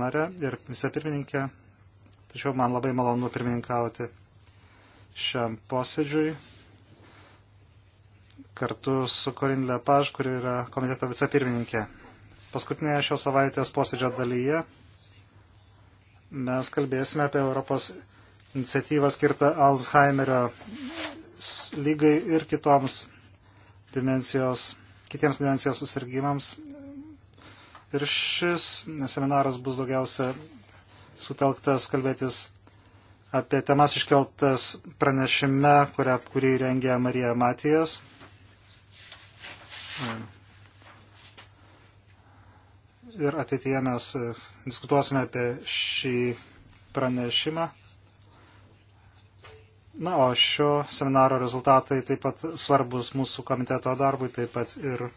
nare ir vicepirmininkė. Tačiau man labai malonu pirmininkauti šiam posėdžiui kartu su Korin Lepaž, kuri yra komiteto vicepirmininkė. Paskutinėje šios savaitės posėdžio dalyje mes kalbėsime apie Europos iniciatyvą skirtą Alzheimerio lygai ir kitoms dimensijos, kitiems dimensijos susirgymams Ir šis seminaras bus daugiausia sutelktas kalbėtis apie temas iškeltas pranešime, kurią, kurį rengė Marija Matijas. Ir ateityje mes e, diskutuosime apie šį pranešimą. Na, o šio seminaro rezultatai taip pat svarbus mūsų komiteto darbui, taip pat ir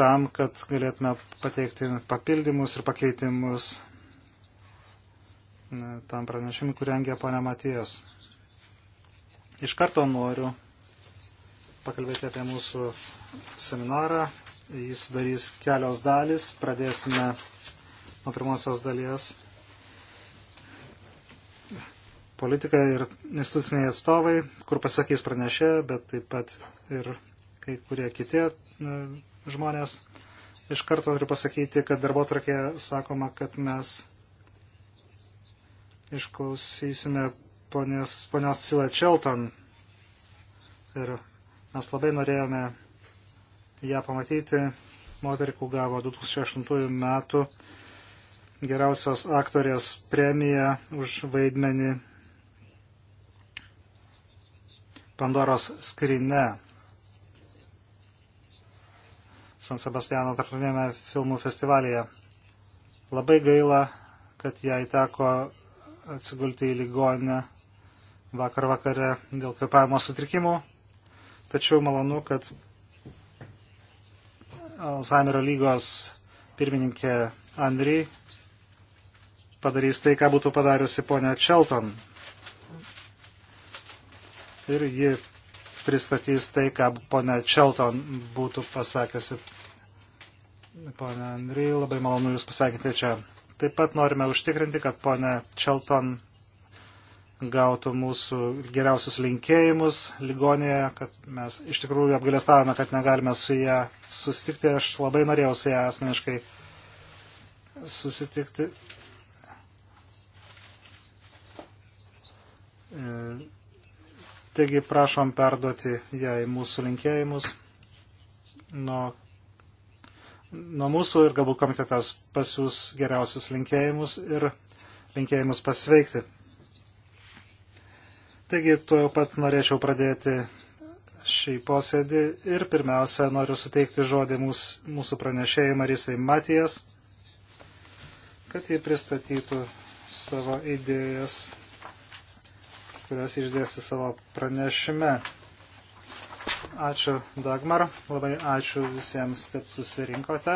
tam, kad galėtume pateikti papildymus ir pakeitimus e, tam pranešimui, kurį rengė ponia Matijas. Iš karto noriu pakalbėti apie mūsų seminarą. Jis sudarys kelios dalys. Pradėsime nuo pirmosios dalies. Politika ir instituciniai atstovai, kur pasakys pranešė, bet taip pat ir kai kurie kiti e, žmonės. Iš karto turiu pasakyti, kad darbo trakė sakoma, kad mes išklausysime ponios, ponios Sila Čelton. Ir mes labai norėjome ją pamatyti. Moterikų gavo 2008 metų geriausios aktorės premiją už vaidmenį Pandoros skrinę. San Sebastiano tarptautinėme filmų festivalyje. Labai gaila, kad jai teko atsigulti į ligoninę vakar vakare dėl kvepavimo sutrikimų, tačiau malonu, kad Alzheimerio lygos pirmininkė Andri padarys tai, ką būtų padariusi ponia Čelton. Ir ji pristatys tai, ką ponia Čelton būtų pasakiusi. Ponia Andrei, labai malonu Jūs pasakyti čia. Taip pat norime užtikrinti, kad ponia Čelton gautų mūsų geriausius linkėjimus ligonėje, kad mes iš tikrųjų apgalėstavome, kad negalime su ją susitikti. Aš labai norėjau su ją asmeniškai susitikti. E Taigi prašom perduoti jai mūsų linkėjimus nuo, nuo mūsų ir galbūt komitetas pasiūs geriausius linkėjimus ir linkėjimus pasveikti. Taigi tuo pat norėčiau pradėti šį posėdį ir pirmiausia noriu suteikti žodį mūs, mūsų pranešėjai Marisai Matijas, kad jie pristatytų savo idėjas kurias išdėsti savo pranešime. Ačiū Dagmar, labai ačiū visiems, kad susirinkote.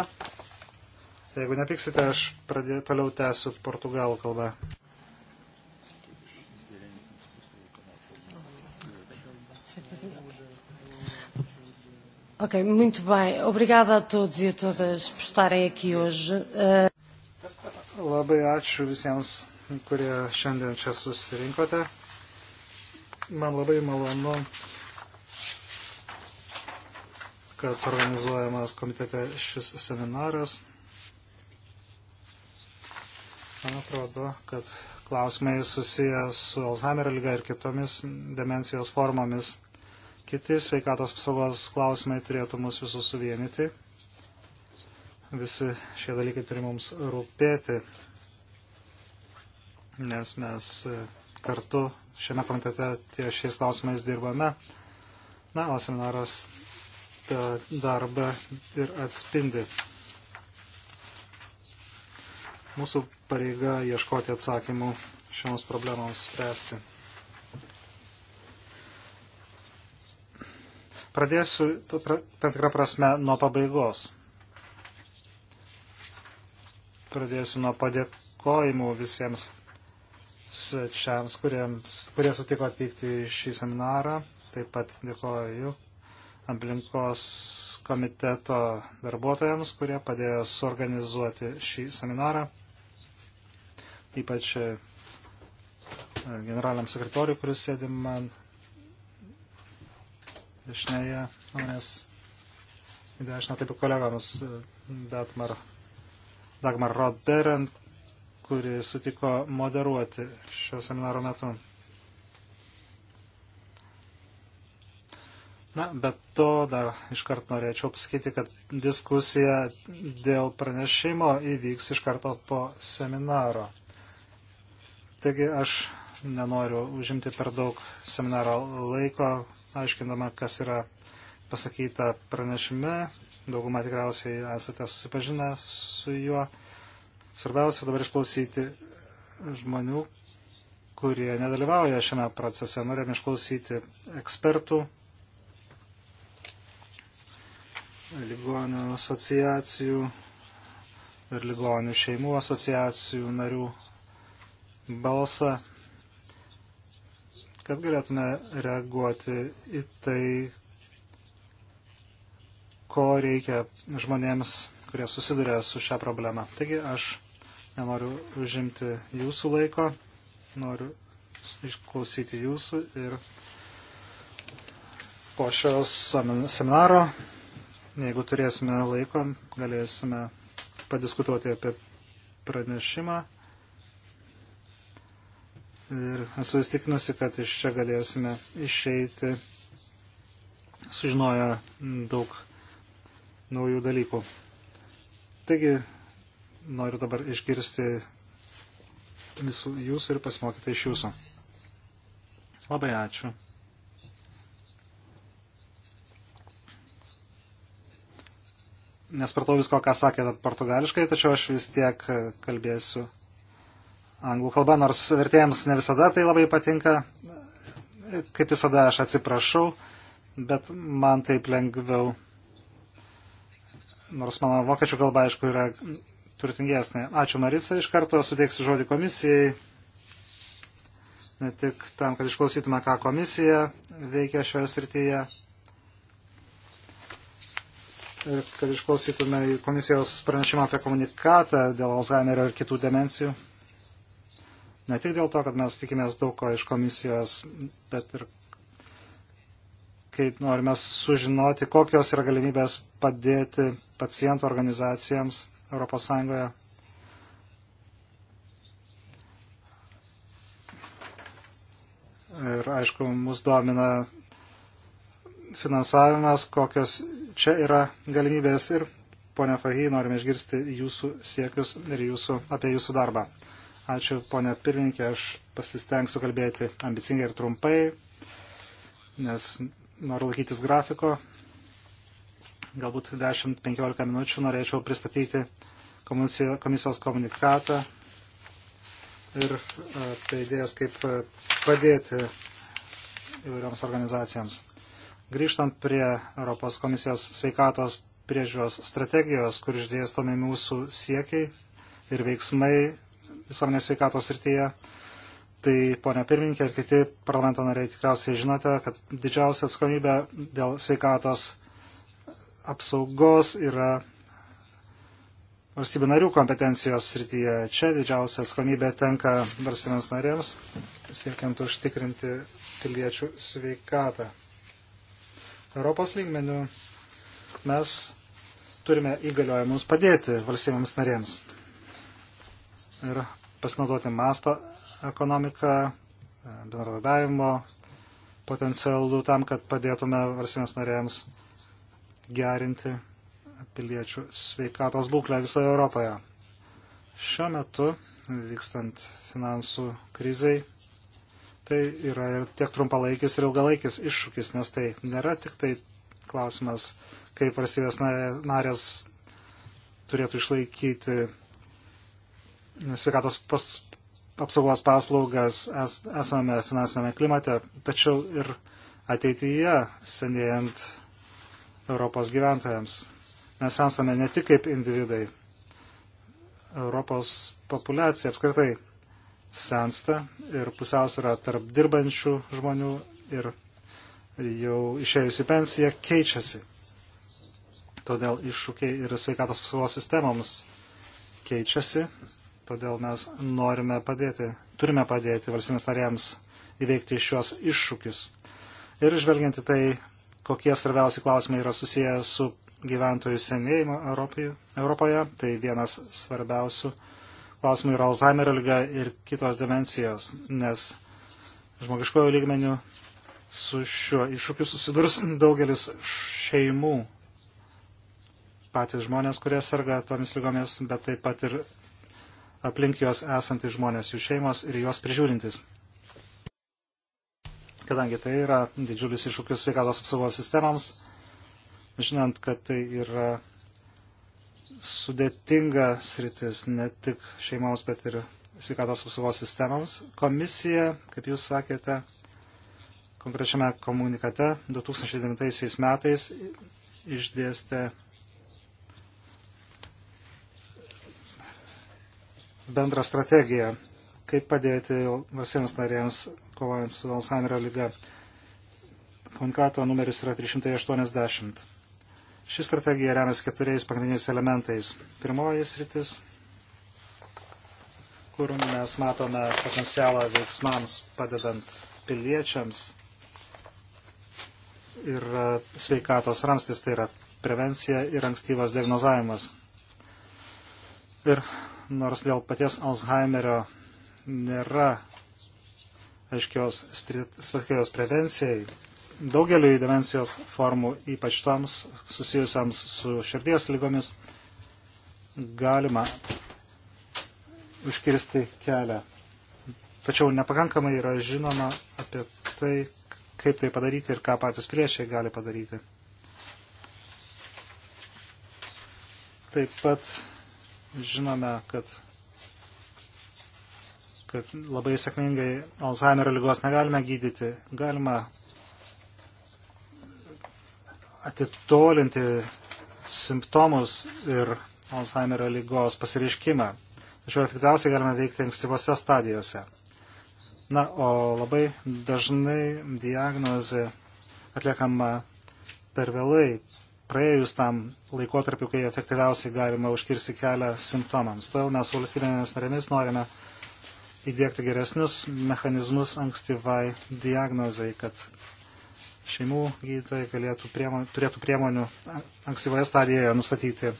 Jeigu nepiksite, aš pradė, toliau tęsiu portugalų kalbą. Ok, muito bem. Obrigada a todos e a todas por estarem aqui hoje. Uh... Labai ačiū visiems, kurie šiandien čia susirinkote. Man labai malonu, kad organizuojamas komitete šis seminaras. Man atrodo, kad klausimai susiję su Alzheimerio lyga ir kitomis demencijos formomis. Kiti sveikatos apsaugos klausimai turėtų mus visus suvienyti. Visi šie dalykai turi mums rūpėti, nes mes kartu šiame komitete ties šiais klausimais dirbame. Na, o seminaras tą darbą ir atspindi. Mūsų pareiga ieškoti atsakymų šioms problemams spręsti. Pradėsiu tam tikrą prasme nuo pabaigos. Pradėsiu nuo padėkojimų visiems svečiams, kuriems, kurie sutiko atvykti į šį seminarą. Taip pat dėkoju aplinkos komiteto darbuotojams, kurie padėjo suorganizuoti šį seminarą. Ypač e, generaliniam sekretoriui, kuris sėdi man dešinėje, manęs į dešinę, taip ir kolegams e, Dagmar, Dagmar Rodberent, kuri sutiko moderuoti šio seminaro metu. Na, bet to dar iškart norėčiau pasakyti, kad diskusija dėl pranešimo įvyks iš karto po seminaro. Taigi aš nenoriu užimti per daug seminaro laiko, aiškindama, kas yra pasakyta pranešime. Dauguma tikriausiai esate susipažinę su juo. Svarbiausia dabar išklausyti žmonių, kurie nedalyvauja šiame procese. Norėjome išklausyti ekspertų, ligonių asociacijų ir ligonių šeimų asociacijų narių balsą, kad galėtume reaguoti į tai, ko reikia žmonėms, kurie susiduria su šią problemą. Taigi aš Nenoriu užimti jūsų laiko, noriu išklausyti jūsų ir po šios seminaro, jeigu turėsime laiko, galėsime padiskutuoti apie pranešimą. Ir esu įstikinusi, kad iš čia galėsime išeiti sužinoję daug naujų dalykų. Taigi, noriu dabar išgirsti visų jūsų ir pasimokyti iš jūsų. Labai ačiū. Nespratau visko, ką sakėte portugališkai, tačiau aš vis tiek kalbėsiu anglų kalba, nors vertėjams ne visada tai labai patinka. Kaip visada aš atsiprašau, bet man taip lengviau nors mano vokiečių kalba, aišku, yra turtingesnė. Ačiū Marisa, iš karto suteiksiu žodį komisijai, ne tik tam, kad išklausytume, ką komisija veikia šioje srityje, ir kad išklausytume komisijos pranešimą apie komunikatą dėl Alzheimerio ir kitų demencijų. Ne tik dėl to, kad mes tikimės daug ko iš komisijos, bet ir kaip norime sužinoti, kokios yra galimybės padėti pacientų organizacijams ES. Ir aišku, mus domina finansavimas, kokios čia yra galimybės ir ponia Fahy, norime išgirsti jūsų siekius ir jūsų, apie jūsų darbą. Ačiū, ponia pirmininkė, aš pasistengsiu kalbėti ambicingai ir trumpai, nes noriu laikytis grafiko galbūt 10-15 minučių norėčiau pristatyti komisijos komunikatą ir apie tai idėjas, kaip e, padėti įvairioms organizacijoms. Grįžtant prie Europos komisijos sveikatos priežiūros strategijos, kur išdėstomi mūsų siekiai ir veiksmai visuomenės sveikatos rytyje, tai ponia pirmininkė ir kiti parlamento nariai tikriausiai žinote, kad didžiausia atsakomybė dėl sveikatos apsaugos yra valstybių narių kompetencijos srityje. Čia didžiausia atsakomybė tenka valstybėms narėms, siekiant užtikrinti piliečių sveikatą. Europos lygmenių mes turime įgaliojimus padėti valstybėms narėms ir pasinaudoti masto ekonomiką, bendradavimo potencialų tam, kad padėtume valstybėms narėms gerinti piliečių sveikatos būklę visoje Europoje. Šiuo metu, vykstant finansų krizai, tai yra ir tiek trumpalaikis ir ilgalaikis iššūkis, nes tai nėra tik tai klausimas, kaip valstybės narės turėtų išlaikyti sveikatos pas, apsaugos paslaugas es, esame finansinėme klimate, tačiau ir ateityje senėjant Europos gyventojams. Mes esame ne tik kaip individai. Europos populiacija apskritai sensta ir pusiausvėra tarp dirbančių žmonių ir jau išėjusi pensija keičiasi. Todėl iššūkiai ir sveikatos apsaugos sistemoms keičiasi. Todėl mes norime padėti, turime padėti valstybės narėms įveikti šiuos iššūkius. Ir žvelgiant į tai, kokie svarbiausi klausimai yra susiję su gyventojų senėjimo Europoje. Tai vienas svarbiausių klausimų yra Alzheimerio lyga ir kitos dimensijos, nes žmogiškojo lygmenių su šiuo iššūkiu susidurs daugelis šeimų, patys žmonės, kurie serga tomis lygomis, bet taip pat ir aplink juos esantys žmonės, jų šeimos ir juos prižiūrintis kadangi tai yra didžiulis iššūkis sveikatos apsaugos sistemams, žinant, kad tai yra sudėtinga sritis ne tik šeimoms, bet ir sveikatos apsaugos sistemams. Komisija, kaip jūs sakėte, konkrečiame komunikate 2009 metais išdėstė bendrą strategiją, kaip padėti valstybėms narėms kovojant su Alzheimerio lyga. Komunikato numeris yra 380. Ši strategija remiasi keturiais pagrindiniais elementais. Pirmoji sritis, kur mes matome potencialą veiksmams padedant piliečiams ir e, sveikatos ramstis, tai yra prevencija ir ankstyvas diagnozavimas. Ir nors dėl paties Alzheimerio nėra aiškios strategijos prevencijai daugeliu demencijos formų, ypač toms susijusiams su širdies lygomis, galima užkirsti kelią. Tačiau nepakankamai yra žinoma apie tai, kaip tai padaryti ir ką patys priešai gali padaryti. Taip pat žinome, kad kad labai sėkmingai Alzheimerio lygos negalime gydyti. Galima atitolinti simptomus ir Alzheimerio lygos pasireiškimą. Tačiau efektyviausiai galime veikti ankstyvose stadijose. Na, o labai dažnai diagnozė atliekama per vėlai, praėjus tam laikotarpiu, kai efektyviausiai galima užkirsti kelią simptomams. Todėl mes valstybėmis narėmis norime įdėkti geresnius mechanizmus ankstyvai diagnozai, kad šeimų gydytojai galėtų priemon, turėtų priemonių ankstyvoje stadijoje nustatyti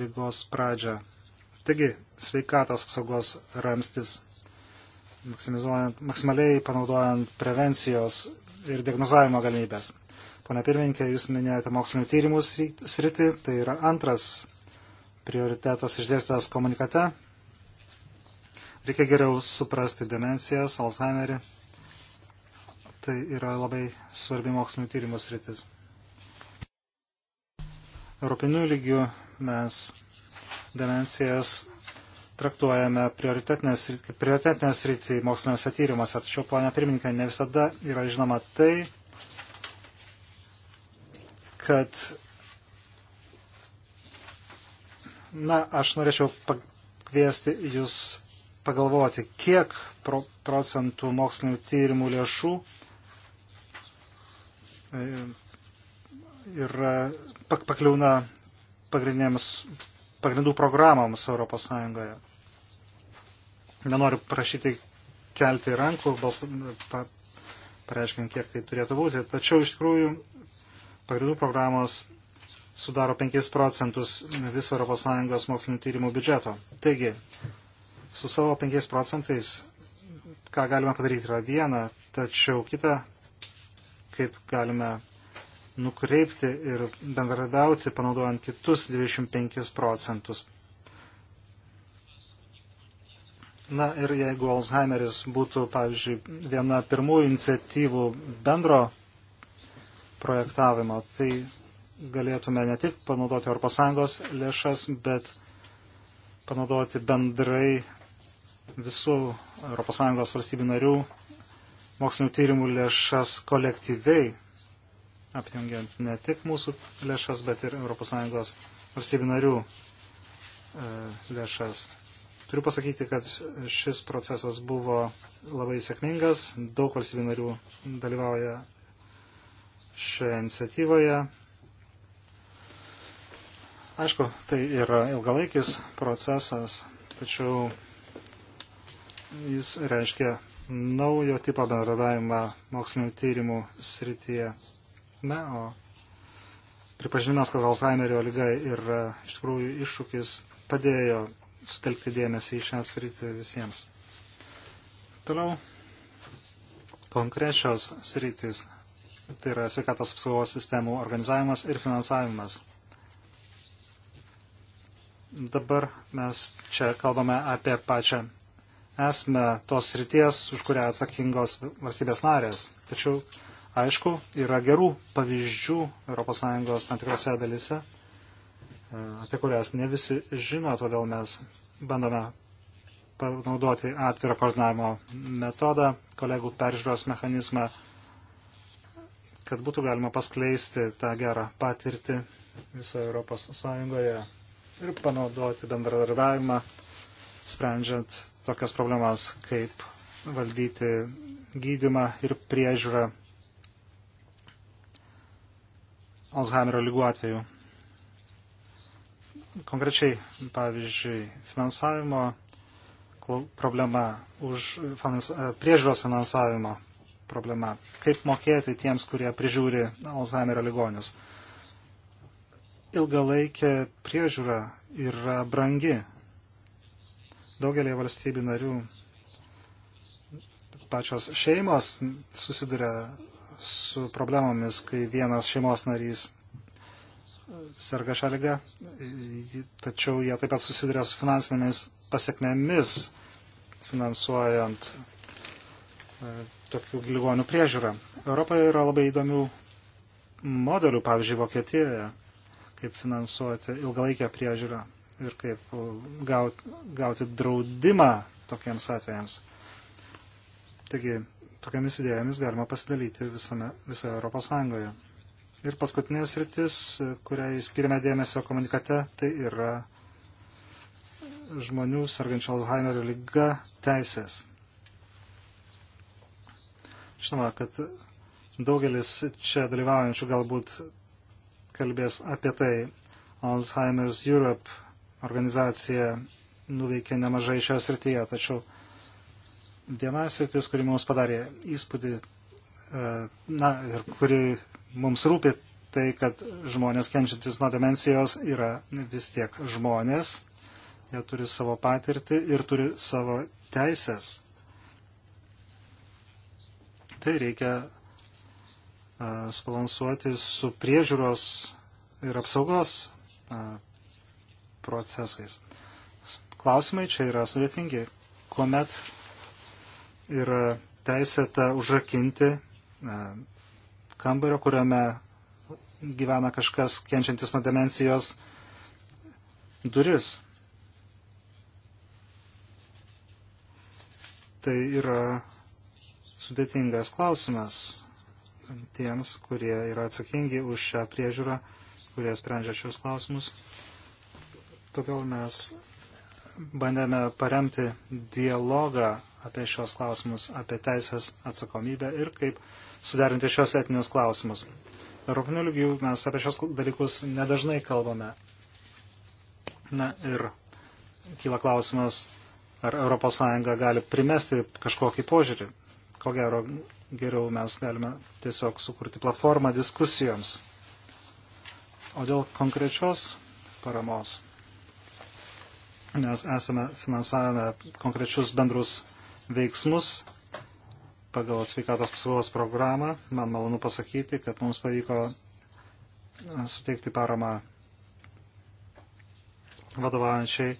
lygos pradžią. Taigi, sveikatos apsaugos ramstis, maksimaliai panaudojant prevencijos ir diagnozavimo galimybės. Pone pirmininkė, jūs minėjote mokslinio tyrimų sritį, tai yra antras prioritetas išdėstytas komunikate, Reikia geriau suprasti demencijas, Alzheimerį. Tai yra labai svarbi mokslinio tyrimų sritis. Europinių lygių mes demencijas traktuojame prioritetinę sritį moksliniuose tyrimuose. Tačiau, ponia pirmininkė, ne visada yra žinoma tai, kad, na, aš norėčiau pakviesti jūs pagalvoti, kiek pro, procentų mokslinių tyrimų lėšų e, yra pak, pakliūna pagrindų programams ES. Nenoriu prašyti kelti rankų, bals, pa, pareiškint, kiek tai turėtų būti. Tačiau iš tikrųjų pagrindų programos sudaro 5 procentus viso ES mokslinio tyrimų biudžeto. Taigi, Su savo 5 procentais, ką galime padaryti, yra viena, tačiau kita, kaip galime nukreipti ir bendradarbiauti, panaudojant kitus 25 procentus. Na ir jeigu Alzheimeris būtų, pavyzdžiui, viena pirmųjų iniciatyvų bendro projektavimo, tai galėtume ne tik panaudoti ES lėšas, bet panaudoti bendrai visų ES valstybių narių mokslinių tyrimų lėšas kolektyviai, apjungiant ne tik mūsų lėšas, bet ir ES valstybių narių e, lėšas. Turiu pasakyti, kad šis procesas buvo labai sėkmingas, daug valstybių narių dalyvauja šioje iniciatyvoje. Aišku, tai yra ilgalaikis procesas, tačiau Jis reiškia naujo tipo bendradavimą mokslinių tyrimų srityje. Na, o pripažinimas, kad Alzheimerio lyga yra iš tikrųjų iššūkis, padėjo sutelkti dėmesį į šią sritį visiems. Toliau konkrečios sritis. Tai yra sveikatos apsaugos sistemų organizavimas ir finansavimas. Dabar mes čia kalbame apie pačią esame tos srities, už kurią atsakingos valstybės narės. Tačiau, aišku, yra gerų pavyzdžių ES tam tikrose dalise, e, apie kurias ne visi žino, todėl mes bandome panaudoti atvirą koordinavimo metodą, kolegų peržiūros mechanizmą, kad būtų galima paskleisti tą gerą patirtį visoje Europos Sąjungoje ir panaudoti bendradarbiavimą, sprendžiant tokias problemas, kaip valdyti gydimą ir priežiūrą Alzheimerio lygų atveju. Konkrečiai, pavyzdžiui, finansavimo problema, už finans, e, priežiūros finansavimo problema. Kaip mokėti tiems, kurie prižiūri Alzheimerio ligonius. Ilgalaikė priežiūra yra brangi Daugelį valstybių narių pačios šeimos susiduria su problemomis, kai vienas šeimos narys serga šią lygą, tačiau jie taip pat susiduria su finansinėmis pasiekmėmis finansuojant e, tokių ligonių priežiūrą. Europoje yra labai įdomių modelių, pavyzdžiui, Vokietijoje, kaip finansuoti ilgalaikę priežiūrą ir kaip e, gauti, gauti draudimą tokiems atvejams. Taigi, tokiamis idėjomis galima pasidalyti visame, visoje Europos Sąjungoje. Ir paskutinė sritis, e, kuriai skirime dėmesio komunikate, tai yra žmonių sargančio Alzheimerio lyga teisės. Žinoma, kad daugelis čia dalyvaujančių galbūt kalbės apie tai. Alzheimer's Europe organizacija nuveikė nemažai šioje srityje, tačiau viena sritis, kuri mums padarė įspūdį, e, na ir kuri mums rūpi, tai kad žmonės kenčiantis nuo demencijos yra vis tiek žmonės, jie turi savo patirtį ir turi savo teisės. Tai reikia e, subalansuoti su priežiūros ir apsaugos e, procesais. Klausimai čia yra sudėtingi, kuomet yra teisėta užrakinti e, kambario, kuriame gyvena kažkas kenčiantis nuo demencijos duris. Tai yra sudėtingas klausimas tiems, kurie yra atsakingi už šią priežiūrą, kurie sprendžia šios klausimus. Todėl mes bandėme paremti dialogą apie šios klausimus, apie teisės atsakomybę ir kaip suderinti šios etinius klausimus. Europinių lygių mes apie šios dalykus nedažnai kalbame. Na ir kyla klausimas, ar ES gali primesti kažkokį požiūrį. Ko gero, geriau mes galime tiesiog sukurti platformą diskusijoms. O dėl konkrečios paramos nes esame finansavę konkrečius bendrus veiksmus pagal sveikatos apsaugos programą. Man malonu pasakyti, kad mums pavyko e, suteikti paramą vadovaujančiai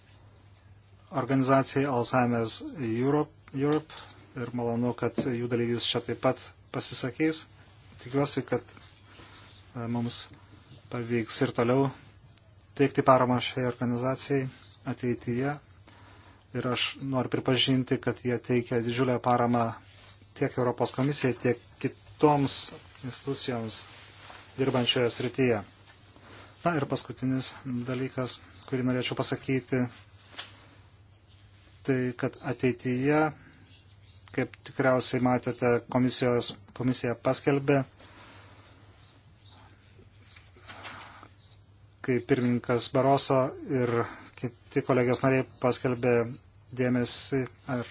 organizacijai Alzheimer's Europe, Europe ir malonu, kad jų dalyvis čia taip pat pasisakys. Tikiuosi, kad e, mums pavyks ir toliau teikti paramą šiai organizacijai ateityje. Ir aš noriu pripažinti, kad jie teikia didžiulę paramą tiek Europos komisijai, tiek kitoms institucijoms dirbančioje srityje. Na ir paskutinis dalykas, kurį norėčiau pasakyti, tai kad ateityje, kaip tikriausiai matėte, komisijos, komisija paskelbė, kai pirmininkas Baroso ir kiti kolegijos nariai paskelbė dėmesį ar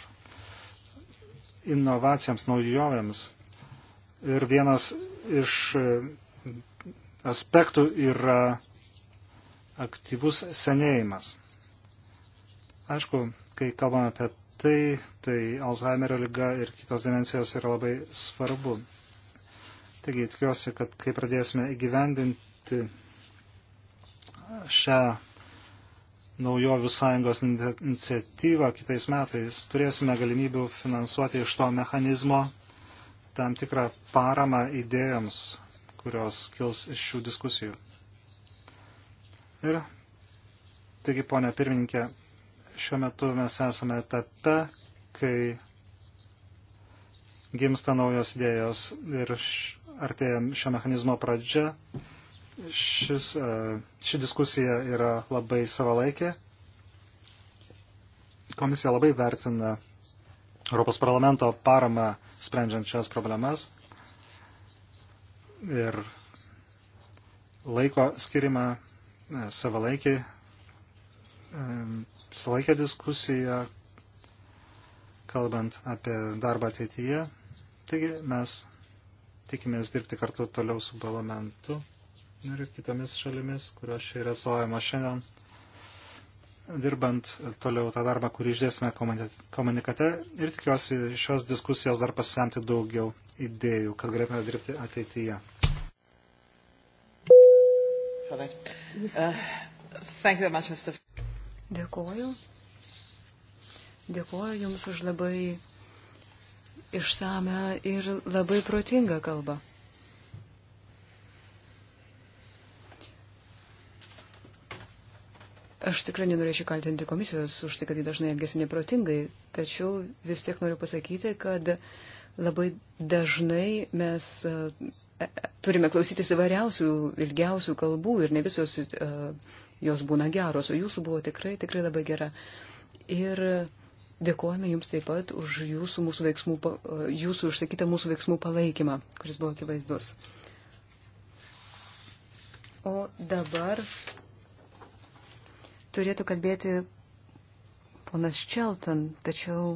inovacijams, naujovėms. Ir vienas iš e, aspektų yra aktyvus senėjimas. Aišku, kai kalbame apie tai, tai Alzheimerio lyga ir kitos dimensijos yra labai svarbu. Taigi tikiuosi, kad kai pradėsime įgyvendinti šią naujovių sąjungos iniciatyvą kitais metais turėsime galimybių finansuoti iš to mechanizmo tam tikrą paramą idėjams, kurios kils iš šių diskusijų. Ir taigi, ponia pirmininkė, šiuo metu mes esame etape, kai gimsta naujos idėjos ir artėja šio mechanizmo pradžia šis, e, ši diskusija yra labai savalaikė. Komisija labai vertina Europos parlamento paramą sprendžiant šias problemas ir laiko skirimą savalaikiai, e, savalaikę e, diskusiją, kalbant apie darbą ateityje. Taigi mes tikimės dirbti kartu toliau su parlamentu ir kitomis šalimis, kurios čia yra atstovavimo šiandien. Dirbant toliau tą darbą, kurį išdėsime komunikate ir tikiuosi šios diskusijos dar pasisemti daugiau idėjų, kad galėtume dirbti ateityje. Dėkuoju. Dėkuoju Jums už labai išsame ir labai protingą kalbą. Aš tikrai nenorėčiau kaltinti komisijos už tai, kad jį dažnai elgesi neprotingai, tačiau vis tiek noriu pasakyti, kad labai dažnai mes e, e, turime klausytis įvairiausių, ilgiausių kalbų ir ne visos e, jos būna geros, o jūsų buvo tikrai, tikrai labai gera. Ir dėkojame jums taip pat už jūsų, mūsų veiksmų, jūsų užsakytą mūsų veiksmų palaikymą, kuris buvo akivaizdus. O dabar turėtų kalbėti ponas Čelton, tačiau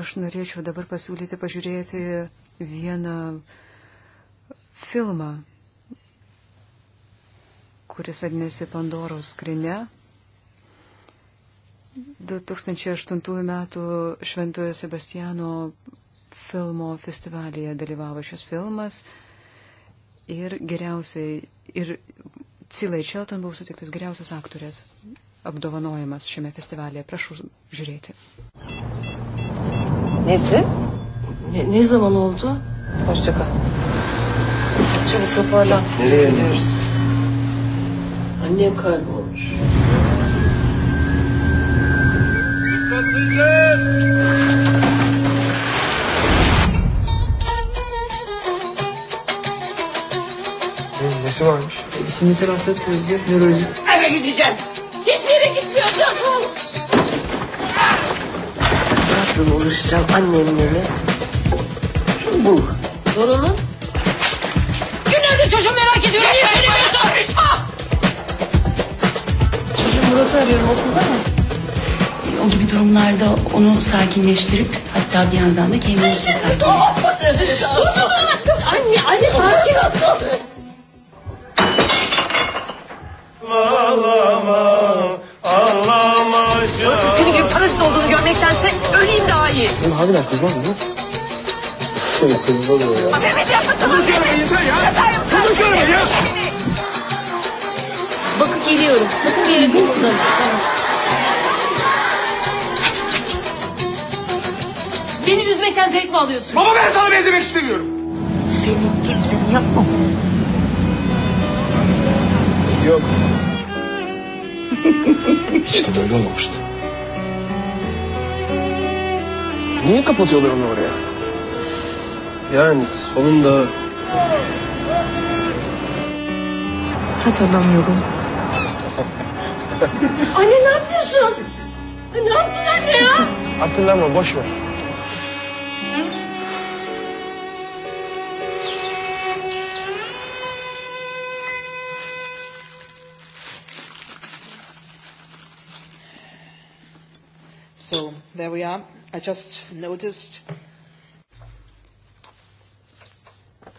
aš norėčiau dabar pasiūlyti pažiūrėti vieną filmą, kuris vadinasi Pandoros skrinė. 2008 metų Šventojo Sebastiano filmo festivalyje dalyvavo šis filmas ir geriausiai, ir Cilai Čelton buvo sutiktas geriausios aktorės apdovanojimas šiame festivalėje. Prašau žiūrėti. Nesi? Ne, ne zaman oldu? Hoşça kal. Çabuk toparlan. Nereye gidiyoruz? Annem kaybolmuş. Dikkatlice! ilgisi varmış. E, sindirsel hastalıkla ilgili nörolojik... Eve gideceğim. Hiçbir yere gitmiyorsun. Nasıl buluşacağım annemle mi? Bu. Sorunun? Günlerdir çocuğu merak ediyorum. Niye söylemiyorsun? Konuşma! Çocuğum Murat'ı arıyorum okulda mı? E, o gibi durumlarda onu sakinleştirip hatta bir yandan da kendimizi sakinleştirip. Dur! Dur! Anne, anne sakin ol. ağlama, ağlama canım. Senin gibi parazit olduğunu görmektense öleyim daha iyi. Benim harbiden kızmaz değil mi? kızmaz o ya. Mehmet yapma tamam. Bunu söyleme yeter ya. Bunu söyleme ya. Bakıp geliyorum. Sakın bir yere kıpırdamayın. Tamam. Beni üzmekten zevk mi alıyorsun? Baba ben sana benzemek istemiyorum. Senin kimsenin yapma. Yok. Hiç de böyle olmamıştı. Niye kapatıyorlar onu oraya? Yani sonunda... Hatırlamıyorum. anne ne yapıyorsun? Ne yaptın anne ya? Hatırlama boş ver. So there we are. I just noticed.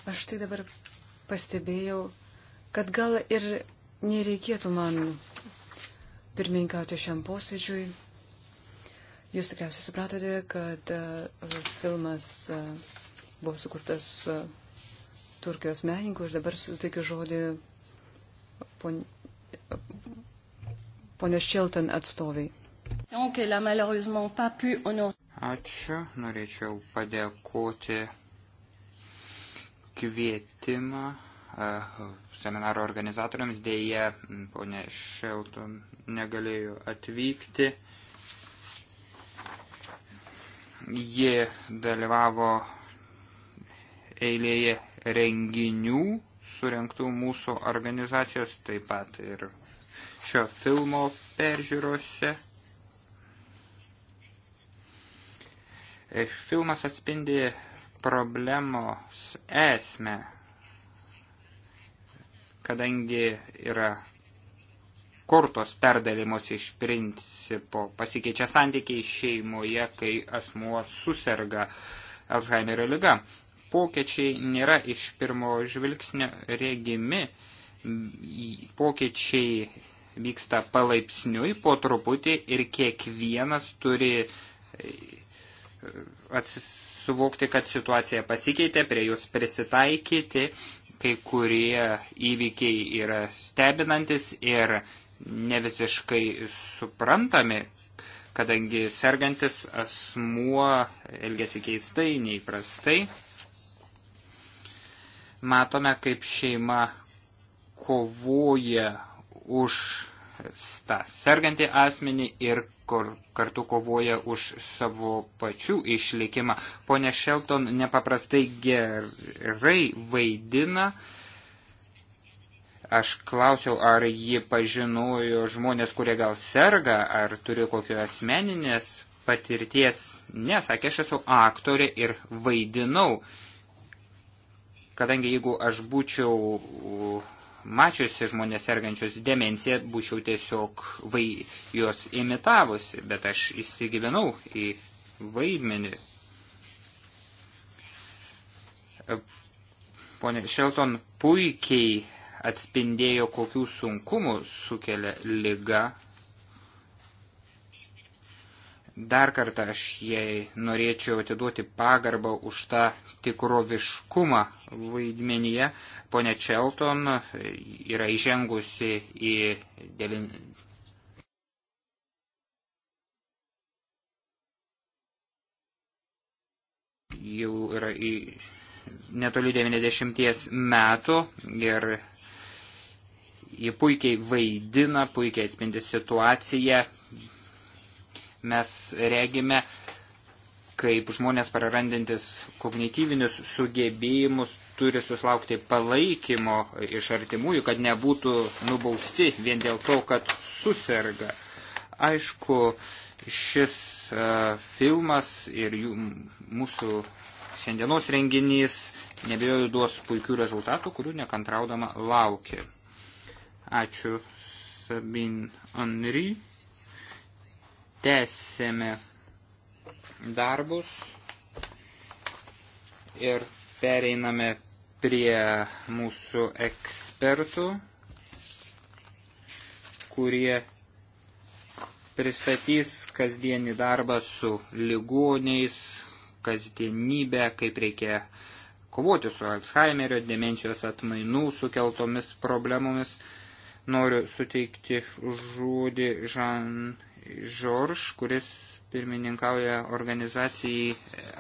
Aš tai dabar pastebėjau, kad gal ir nereikėtų man pirmininkauti šiam posėdžiui. Jūs tikriausiai supratote, kad uh, filmas uh, buvo sukurtas uh, Turkijos menininkų ir dabar suteikiu žodį pon, ponios Čelton atstoviai. Ačiū, norėčiau padėkoti kvietimą eh, seminaro organizatoriams. Dėja, ponė Šelton negalėjo atvykti. Ji dalyvavo eilėje renginių surinktų mūsų organizacijos, taip pat ir šio filmo peržiūrose. E, filmas atspindi problemos esmę, kadangi yra kortos perdavimus iš principo, pasikeičia santykiai šeimoje, kai asmuo susirga Alzheimerio lyga. Pokėčiai nėra iš pirmo žvilgsnio regimi, pokėčiai vyksta palaipsniui, po truputį ir kiekvienas turi suvokti, kad situacija pasikeitė, prie jūs prisitaikyti, kai kurie įvykiai yra stebinantis ir ne visiškai suprantami, kadangi sergantis asmuo elgesi keistai, neįprastai. Matome, kaip šeima kovoja už tą sergantį asmenį ir kur kartu kovoja už savo pačių išlikimą. Pone Shelton nepaprastai gerai vaidina. Aš klausiau, ar ji pažinojo žmonės, kurie gal serga, ar turi kokio asmeninės patirties. Ne, sakė, aš esu aktorė ir vaidinau. Kadangi jeigu aš būčiau mačiusi žmonės sergančius demenciją, būčiau tiesiog vai, jos imitavusi, bet aš įsigyvenau į vaidmenį. Pone Šelton puikiai atspindėjo, kokių sunkumų sukelia lyga Dar kartą aš jai norėčiau atiduoti pagarbą už tą tikroviškumą vaidmenyje. Pone Čelton yra įžengusi į devin... jau yra į netoli 90 metų ir jie puikiai vaidina, puikiai atspindi situaciją, mes regime, kaip žmonės prarandantis kognityvinius sugebėjimus turi susilaukti palaikymo iš artimųjų, kad nebūtų nubausti vien dėl to, kad susirga. Aišku, šis uh, filmas ir jų, mūsų šiandienos renginys nebejoju duos puikių rezultatų, kurių nekantraudama laukia. Ačiū Sabin Anry. Tęsėme darbus ir pereiname prie mūsų ekspertų, kurie pristatys kasdienį darbą su ligoniais, kasdienybę, kaip reikia kovoti su Alzheimerio demencijos atmainų sukeltomis problemomis. Noriu suteikti žodį Žan Žorž, kuris pirmininkauja organizacijai e,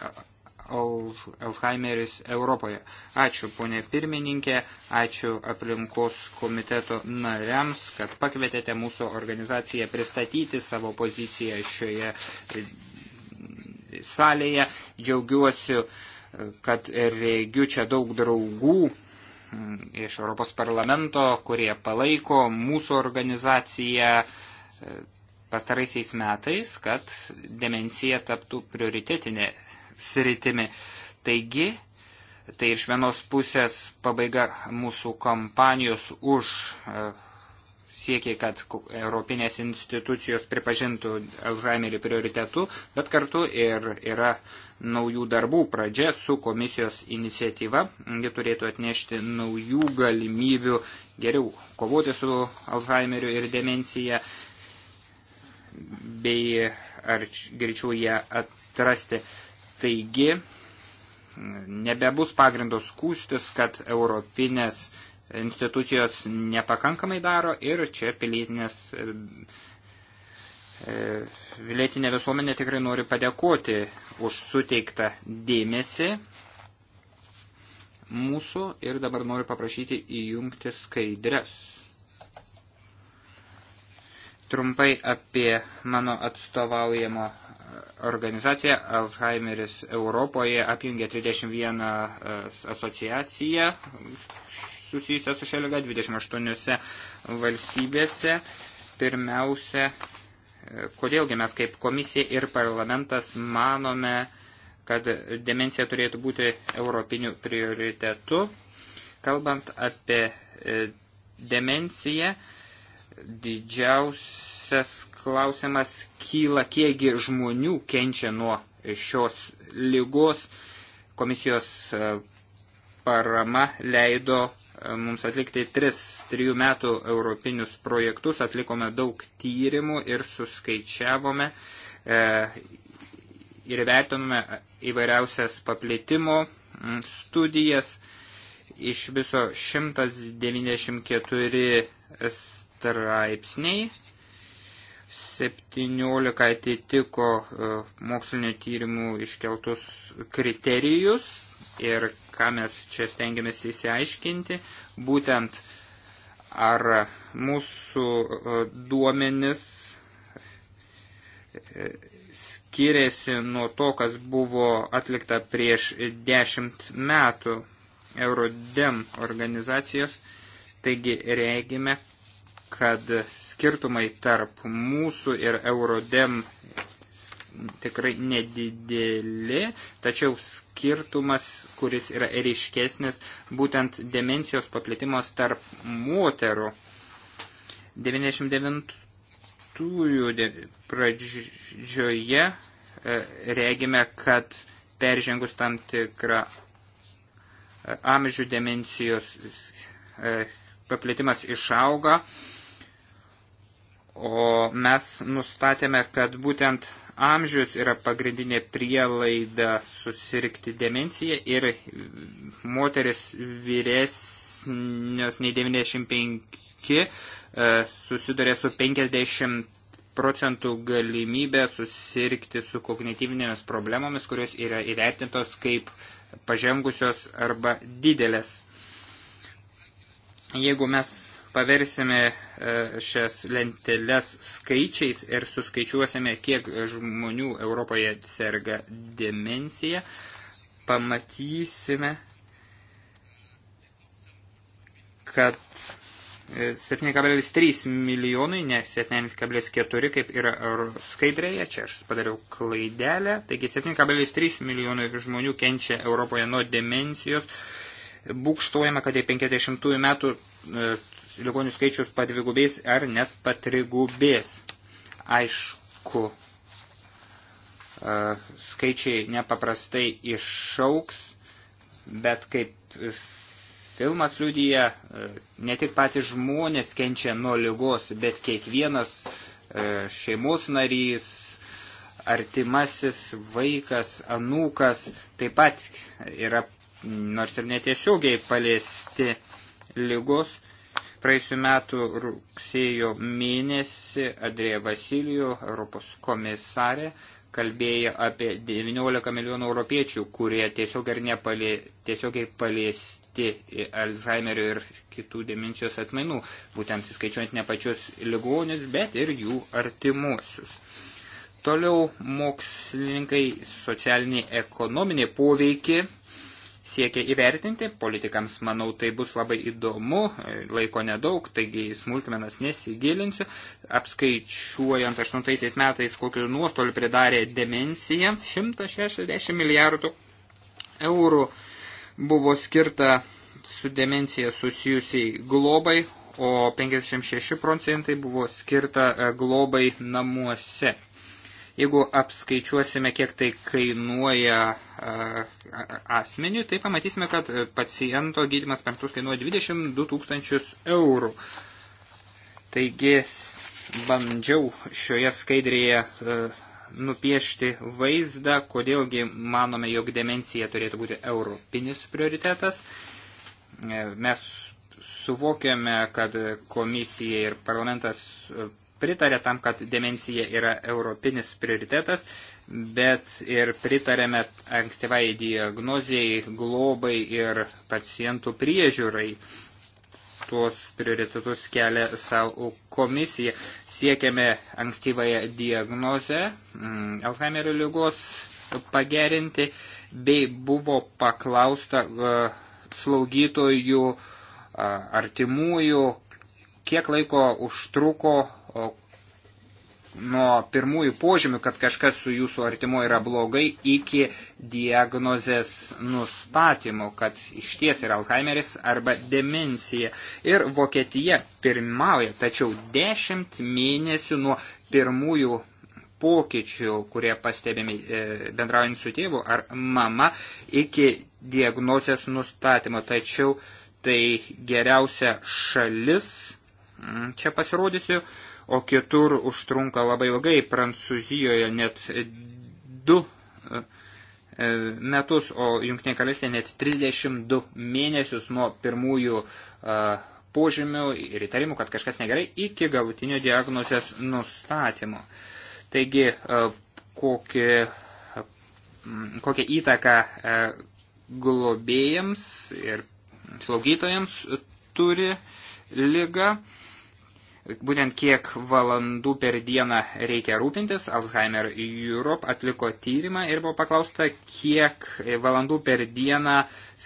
Alzheimeris Europoje. Ačiū, ponė pirmininkė, ačiū aplinkos komiteto nariams, kad pakvietėte mūsų organizaciją pristatyti savo poziciją šioje e, salėje. Džiaugiuosi, e, kad reigiu čia daug draugų iš Europos parlamento, kurie palaiko mūsų organizaciją pastaraisiais metais, kad demencija taptų prioritetinė sritimi. Taigi, tai iš vienos pusės pabaiga mūsų kampanijos už e, siekiai, kad Europinės institucijos pripažintų Alzheimerį prioritetu, bet kartu ir yra naujų darbų pradžia su komisijos iniciatyva. Ji turėtų atnešti naujų galimybių geriau kovoti su Alzheimeriu ir demencija bei ar greičiau ją atrasti. Taigi, nebebus pagrindos skūstis, kad europinės institucijos nepakankamai daro ir čia pilietinės, e, pilietinė visuomenė tikrai nori padėkoti už suteiktą dėmesį mūsų ir dabar noriu paprašyti įjungti skaidres. Trumpai apie mano atstovaujamą e, organizaciją Alzheimeris Europoje apjungia 31 e, asociaciją susijusią su šia lyga 28 valstybėse. Pirmiausia, e, kodėlgi mes kaip komisija ir parlamentas manome, kad demencija turėtų būti europiniu prioritetu. Kalbant apie demenciją, didžiausias klausimas kyla, kiekgi žmonių kenčia nuo šios lygos. Komisijos e, parama leido e, mums atlikti tris, trijų metų europinius projektus, atlikome daug tyrimų ir suskaičiavome e, ir vertinome įvairiausias paplitimo studijas. Iš viso 194 straipsniai. 17 atitiko e, mokslinio tyrimų iškeltus kriterijus ir ką mes čia stengiamės įsiaiškinti, būtent ar mūsų e, duomenis e, skiriasi nuo to, kas buvo atlikta prieš 10 metų Eurodem organizacijos. Taigi reikime, kad skirtumai tarp mūsų ir Eurodem tikrai nedideli, tačiau skirtumas, kuris yra ryškesnis, būtent demencijos paplitimas tarp moterų. 99-ųjų pradžioje e, regime, kad peržengus tam tikrą e, amžių demencijos e, paplitimas išauga, O mes nustatėme, kad būtent amžius yra pagrindinė prielaida susirgti demenciją ir moteris vyresnios nei 95 e, susiduria su 50 procentų galimybė susirgti su kognityvinėmis problemomis, kurios yra įvertintos kaip pažengusios arba didelės. Jeigu mes paversime e, šias lenteles skaičiais ir suskaičiuosime, kiek žmonių Europoje serga demencija, pamatysime, kad 7,3 e, milijonai, ne 7,4, kaip yra skaidrėje, čia aš padariau klaidelę, taigi 7,3 milijonai žmonių kenčia Europoje nuo demencijos, būkštuojama, kad į 50 metų e, ligonių skaičius padvigubės ar net patrigubės. Aišku, e, skaičiai nepaprastai išauks, bet kaip filmas liudyja, e, ne tik patys žmonės kenčia nuo lygos, bet kiekvienas e, šeimos narys, artimasis vaikas, anūkas taip pat yra nors ir netiesiogiai paliesti lygos, Praėjusiu metu rugsėjo mėnesį Adrėja Vasilijų, Europos komisarė, kalbėjo apie 19 milijonų europiečių, kurie tiesiog ar nepalė, tiesiogiai paliesti Alzheimerio ir kitų demencijos atmainų, būtent skaičiuojant ne pačius ligonius, bet ir jų artimuosius. Toliau mokslininkai socialiniai ekonominiai poveikiai siekia įvertinti. Politikams, manau, tai bus labai įdomu, e, laiko nedaug, taigi smulkmenas nesigilinsiu. Apskaičiuojant 8 metais, kokiu nuostoliu pridarė demencija, 160 milijardų eurų buvo skirta su demencija susijusiai globai, o 56 procentai buvo skirta e, globai namuose. Jeigu apskaičiuosime, kiek tai kainuoja asmeniui, tai pamatysime, kad paciento gydimas per metus kainuoja 22 tūkstančius eurų. Taigi bandžiau šioje skaidrėje nupiešti vaizdą, kodėlgi manome, jog demencija turėtų būti europinis prioritetas. Mes suvokiame, kad komisija ir parlamentas pritarė tam, kad demencija yra europinis prioritetas, bet ir pritarėme ankstyvai diagnozijai, globai ir pacientų priežiūrai. Tuos prioritetus kelia savo komisija. Siekiame ankstyvąją diagnozę mm, Alzheimerio lygos pagerinti, bei buvo paklausta uh, slaugytojų, uh, artimųjų, kiek laiko užtruko o nuo pirmųjų požymių, kad kažkas su jūsų artimo yra blogai, iki diagnozės nustatymo, kad išties yra Alzheimeris arba demencija. Ir Vokietija pirmauja, tačiau 10 mėnesių nuo pirmųjų pokyčių, kurie pastebimi e, bendraujant su tėvu ar mama, iki diagnozės nustatymo. Tačiau tai geriausia šalis, čia pasirodysiu, o kitur užtrunka labai ilgai, Prancūzijoje net du e, e, metus, o Junktinė karalystė net 32 mėnesius nuo pirmųjų e, požymių ir įtarimų, kad kažkas negerai, iki galutinio diagnozės nustatymo. Taigi, kokie, kokią įtaką globėjams ir slaugytojams turi lyga būtent kiek valandų per dieną reikia rūpintis. Alzheimer Europe atliko tyrimą ir buvo paklausta, kiek valandų per dieną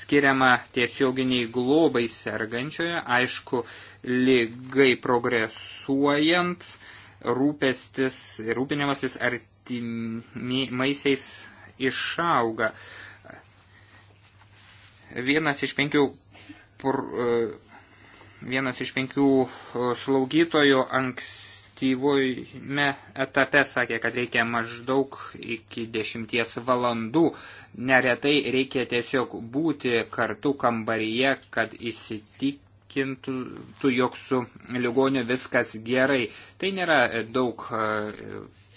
skiriama tiesioginiai globai sergančioje. Aišku, lygai progresuojant, rūpestis ir rūpinimasis artimaisiais išauga. Vienas iš penkių pr, vienas iš penkių slaugytojų ankstyvojame etape sakė, kad reikia maždaug iki dešimties valandų. Neretai reikia tiesiog būti kartu kambaryje, kad įsitikintų, jog su ligoniu viskas gerai. Tai nėra daug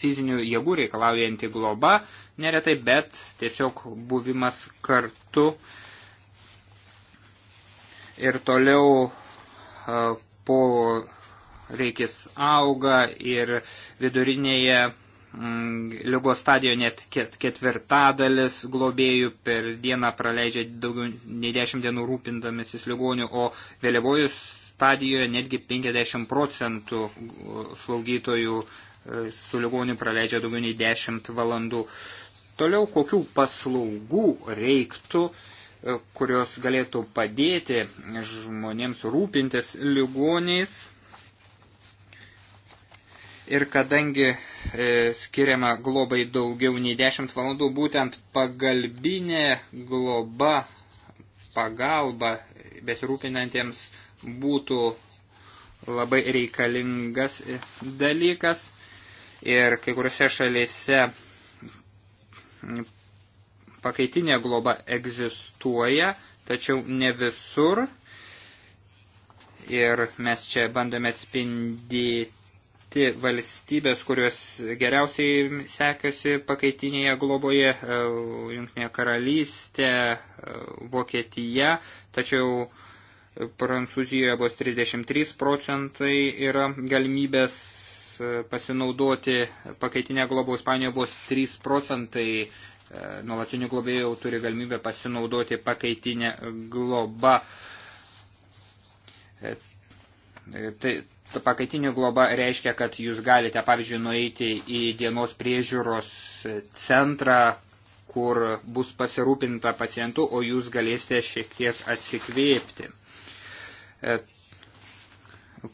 fizinių jėgų reikalaujanti globa, neretai, bet tiesiog buvimas kartu. Ir toliau poreikis auga ir vidurinėje mm, lygos stadijoje net ketvirtadalis globėjų per dieną praleidžia daugiau nei 10 dienų rūpindamasis ligonių, o vėliavojų stadijoje netgi 50 procentų slaugytojų e, su ligoniu praleidžia daugiau nei 10 valandų. Toliau, kokių paslaugų reiktų uh, kurios galėtų padėti žmonėms rūpintis ligoniais. Ir kadangi e, skiriama globai daugiau nei 10 valandų, būtent pagalbinė globa, pagalba besirūpinantiems būtų labai reikalingas dalykas. Ir kai kuriuose šalyse Pakaitinė globa egzistuoja, tačiau ne visur. Ir mes čia bandome atspindėti valstybės, kurios geriausiai sekasi pakaitinėje globoje, e, Junktinė karalystė, e, Vokietija, tačiau Prancūzijoje bus 33 procentai yra galimybės e, pasinaudoti pakaitinę globą, Ispanijoje bus 3 procentai E, nuolatinių globėjų turi galimybę pasinaudoti pakaitinę globą. E, e, tai ta pakaitinė globa reiškia, kad jūs galite, pavyzdžiui, nueiti į dienos priežiūros centrą, kur bus pasirūpinta pacientu, o jūs galėsite šiek tiek atsikvėpti.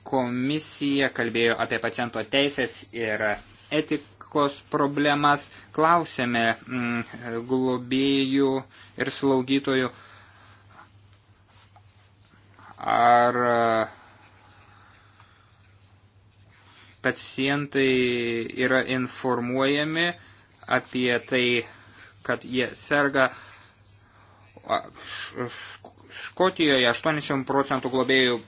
Komisija kalbėjo apie paciento teisės ir etiką praktikos problemas, klausėme mm, globėjų ir slaugytojų, ar e, pacientai yra informuojami apie tai, kad jie serga. Škotijoje 80 procentų globėjų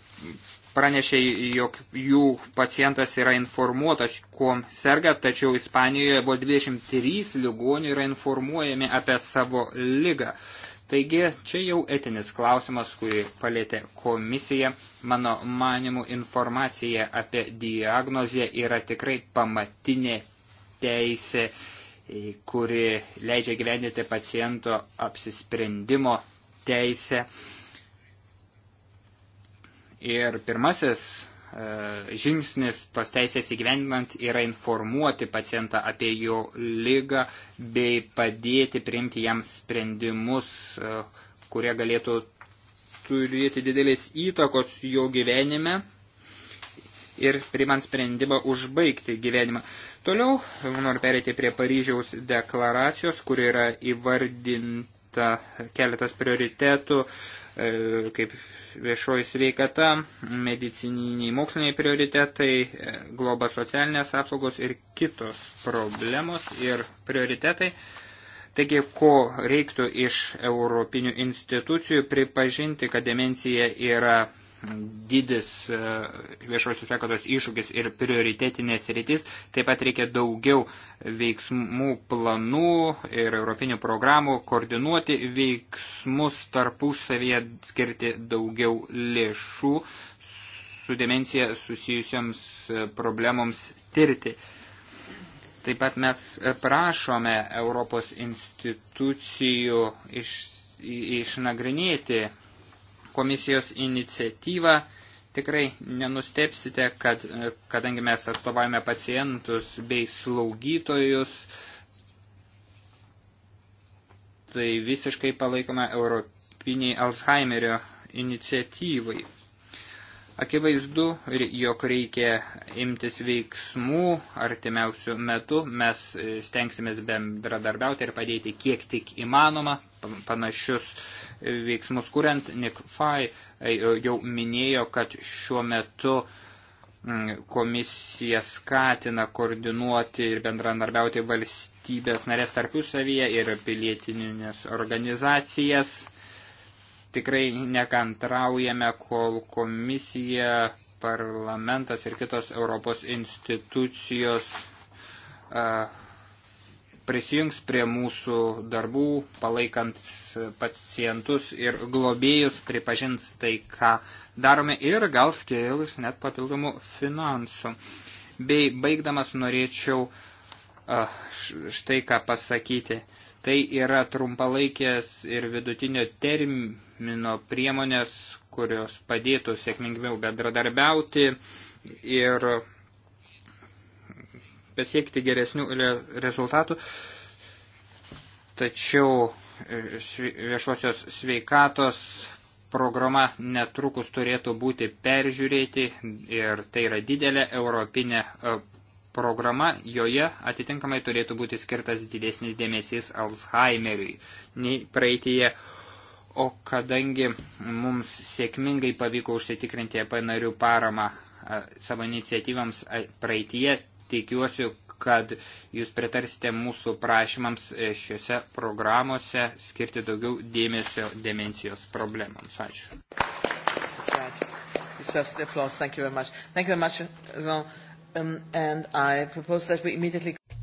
pranešė, jog jų pacientas yra informuotas, kuo serga, tačiau Ispanijoje buvo 23 ligonių yra informuojami apie savo ligą. Taigi čia jau etinis klausimas, kurį palėtė komisija. Mano manimų informacija apie diagnozę yra tikrai pamatinė teisė, kuri leidžia gyvendyti paciento apsisprendimo teisę. Ir pirmasis e, žingsnis tos teisės įgyvendinant yra informuoti pacientą apie jo lygą bei padėti priimti jam sprendimus, e, kurie galėtų turėti didelės įtakos jo gyvenime ir priimant sprendimą užbaigti gyvenimą. Toliau noriu perėti prie Paryžiaus deklaracijos, kur yra įvardinta keletas prioritetų uh, E, kaip viešoji sveikata, medicininiai moksliniai prioritetai, e, globa socialinės apsaugos ir kitos problemos ir prioritetai. Taigi, ko reiktų iš europinių institucijų pripažinti, kad demencija yra didis e, viešosios sveikatos iššūkis ir prioritetinės rytis. Taip pat reikia daugiau veiksmų planų ir europinių programų, koordinuoti veiksmus tarpusavyje, skirti daugiau lėšų su demencija susijusiams e, problemoms tirti. Taip pat mes prašome Europos institucijų iš, išnagrinėti komisijos iniciatyvą. Tikrai nenustepsite, kad, kadangi mes atstovavome pacientus bei slaugytojus, tai visiškai palaikome europiniai Alzheimerio iniciatyvai. Akivaizdu, jog reikia imtis veiksmų artimiausių metų, mes stengsimės bendradarbiauti ir padėti kiek tik įmanoma, panašius veiksmus kuriant. Nick Fay e, jau minėjo, kad šiuo metu mm, komisija skatina koordinuoti ir bendranarbiauti valstybės narės tarpusavyje ir pilietinės organizacijas. Tikrai nekantraujame, kol komisija, parlamentas ir kitos Europos institucijos uh, prisijungs prie mūsų darbų, palaikant pacientus ir globėjus, pripažins tai, ką darome ir gal skėlis net papildomų finansų. Bei baigdamas norėčiau štai ką pasakyti. Tai yra trumpalaikės ir vidutinio termino priemonės, kurios padėtų sėkmingiau bendradarbiauti ir pasiekti geresnių rezultatų, tačiau e, viešosios sveikatos programa netrukus turėtų būti peržiūrėti ir tai yra didelė europinė e, programa, joje atitinkamai turėtų būti skirtas didesnis dėmesys Alzheimeriui nei praeitėje. O kadangi mums sėkmingai pavyko užsitikrinti EP narių paramą e, savo iniciatyvams praeitie, tikiuosi, kad jūs pritarsite mūsų prašymams e, šiuose programuose skirti daugiau dėmesio demencijos problemams. Ačiū. Um,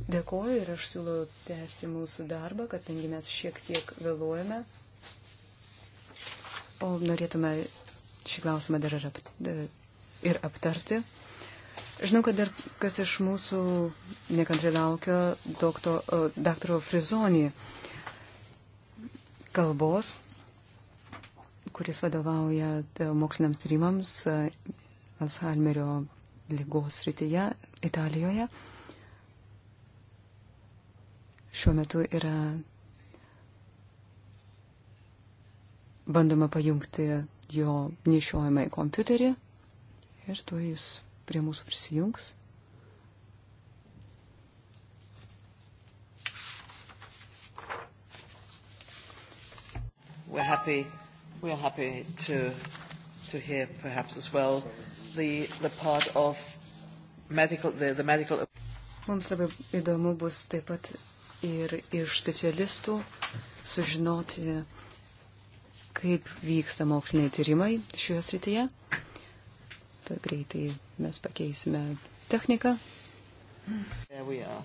Dėkuoju ir aš siūlau tęsti mūsų darbą, kadangi mes šiek tiek vėluojame. O norėtume šį klausimą dar ir aptarti. Žinau, kad dar kas iš mūsų nekantri laukia daktaro Frizonį kalbos, kuris vadovauja e, moksliniams tyrimams e, Alzheimerio lygos rytyje Italijoje. Šiuo metu yra bandoma pajungti jo nešiojamą į kompiuterį ir tuo jis prie mūsų prisijungs. We're happy, we're happy to, to hear perhaps as well the, the part of medical, the, the medical. Mums labai įdomu bus taip pat ir iš specialistų sužinoti, kaip vyksta moksliniai tyrimai šioje srityje. Tai greitai Mes pakeisime techniką. There we are.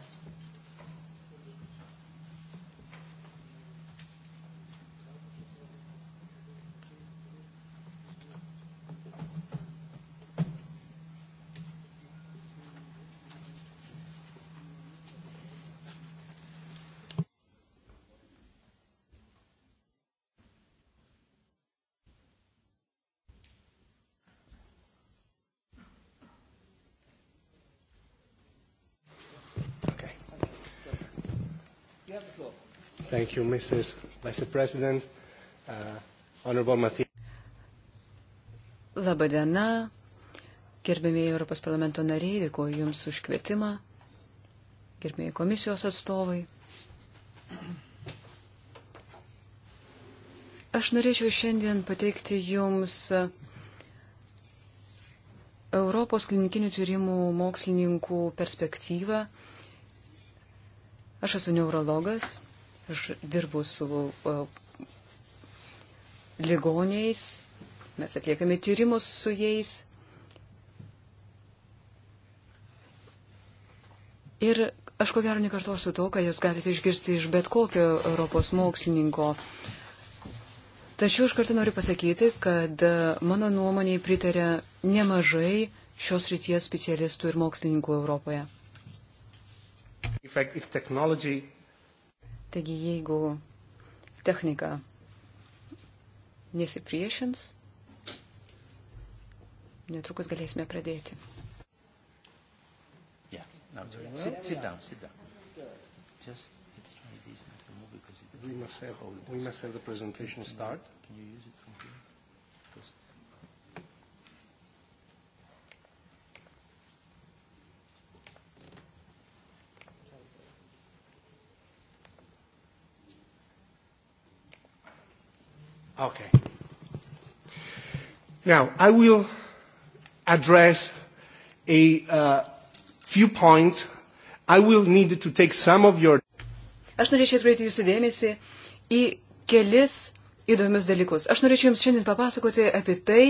Thank you, Mrs. Vice President. Uh, Honorable Matija. Labadiena, gerbėmiai Europos parlamento nariai, dėkuoju Jums už kvietimą, gerbėmiai komisijos atstovai. Aš norėčiau šiandien pateikti Jums Europos klinikinių tyrimų mokslininkų perspektyvą. Aš esu neurologas Aš dirbu su ligoniais, mes atliekame tyrimus su jais. Ir aš ko gero nekartosiu to, ką jūs galite išgirsti iš bet kokio Europos mokslininko. Tačiau iš karto noriu pasakyti, kad e, mano nuomonėje pritarė nemažai šios ryties specialistų ir mokslininkų Europoje. If, if technology Taigi jeigu technika nesipriešins, netrukus galėsime pradėti. Yeah, no, sit, sit down, sit down. Just, let's try this now to move because it... We must have, we must have the presentation start. Can you use it? Okay. Now, I will address a uh, few points. I will need to take some of your. Aš norėčiau atkreipti jūsų dėmesį į kelis įdomius dalykus. Aš norėčiau jums šiandien papasakoti apie tai,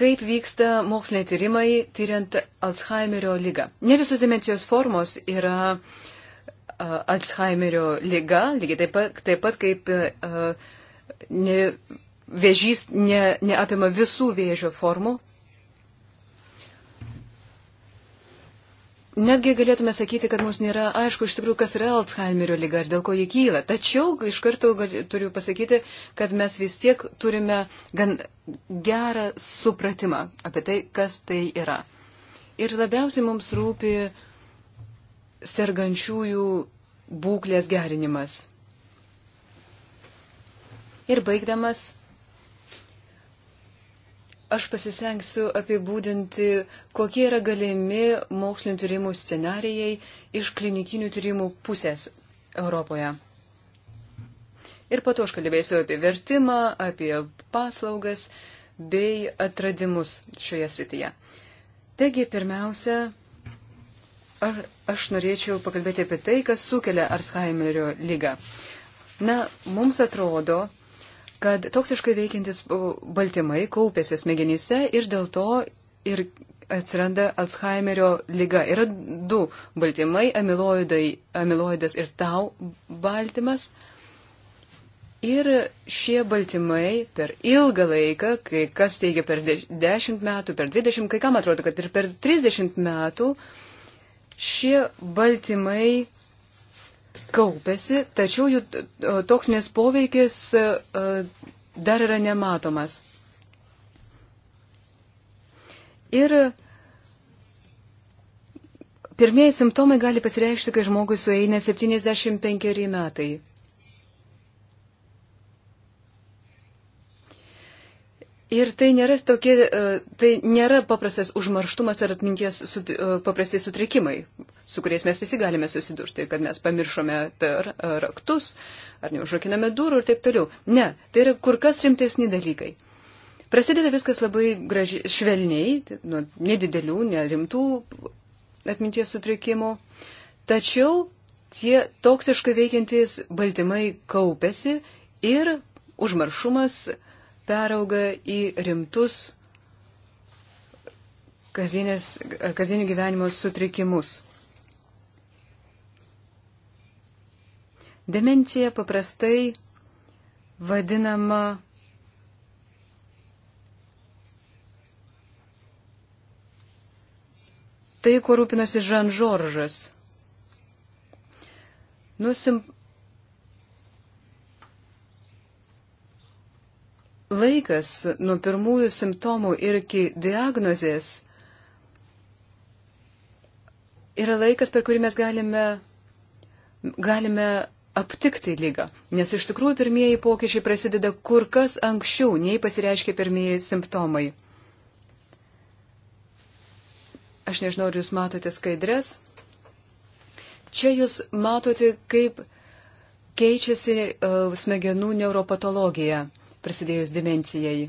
kaip vyksta moksliniai tyrimai tyriant Alzheimerio lygą. Ne visos demencijos formos yra uh, Alzheimerio lyga, lygiai taip pat, taip pat kaip e, ne, vėžys ne, neapima visų vėžio formų. Netgi galėtume sakyti, kad mums nėra aišku iš tikrųjų, kas yra Alzheimerio lyga ir dėl ko jį kyla. Tačiau iš karto gal, turiu pasakyti, kad mes vis tiek turime gan gerą supratimą apie tai, kas tai yra. Ir labiausiai mums rūpi uh, sergančiųjų būklės gerinimas. Ir baigdamas, aš pasisengsiu apibūdinti, kokie yra galimi mokslinio tyrimų scenarijai iš klinikinių tyrimų pusės Europoje. Ir po to aš kalbėsiu apie vertimą, apie paslaugas bei atradimus šioje srityje. Taigi, pirmiausia, ar aš norėčiau pakalbėti apie tai, kas sukelia Alzheimerio lygą. Na, mums atrodo, kad toksiškai veikiantis baltymai kaupėsi smegenyse ir dėl to ir atsiranda Alzheimerio lyga. Yra du baltymai - amiloidas ir tau baltymas. Ir šie baltymai per ilgą laiką, kai kas teigia per 10 metų, per 20, kai kam atrodo, kad ir per 30 metų, uh, Šie baltymai kaupėsi, tačiau jų e, toksinis poveikis e, dar yra nematomas. Ir pirmieji simptomai gali pasireikšti, kai žmogus sueina 75 metai. Ir tai nėra, tokie, e, tai nėra paprastas užmarštumas ar atminties sut, e, paprasti sutrikimai, su kuriais mes visi galime susidurti, kad mes pamiršome raktus ar neužrakiname durų ir taip toliau. Ne, tai yra kur kas rimtesni dalykai. Prasideda viskas labai graži, švelniai, nuo nedidelių, nerimtų atminties sutrikimų, tačiau tie toksiškai veikiantys baltymai kaupėsi ir užmaršumas uh, perauga į rimtus kasdienio gyvenimo sutrikimus. Demencija paprastai vadinama tai, kuo rūpinosi Žan Žoržas. Nu, sim, laikas nuo pirmųjų simptomų ir iki diagnozės yra laikas, per kurį mes galime, galime aptikti lygą. Nes iš tikrųjų pirmieji pokyčiai prasideda kur kas anksčiau, nei pasireiškia pirmieji simptomai. Aš nežinau, ar jūs matote skaidrės. Čia jūs matote, kaip keičiasi uh, smegenų neuropatologija prasidėjus dimencijai.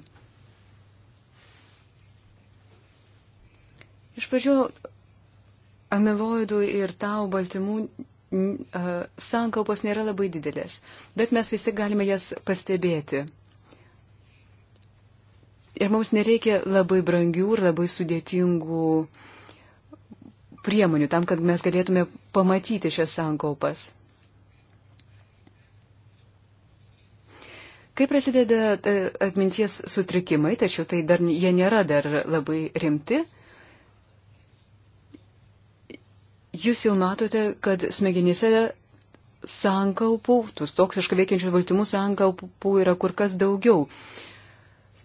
Iš pradžių amiloidų ir tau baltymų uh, sankaupos nėra labai didelės, bet mes vis tik galime jas pastebėti. Ir mums nereikia labai brangių ir labai sudėtingų priemonių tam, kad mes galėtume pamatyti šias sankaupas. Kai prasideda e, atminties sutrikimai, tačiau tai dar, jie nėra dar labai rimti, jūs jau matote, kad smegenyse sankaupų, tus toksiškai veikiančių baltymų sankaupų yra kur kas daugiau.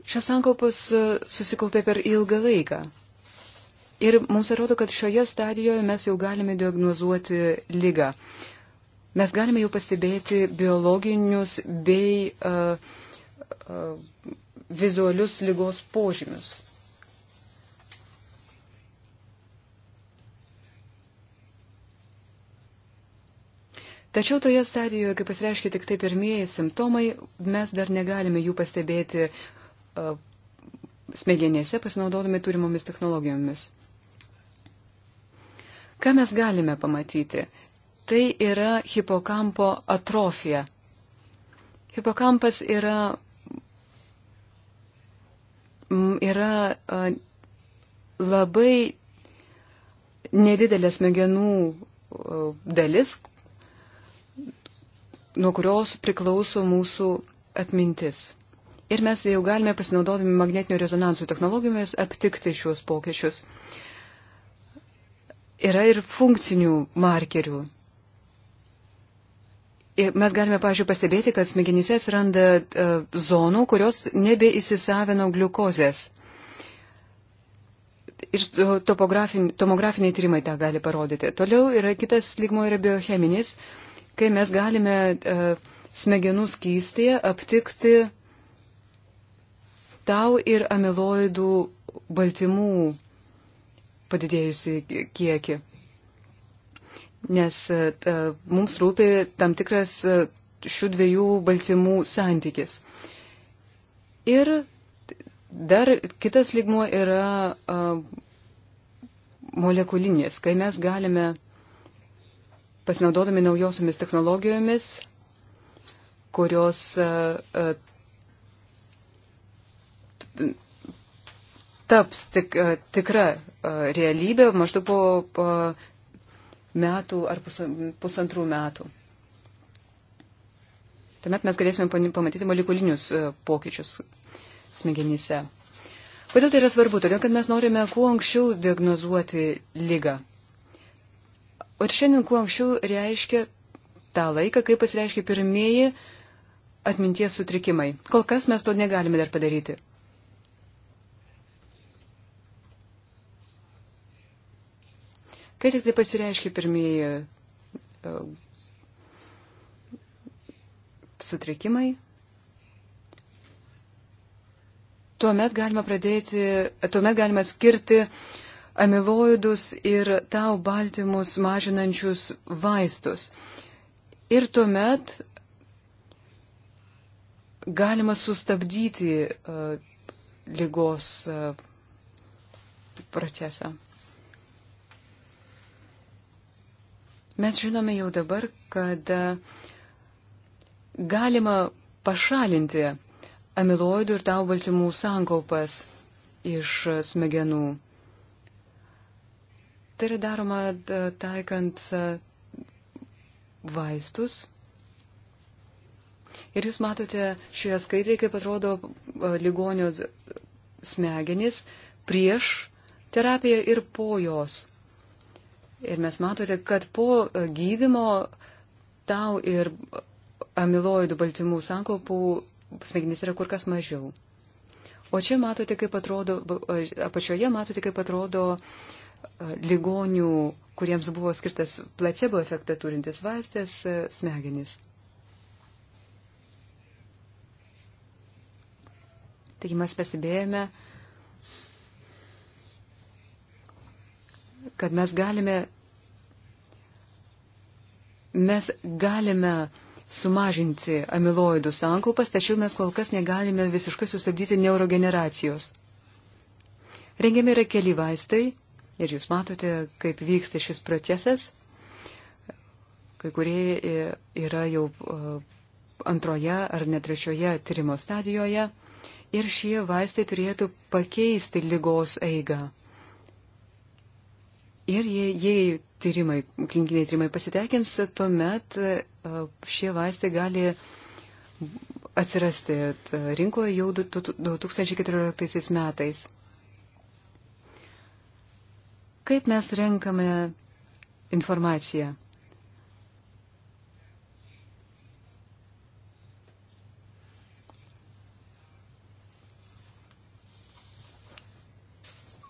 Šios sankaupos e, susikaupė per ilgą laiką. Ir mums atrodo, kad šioje stadijoje mes jau galime diagnozuoti lygą mes galime jau pastebėti biologinius bei uh, uh, vizualius lygos požymius. Tačiau toje stadijoje, kai pasireiškia tik tai pirmieji simptomai, mes dar negalime jų pastebėti uh, e, smegenėse pasinaudodami turimomis technologijomis. Ką mes galime pamatyti? Tai yra hipokampo atrofija. Hipokampas yra, yra labai nedidelė smegenų dalis, nuo kurios priklauso mūsų atmintis. Ir mes jau galime pasinaudodami magnetinio rezonansų technologijomis aptikti šiuos pokyčius. Yra ir funkcinių markerių, Mes galime, pažiūrėjau, pastebėti, kad smegenyse atsiranda e, zonų, kurios nebeįsisavino gliukozės. Ir tomografiniai tyrimai tą gali parodyti. Toliau yra kitas lygmo yra biocheminis, kai mes galime e, smegenų skystėje aptikti tau ir amiloidų baltymų padidėjusi kiekį nes e, mums rūpi tam tikras e, šių dviejų baltymų santykis. Ir dar kitas ligmuo yra e, molekulinis, kai mes galime, pasinaudodami naujosiomis technologijomis, kurios taps tik, tikra realybė maždaug po, po metų ar pusantrų metų. Tuomet mes galėsime pamatyti molekulinius e, pokyčius smegenyse. Kodėl tai yra svarbu? Todėl, kad mes norime kuo anksčiau diagnozuoti lygą. Ir šiandien kuo anksčiau reiškia tą laiką, kai pasireiškia pirmieji atminties sutrikimai. Kol kas mes to negalime dar padaryti. Kai tik tai pasireiškia pirmieji e, sutrikimai, tuomet galima pradėti, tuomet galima skirti amiloidus ir tau baltymus mažinančius vaistus. Ir tuomet galima sustabdyti uh, e, lygos uh, e, procesą. Mes žinome jau dabar, kad e, galima pašalinti amiloidų ir tau baltymų sankaupas iš smegenų. Tai yra daroma taikant e, vaistus. Ir jūs matote šioje skaidrėje, kaip atrodo e, ligonio smegenys prieš terapiją ir po jos. Ir mes matote, kad po gydimo tau ir amiloidų baltymų sankaupų smegenys yra kur kas mažiau. O čia matote, kaip atrodo, apačioje matote, kaip atrodo e, ligonių, kuriems buvo skirtas placebo efektą turintis vaistas, e, smegenys. Taigi mes pastebėjome, kad mes galime, mes galime sumažinti amiloidų sankaupas, tačiau mes kol kas negalime visiškai sustabdyti neurogeneracijos. Rengiami yra keli vaistai ir jūs matote, kaip vyksta šis procesas. Kai kurie yra jau antroje ar netrečioje tyrimo stadijoje ir šie vaistai turėtų pakeisti lygos eigą. Ir jei, jei tyrimai, klinikiniai tyrimai pasiteikins, tuomet e, šie vaistai gali atsirasti rinkoje jau 2014 metais. Kaip mes renkame informaciją?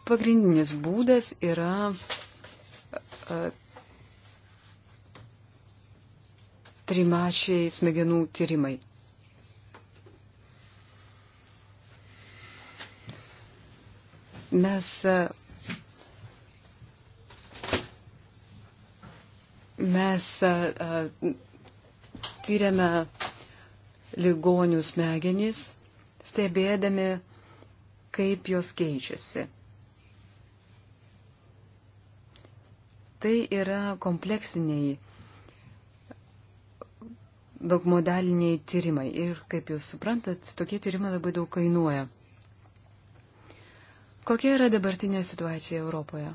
Pagrindinis būdas yra trimačiai smegenų tyrimai. Mes, mes e, tyriame ligonių smegenys, stebėdami, kaip jos keičiasi. Tai yra kompleksiniai daugmodaliniai tyrimai. Ir kaip jūs suprantat, tokie tyrimai labai daug kainuoja. Kokia yra dabartinė situacija Europoje?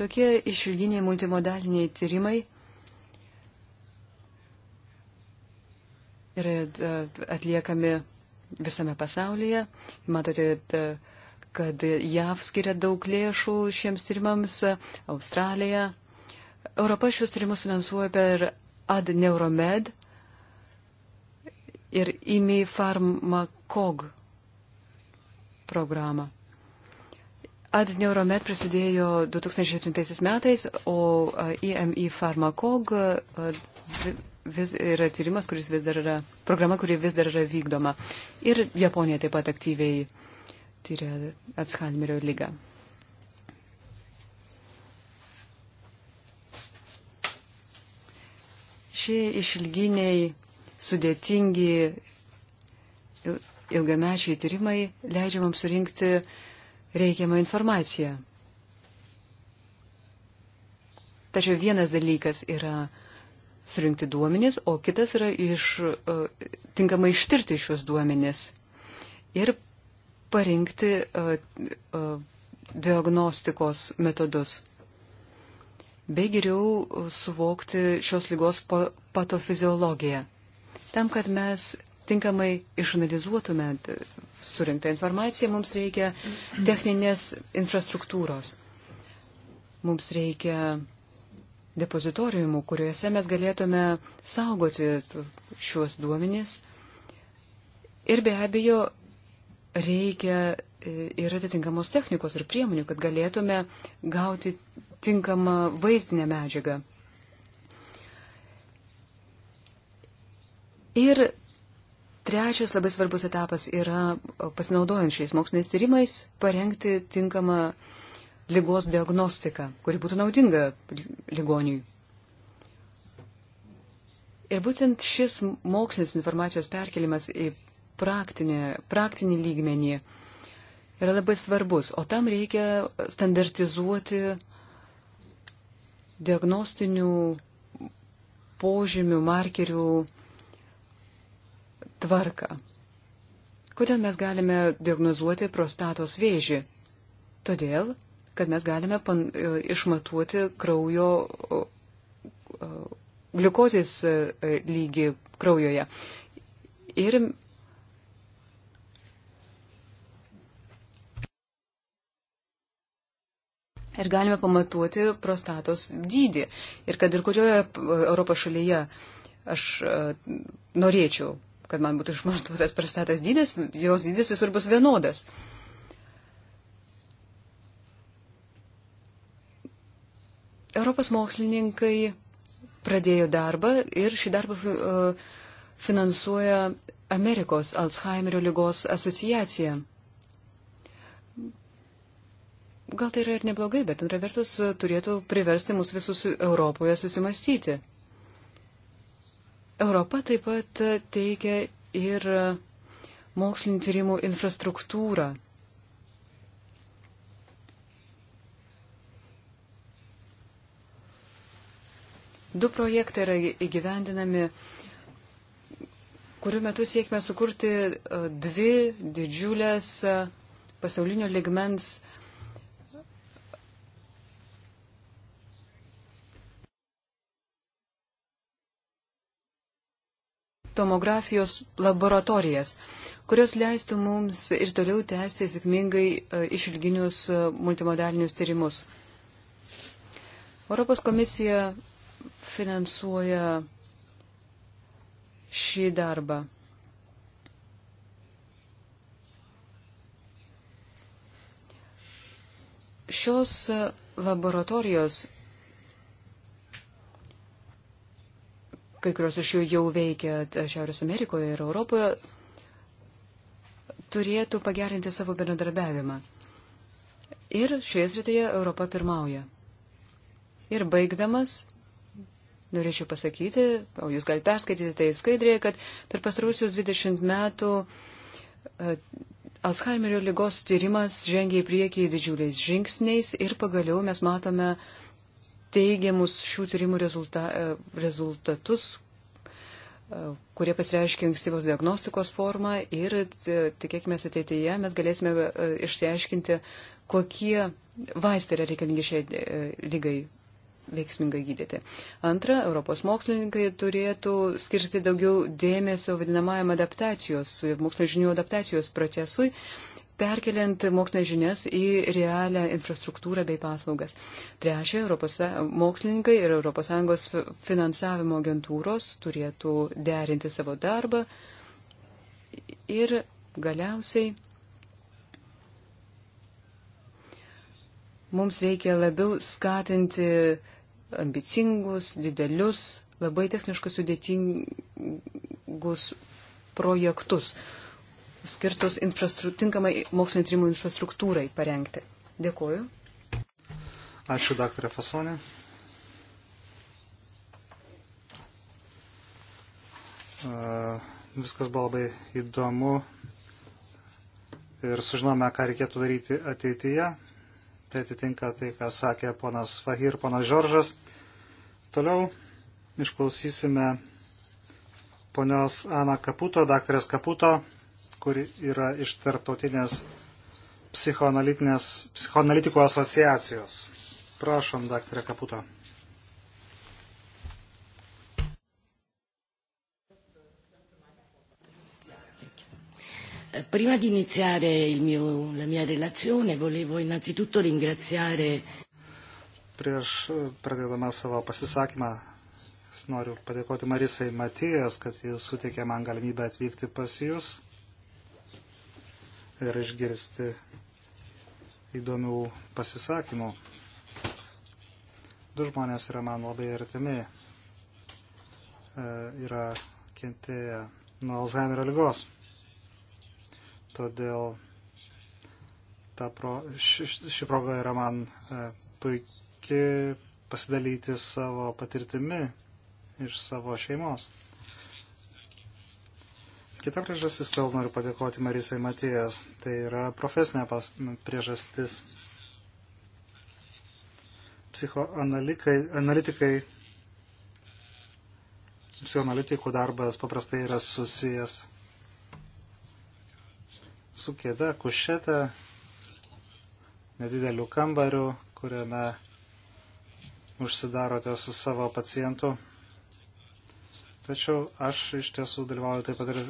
Tokie išilginiai multimodaliniai tyrimai yra e, atliekami visame pasaulyje. Matote, e, kad JAV skiria daug lėšų šiems tyrimams, Australija. Europa šios tyrimus finansuoja per Ad Neuromed ir IMI Pharmacog programą. Ad Neuromed prasidėjo 2007 metais, o e, IMI Pharmacog vis, yra tyrimas, kuris vis dar yra, programa, kuri vis dar yra vykdoma. Ir Japonija taip pat aktyviai tyria Alzheimerio lygą. Šie išilginiai, sudėtingi, ilgamečiai tyrimai leidžia mums surinkti reikiamą informaciją. Tačiau vienas dalykas yra surinkti duomenis, o kitas yra iš, e, tinkamai ištirti šios duomenis ir parinkti e, e, diagnostikos metodus. Bei geriau suvokti šios lygos patofiziologiją. Tam, kad mes tinkamai išanalizuotume surinktą informaciją, mums reikia techninės infrastruktūros. Mums reikia depozitoriumų, kuriuose mes galėtume saugoti šiuos duomenys. Ir be abejo, reikia e, ir atitinkamos technikos ir priemonių, kad galėtume gauti tinkamą vaizdinę medžiagą. Ir trečias labai svarbus etapas yra, pasinaudojant šiais moksliniais tyrimais, parengti tinkamą uh, lygos diagnostiką, kuri būtų naudinga ligoniui. Ir būtent šis mokslinis informacijos perkelimas į praktinį, praktinį lygmenį yra labai svarbus, o tam reikia standartizuoti diagnostinių požymių, markerių tvarką. Kodėl mes galime diagnozuoti prostatos vėžį? Todėl, kad mes galime pan, e, išmatuoti kraujo gliukozės e, e, lygį kraujoje. Ir Ir galime pamatuoti prostatos dydį. Ir kad ir kurioje Europos šalyje aš norėčiau, kad man būtų išmatuotas prostatas dydis, jos dydis visur bus vienodas. Uh, Europos mokslininkai pradėjo darbą ir šį darbą uh, finansuoja Amerikos Alzheimerio lygos asociacija. Gal tai yra ir neblogai, bet antra vertus uh, turėtų priversti mus visus Europoje susimastyti. Europa taip pat uh, teikia ir mokslinio tyrimų infrastruktūrą. Du projektai yra įgyvendinami, kurių metu siekime sukurti e, dvi didžiulės e, pasaulinio ligmens tomografijos laboratorijas, kurios leistų mums ir toliau tęsti sėkmingai e, išilginius multimodalinius tyrimus. Europos komisija finansuoja šį darbą. Šios laboratorijos, kai kurios iš jų jau veikia Šiaurės Amerikoje ir Europoje, turėtų pagerinti savo bendradarbiavimą. Ir šioje srityje Europa pirmauja. Ir baigdamas, norėčiau pasakyti, o jūs galite perskaityti tai skaidrėje, kad per pastarusius 20 metų e, Alzheimerio lygos tyrimas žengia į priekį didžiuliais žingsniais ir pagaliau mes matome teigiamus šių tyrimų rezulta, e, rezultatus, e, kurie pasireiškia ankstyvos diagnostikos formą ir tikėkime ateityje mes galėsime išsiaiškinti, kokie vaistai yra reikalingi šiai lygai veiksmingai gydyti. Antra, Europos mokslininkai turėtų skirti daugiau dėmesio vadinamajam adaptacijos, mokslinio žinių adaptacijos procesui perkeliant mokslinės žinias į realią infrastruktūrą bei paslaugas. Trečia, Europos mokslininkai ir ES finansavimo agentūros turėtų derinti savo darbą. Ir galiausiai mums reikia labiau skatinti ambicingus, didelius, labai techniškai sudėtingus projektus, skirtus tinkamai mokslinio tyrimų infrastruktūrai parengti. Dėkuoju. Ačiū, daktarė Fasonė. Viskas buvo labai įdomu ir sužinome, ką reikėtų daryti ateityje. Tai atitinka tai, ką sakė ponas Fahir, ponas Žoržas. Toliau išklausysime ponios Ana Kaputo, daktarės Kaputo, kuri yra iš tarptautinės psichoanalitikų asociacijos. Prašom, daktarė Kaputo. Prima di iniziare il mio, la mia relazione volevo innanzitutto ringraziare. Prieš eh, pradėdama savo pasisakymą noriu padėkoti Marisai Matijas, kad jis suteikė man galimybę atvykti pas jūs ir išgirsti įdomių pasisakymų. Du žmonės yra man labai artimi. E, yra kentėję nuo Alzheimerio lygos. Todėl ta pro, ši, ši proga yra man e, puikiai pasidalyti savo patirtimi iš savo šeimos. Kita priežastis, vėl noriu padėkoti Marisai Matijas, tai yra profesinė pas, priežastis. Psichoanalitikai, psichoanalitikų darbas paprastai yra susijęs su kėda, kušete, nedideliu kambariu, kuriame užsidarote su savo pacientu. Tačiau aš iš tiesų dalyvauju taip pat ir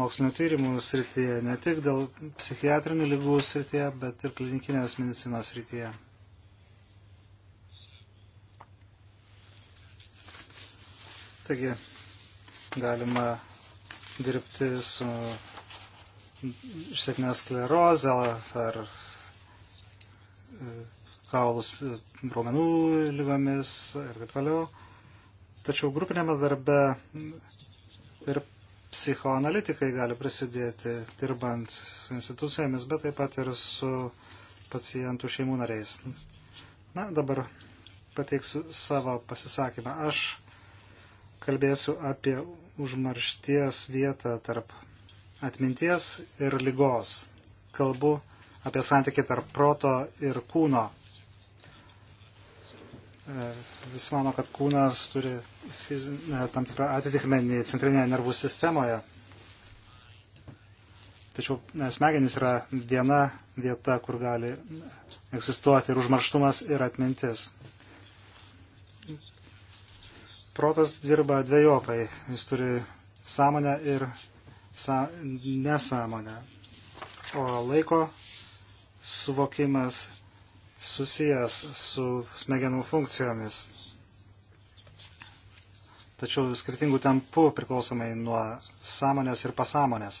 mokslinio tyrimų srityje, ne tik dėl psichiatrinių lygų srityje, bet ir klinikinės medicinos srityje. Taigi, galima dirbti su išsėkmę sklerozę ar e, kaulus e, raumenų lygomis ir taip toliau. Tačiau grupinėme darbe ir psichoanalitikai gali prisidėti dirbant su institucijomis, bet taip pat ir su pacientų šeimų nariais. Na, dabar pateiksiu savo pasisakymą. Aš kalbėsiu apie užmaršties vietą tarp atminties ir lygos. Kalbu apie santykį tarp proto ir kūno. E, visi mano, kad kūnas turi fizinę, e, tam tikrą atitikmenį centrinėje nervų sistemoje. Tačiau e, smegenys yra viena vieta, kur gali egzistuoti ir užmarštumas, ir atmintis. Protas dirba dviejopai. Jis turi sąmonę ir sa, nesąmonę. O laiko suvokimas susijęs su smegenų funkcijomis. Tačiau skirtingų tempų priklausomai nuo sąmonės ir pasąmonės.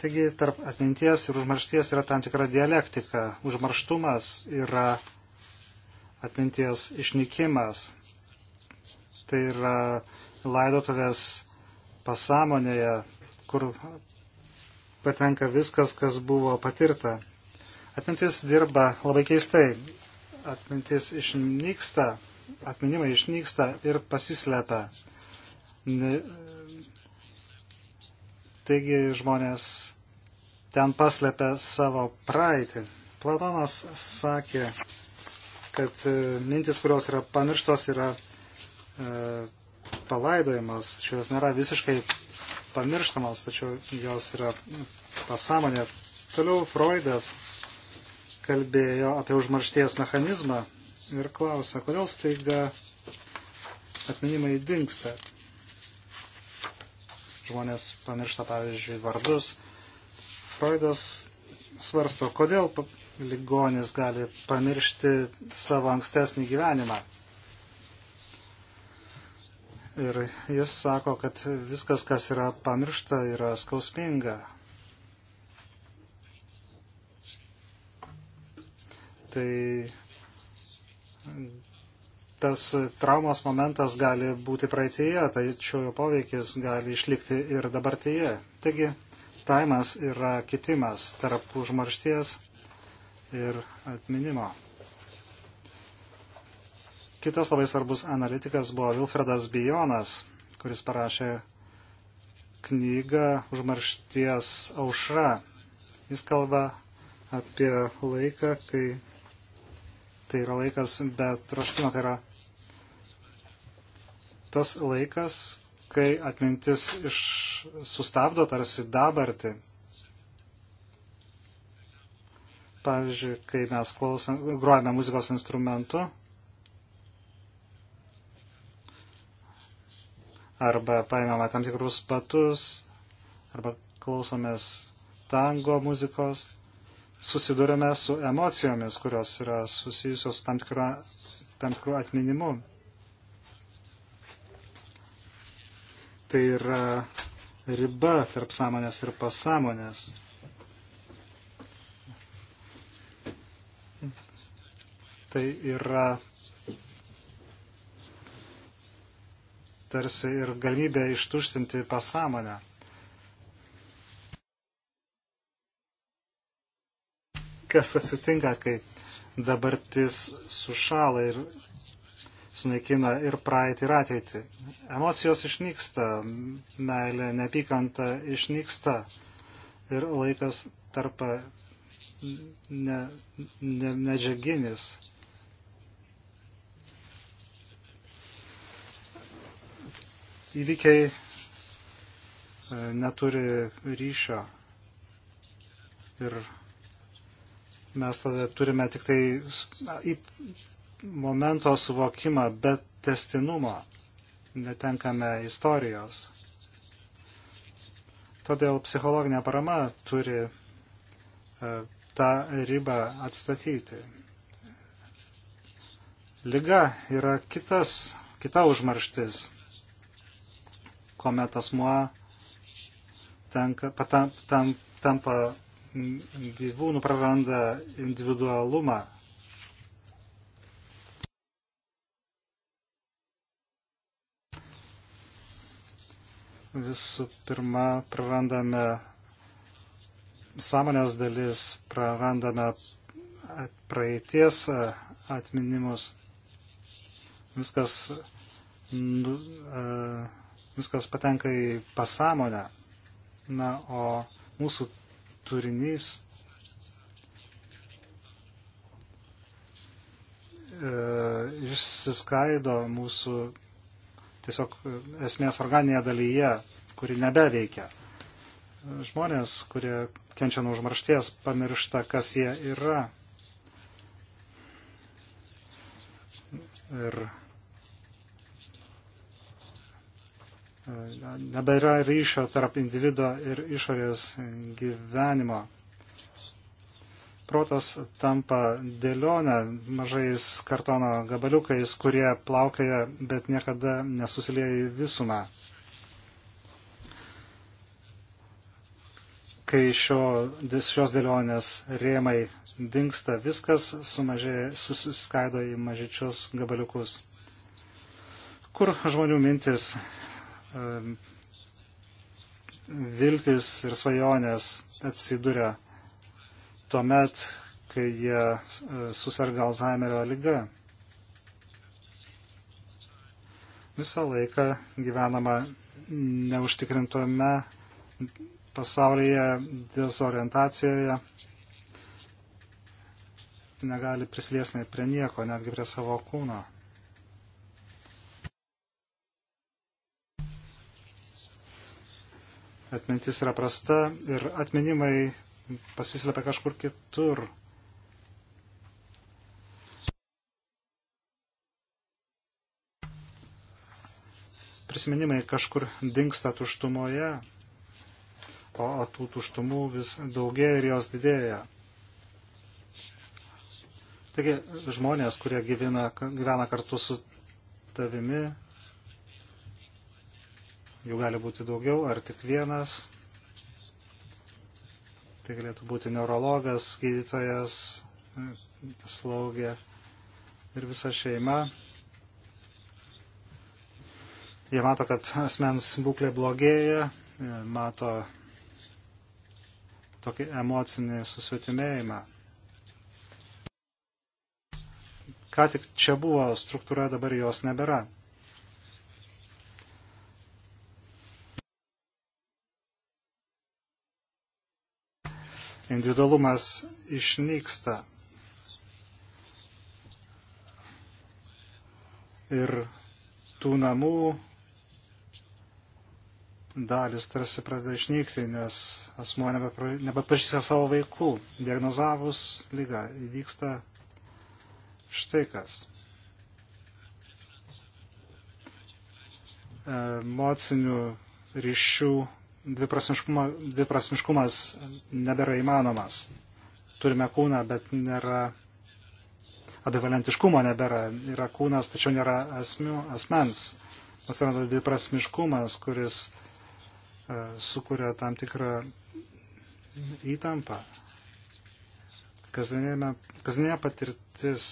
Taigi tarp atminties ir užmaršties yra tam tikra dialektika. Užmarštumas yra atminties išnykimas. Tai yra laidotuvės pasąmonėje kur patenka viskas, kas buvo patirta. Atmintis dirba labai keistai. Atmintis išnyksta, atminimai išnyksta ir pasislepia. Taigi žmonės ten paslepia savo praeitį. Platonas sakė, kad e, mintis, kurios yra pamirštos, yra e, palaidojimas. Šios nėra visiškai pamirštamos, tačiau jos yra pasąmonė. Toliau Freudas kalbėjo apie užmaršties mechanizmą ir klausė, kodėl staiga atminimai dinksta. Žmonės pamiršta, pavyzdžiui, vardus. Freudas svarsto, kodėl ligonis gali pamiršti savo ankstesnį gyvenimą. Ir jis sako, kad viskas, kas yra pamiršta, yra skausminga. Tai tas traumos momentas gali būti praeitėje, tačiau jo poveikis gali išlikti ir dabartyje. Taigi, taimas yra kitimas tarp užmaršties ir atminimo. Kitas labai svarbus analitikas buvo Vilfredas Bijonas, kuris parašė knygą Užmaršties aušra. Jis kalba apie laiką, kai tai yra laikas be troškimo, tai yra tas laikas, kai atmintis iš, sustabdo tarsi dabartį. Pavyzdžiui, kai mes klausom, grojame muzikos instrumentu, arba paėmėme tam tikrus batus, arba klausomės tango muzikos, susidurime su emocijomis, kurios yra susijusios tam, tikra, tam tikrų atminimu. Tai yra riba tarp sąmonės ir pasąmonės. Tai yra tarsi ir galimybė ištuštinti pasąmonę. Kas atsitinka, kai dabartis sušala ir sunaikina ir praeitį, ir ateitį. Emocijos išnyksta, meilė, nepykanta išnyksta ir laikas tarpa ne, ne, medžiaginis. Ne įvykiai e, neturi ryšio. Ir mes tada turime tik tai na, į momento suvokimą, bet testinumo netenkame istorijos. Todėl psichologinė parama turi e, tą ribą atstatyti. Liga yra kitas, kita užmarštis kuomet asmuo tenka, patam, tam, tampa gyvūnų praranda individualumą. Visų pirma, prarandame sąmonės dalis, prarandame praeities atminimus. Viskas nu, uh, viskas patenka į pasąmonę. Na, o mūsų turinys e, išsiskaido mūsų tiesiog esmės organinėje dalyje, kuri nebeveikia. Žmonės, kurie kenčia nuo užmaršties, pamiršta, kas jie yra. Ir nebėra ryšio tarp individo ir išorės gyvenimo. Protas tampa dėlionę mažais kartono gabaliukais, kurie plaukėja, bet niekada nesusilieja į visumą. Kai šio, šios dėlionės rėmai dinksta, viskas sumažė, susiskaido į mažyčius gabaliukus. Kur žmonių mintis viltis ir svajonės atsiduria tuomet, kai jie e, susirga Alzheimerio lyga. Visą laiką gyvenama neužtikrintume pasaulyje, dezorientacijoje, negali prisiliesnai prie nieko, netgi prie savo kūno. atmintis yra prasta ir atminimai pasislepia kažkur kitur. Prisiminimai kažkur dinksta tuštumoje, o tų tuštumų vis daugėja ir jos didėja. Taigi žmonės, kurie gyvena, gyvena kartu su tavimi, jų gali būti daugiau ar tik vienas. Tai galėtų būti neurologas, gydytojas, slaugė ir visa šeima. Jie mato, kad asmens būklė blogėja, mato tokį emocinį susvetimėjimą. Ką tik čia buvo struktūra, dabar jos nebėra. individualumas išnyksta. Ir tų namų dalis tarsi pradeda išnykti, nes asmo nebepažįsta savo vaikų. Diagnozavus lygą įvyksta štai kas. Emocinių ryšių dviprasmiškuma, dviprasmiškumas nebėra įmanomas. Turime kūną, bet nėra abivalentiškumo nebėra. Yra kūnas, tačiau nėra asmių, asmens. Atsiranda dviprasmiškumas, kuris uh, sukuria tam tikrą įtampą. Kasdienė patirtis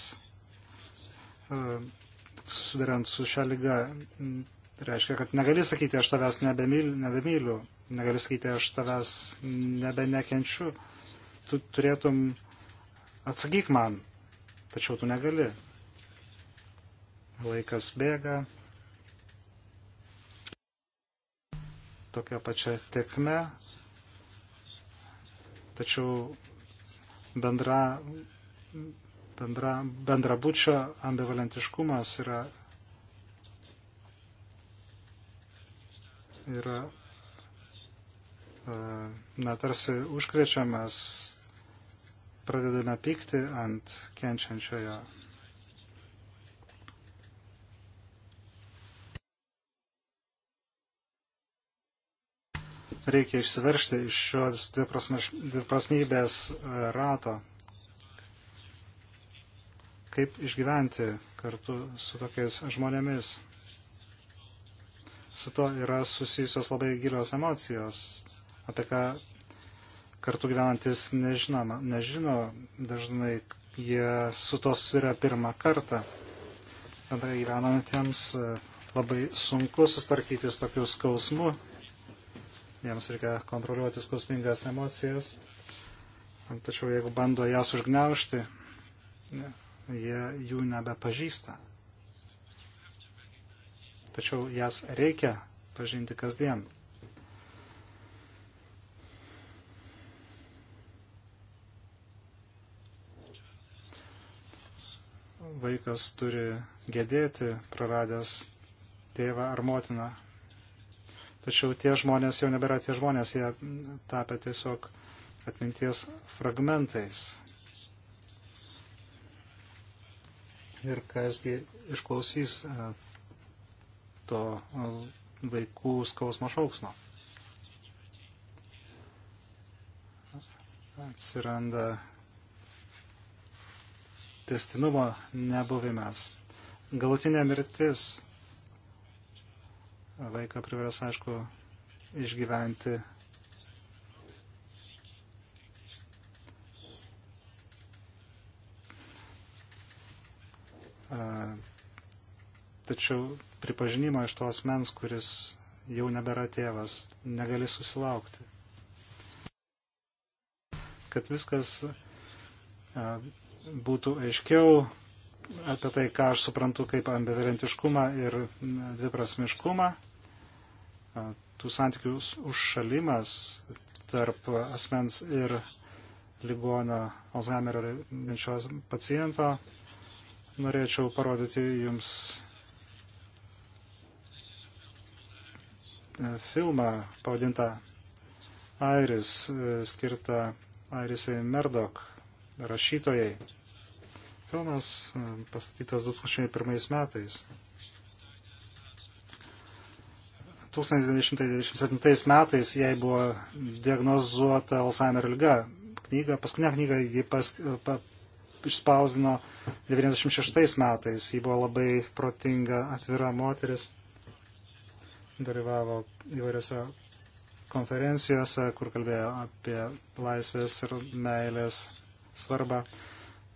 uh, e, susidariant su šią lygą reiškia, kad negali sakyti, aš tavęs nebemyliu, nebemyliu negali sakyti, aš tavęs nebe nekenčiu, tu turėtum atsakyk man, tačiau tu negali. Laikas bėga. Tokia pačia tekme. Tačiau bendra, bendra, bendra bučio ambivalentiškumas yra, yra E, na, tarsi užkrečiamas, pradedame pykti ant kenčiančiojo. Reikia išsiveršti iš šios dviprasmybės e, rato. Kaip išgyventi kartu su tokiais žmonėmis. Su to yra susijusios labai gilios emocijos apie ką kartu gyvenantis nežinoma, nežino, dažnai jie su to susiria pirmą kartą. Bendrai gyvenantiems e, labai sunku sustarkyti su tokiu skausmu, jiems reikia kontroliuoti skausmingas emocijas, tačiau jeigu bando jas užgneušti, jie jų nebepažįsta. Tačiau jas reikia pažinti kasdien. vaikas turi gedėti praradęs tėvą ar motiną. Tačiau tie žmonės jau nebėra tie žmonės, jie tapę tiesiog atminties fragmentais. Ir kasgi išklausys e, to e, vaikų skausmo šauksmo. Atsiranda testinumo nebuvimas. Galutinė mirtis vaiką privers, aišku, išgyventi. Tačiau pripažinimo iš to asmens, kuris jau nebėra tėvas, negali susilaukti. Kad viskas būtų aiškiau apie tai, ką aš suprantu kaip ambivalentiškumą ir dviprasmiškumą, tų santykių užšalimas tarp asmens ir ligonio Alzheimerio minčios paciento. Norėčiau parodyti jums e, filmą pavadintą Airis, e, skirtą Airisai Merdok rašytojai. Filmas e, pastatytas 2001 metais. 1997 metais jai buvo diagnozuota Alzheimer lyga. Knyga, paskutinę knygą ji pas, pa, išspausdino 96 metais. Ji buvo labai protinga, atvira moteris. Dalyvavo įvairiose konferencijose, kur kalbėjo apie laisvės ir meilės svarbą,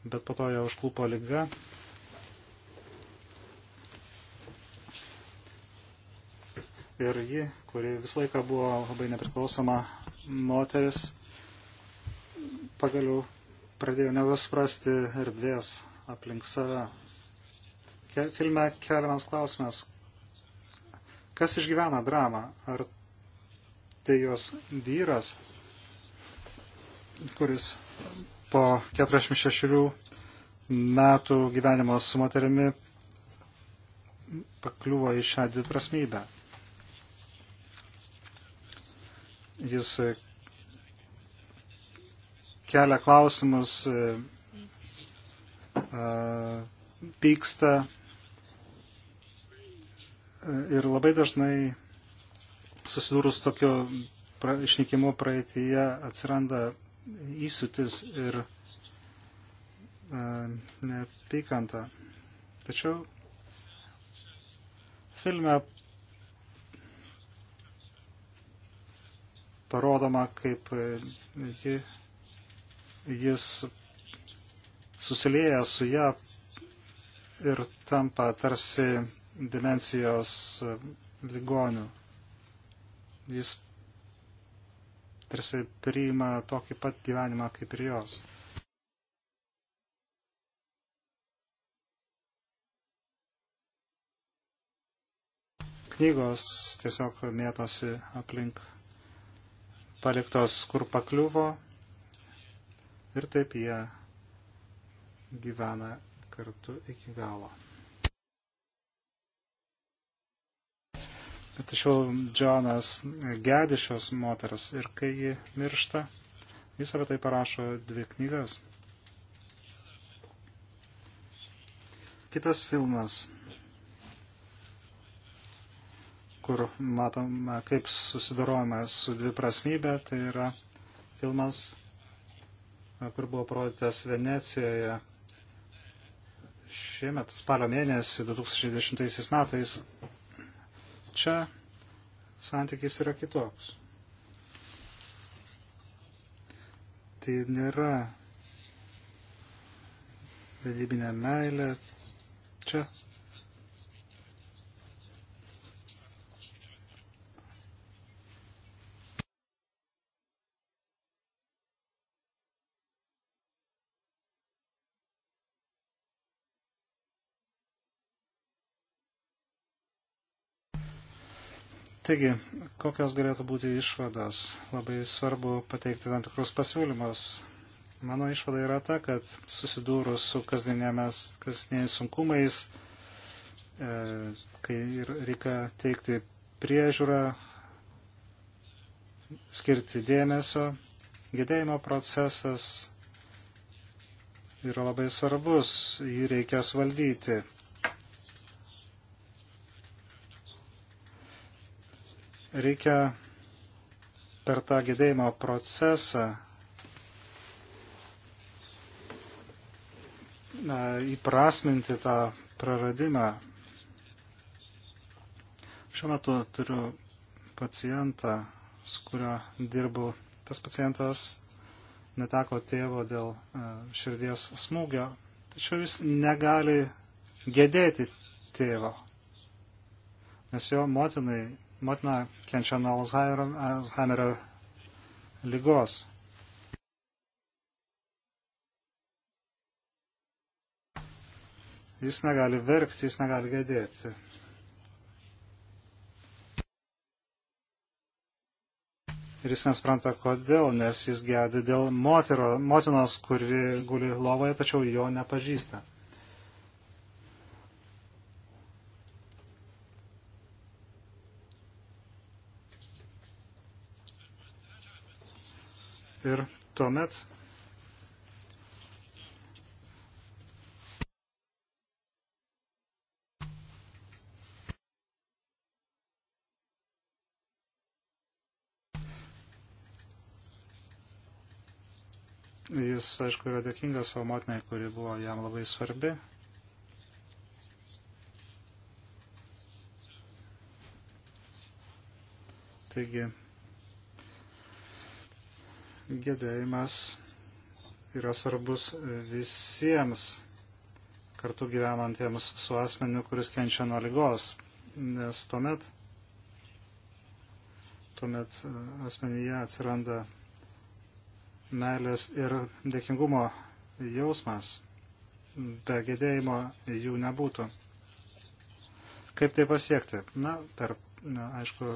bet po to ją užklupo lyga. Ir ji, kuri visą laiką buvo labai nepriklausoma moteris, pagaliau pradėjo nebesprasti erdvės aplink save. Filme keliamas klausimas, kas išgyvena dramą? Ar tai jos vyras, kuris po 46 metų gyvenimo su moterimi pakliuvo į šią dviprasmybę. Jis kelia klausimus, pyksta ir labai dažnai susidūrus tokiu pra, išnykimu praeitįje atsiranda įsutis ir e, neapykanta. Tačiau filme parodoma, kaip e, ji, jis susilieja su ją ir tampa tarsi dimensijos e, ligonių. Jis tarsi priima tokį pat gyvenimą kaip ir jos. Knygos tiesiog mėtosi aplink paliktos, kur pakliuvo ir taip jie gyvena kartu iki galo. Tačiau Džonas gedi šios moters ir kai ji miršta, jis apie tai parašo dvi knygas. Kitas filmas, kur matome, kaip susidarojame su dviprasmybė, tai yra filmas, kur buvo parodytas Venecijoje šiemet, spalio mėnesį 2010 metais čia santykis yra kitoks. Tai nėra vedybinė meilė. Čia Taigi, kokios galėtų būti išvados? Labai svarbu pateikti tam tikrus pasiūlymus. Mano išvada yra ta, kad susidūrus su kasdieniais sunkumais, e, kai reikia teikti priežiūrą, skirti dėmesio, gedėjimo procesas yra labai svarbus, jį reikia svaldyti. reikia per tą gedėjimo procesą na, įprasminti tą praradimą. Šiuo metu turiu pacientą, su kuriuo dirbu. Tas pacientas neteko tėvo dėl e, širdies smūgio, tačiau jis negali gedėti tėvo, nes jo motinai motina kenčia nuo Alzheimerio lygos. Jis negali verkti, jis negali gėdėti. Ir jis nespranta, kodėl, nes jis gedi dėl motero, motinos, kuri guli lovoje, tačiau jo nepažįsta. ir tuomet Jis, aišku, yra dėkingas savo motinai, kuri buvo jam labai svarbi. Taigi, gedėjimas yra svarbus visiems kartu gyvenantiems su asmeniu, kuris kenčia nuo lygos, nes tuomet, tuomet e, asmenyje atsiranda meilės ir dėkingumo jausmas. Be gedėjimo jų nebūtų. Kaip tai pasiekti? Na, per, na, aišku,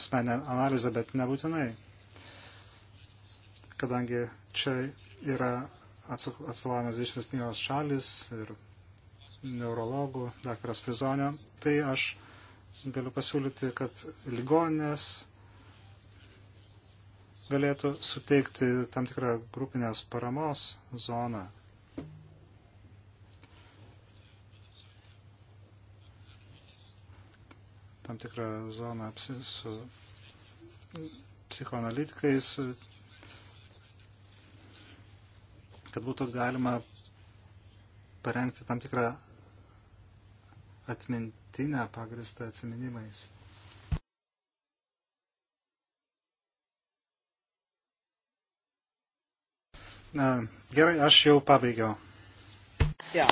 asmenę analizę, bet nebūtinai kadangi čia yra atstovavimas 27 šalis ir neurologų, daktaras Frizonio, tai aš galiu pasiūlyti, kad ligoninės galėtų suteikti tam tikrą grupinės paramos zoną. Tam tikrą zoną su psichoanalitikais, kad būtų galima parengti tam tikrą atmintinę pagristą atsiminimais. Na, gerai, aš jau pabaigiau. Yeah.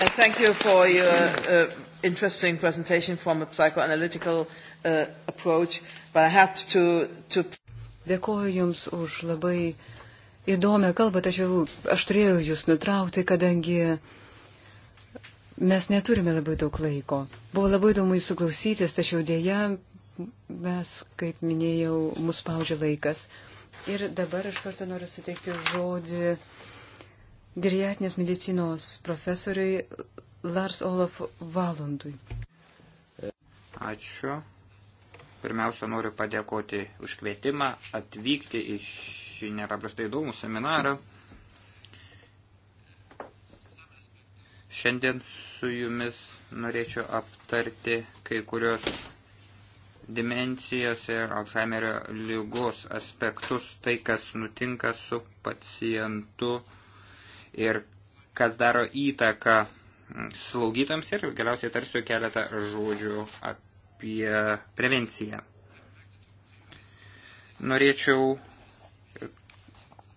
And thank you for your uh, interesting presentation from a psychoanalytical uh, approach, but I have to, to... Dėkuoju Jums už labai uh, įdomią kalbą, tačiau aš turėjau jūs nutraukti, kadangi mes neturime labai daug laiko. Buvo labai įdomu jūsų klausytis, tačiau dėja mes, kaip minėjau, mus spaudžia laikas. Ir dabar iš karto noriu suteikti žodį geriatinės medicinos profesoriui Lars Olaf Valandui. Ačiū. Pirmiausia, noriu padėkoti už kvietimą atvykti iš šį nepaprastai įdomų seminarą. Šiandien su jumis norėčiau aptarti kai kurios dimensijos ir Alzheimerio lygos aspektus, tai kas nutinka su pacientu ir kas daro įtaką slaugytams ir galiausiai tarsiu keletą žodžių apie prevenciją. Norėčiau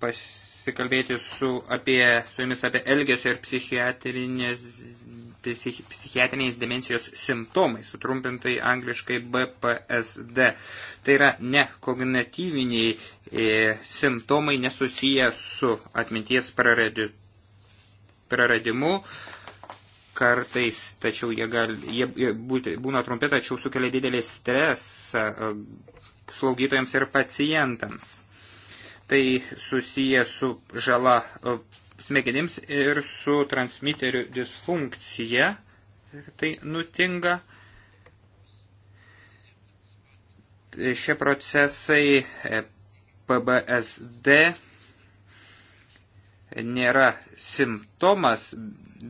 pasikalbėti su, apie, su jumis apie elgesio ir psichiatrinės, psich, psichiatrinės demencijos simptomai, sutrumpintai angliškai BPSD. Tai yra ne kognityviniai e, simptomai nesusiję su atminties praradi, praradimu kartais, tačiau jie, gali, jie, jie būti, būna trumpi, tačiau sukelia didelį stresą e, slaugytojams ir pacientams tai susiję su žala e, smegenims ir su transmiterių disfunkcija. Tai nutinka. Šie procesai e, PBSD nėra simptomas,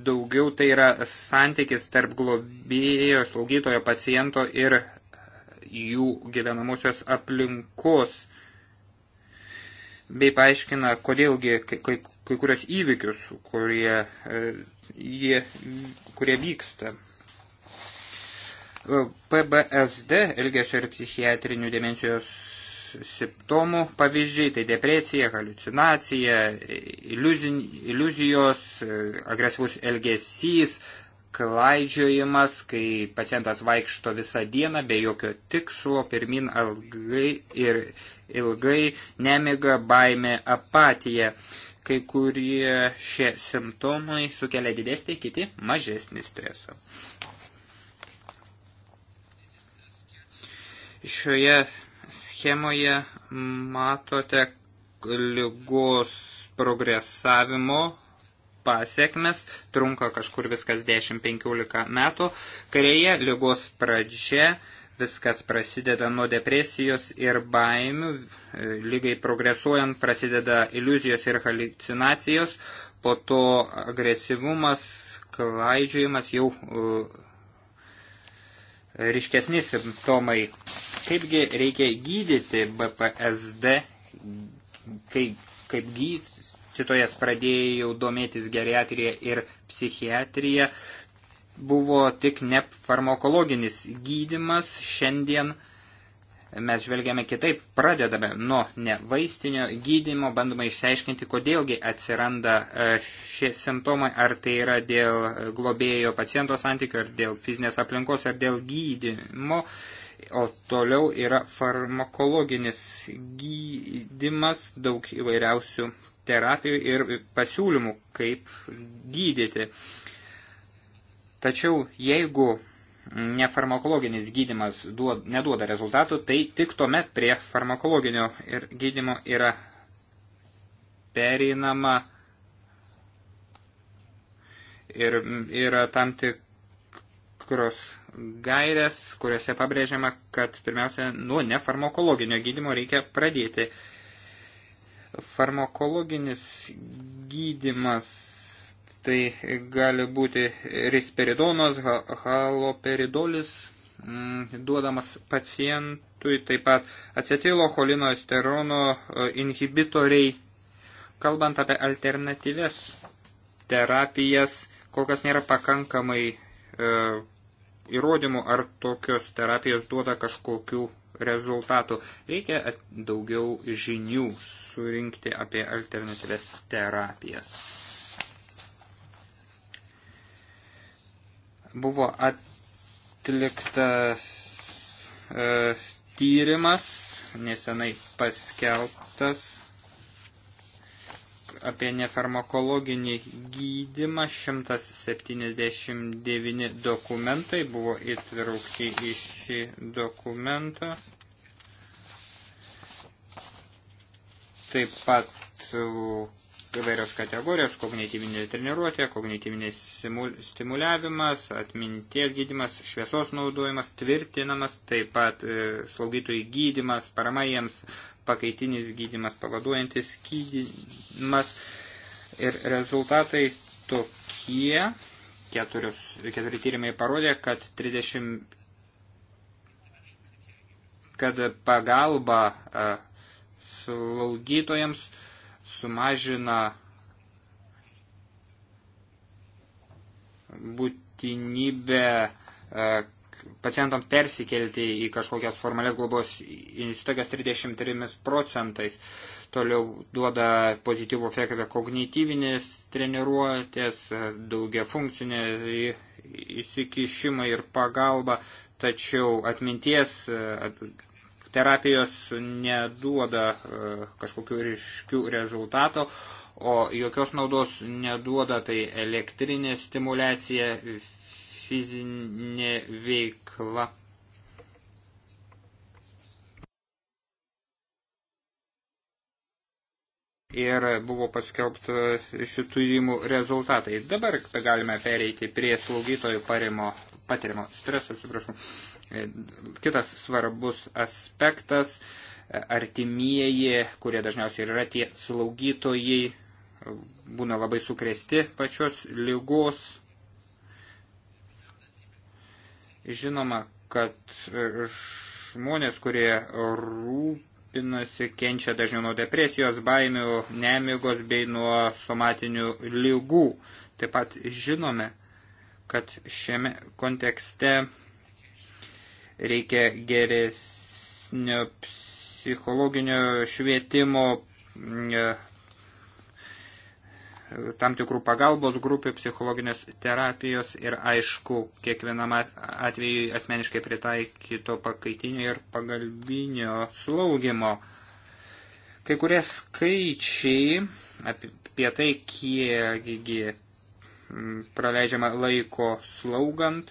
daugiau tai yra santykis tarp globėjo, slaugytojo paciento ir jų gyvenamosios aplinkos bei paaiškina, kodėlgi kai, kai, kai kurios įvykius, kurie, e, jie, kurie vyksta. E, PBSD, elgesio ir psichiatrinių demencijos simptomų pavyzdžiai, tai depresija, halucinacija, iliuzijos, e, agresyvus elgesys, klaidžiojimas, kai pacientas vaikšto visą dieną be jokio tikslo, pirmin ilgai ir ilgai nemiga, baime, apatija. Kai kurie šie simptomai sukelia didesnį, kiti mažesnį stresą. Šioje schemoje matote lygos progresavimo pasiekmes, trunka kažkur viskas 10-15 metų, kareje lygos pradžia, viskas prasideda nuo depresijos ir baimių, e, lygai progresuojant prasideda iliuzijos ir halicinacijos, po to agresyvumas, klaidžiojimas jau uh, ryškesni simptomai. Kaipgi reikia gydyti BPSD, kai, kaip gyd, gydytojas pradėjau domėtis geriatrija ir psichiatrija, buvo tik ne farmakologinis gydimas. Šiandien mes žvelgiame kitaip, pradedame nuo ne vaistinio gydimo, bandome išsiaiškinti, kodėlgi atsiranda e, šie simptomai, ar tai yra dėl globėjo paciento santykių, ar dėl fizinės aplinkos, ar dėl gydimo. O toliau yra farmakologinis gydimas, daug įvairiausių terapijų ir pasiūlymų, kaip gydyti. Tačiau jeigu nefarmakologinis gydimas duod, neduoda rezultatų, tai tik tuomet prie farmakologinio ir gydimo yra pereinama ir yra tam tikros gairės, kuriuose pabrėžiama, kad pirmiausia nuo nefarmakologinio gydimo reikia pradėti. Uh, Farmakologinis gydimas tai gali būti risperidonas, haloperidolis mm, duodamas pacientui, taip pat acetilo cholinoesterono e, inhibitoriai. Kalbant apie alternatyves terapijas, kol kas nėra pakankamai e, įrodymų, ar tokios terapijos duoda kažkokių rezultatų. Reikia daugiau žinių surinkti apie alternatyves terapijas. Buvo atliktas e, tyrimas, nesenai paskelbtas apie nefarmakologinį gydimą 179 dokumentai buvo įtraukti į šį dokumentą. Taip pat uh, įvairios kategorijos - kognityvinė treniruotė, kognityvinis stimuliavimas, atminties gydimas, šviesos naudojimas, tvirtinamas, taip pat e, slaugytojų gydimas, parama jiems, pakaitinis gydimas, pavaduojantis gydimas. Ir rezultatai tokie, keturius, keturi tyrimai parodė, kad 30 kad pagalba uh, slaugytojams sumažina būtinybę e, pacientams persikelti į kažkokias formalės globos įstaigas 33 procentais. Toliau duoda pozityvų efektą kognityvinės treniruotės, e, daugia funkcinė įsikišimai ir pagalba, tačiau atminties e, terapijos neduoda e, kažkokių ryškių rezultato, o jokios naudos neduoda tai elektrinė stimulacija, fizinė veikla. ir buvo paskelbta šitų įmų rezultatai. Dabar galime pereiti prie slaugytojų parimo, patirimo streso, atsiprašau. Kitas svarbus aspektas - artimieji, kurie dažniausiai yra tie slaugytojai, būna labai sukresti pačios lygos. Žinoma, kad žmonės, kurie rūpinasi, kenčia dažniau nuo depresijos, baimių, nemigos bei nuo somatinių lygų. Taip pat žinome, kad šiame kontekste reikia geresnio psichologinio švietimo, mm, e, tam tikrų pagalbos grupių, psichologinės terapijos ir aišku, kiekvienam atveju asmeniškai pritaikyto pakaitinio ir pagalbinio slaugimo. Kai kurie skaičiai apie tai, kiekgi mm, praleidžiama laiko slaugant,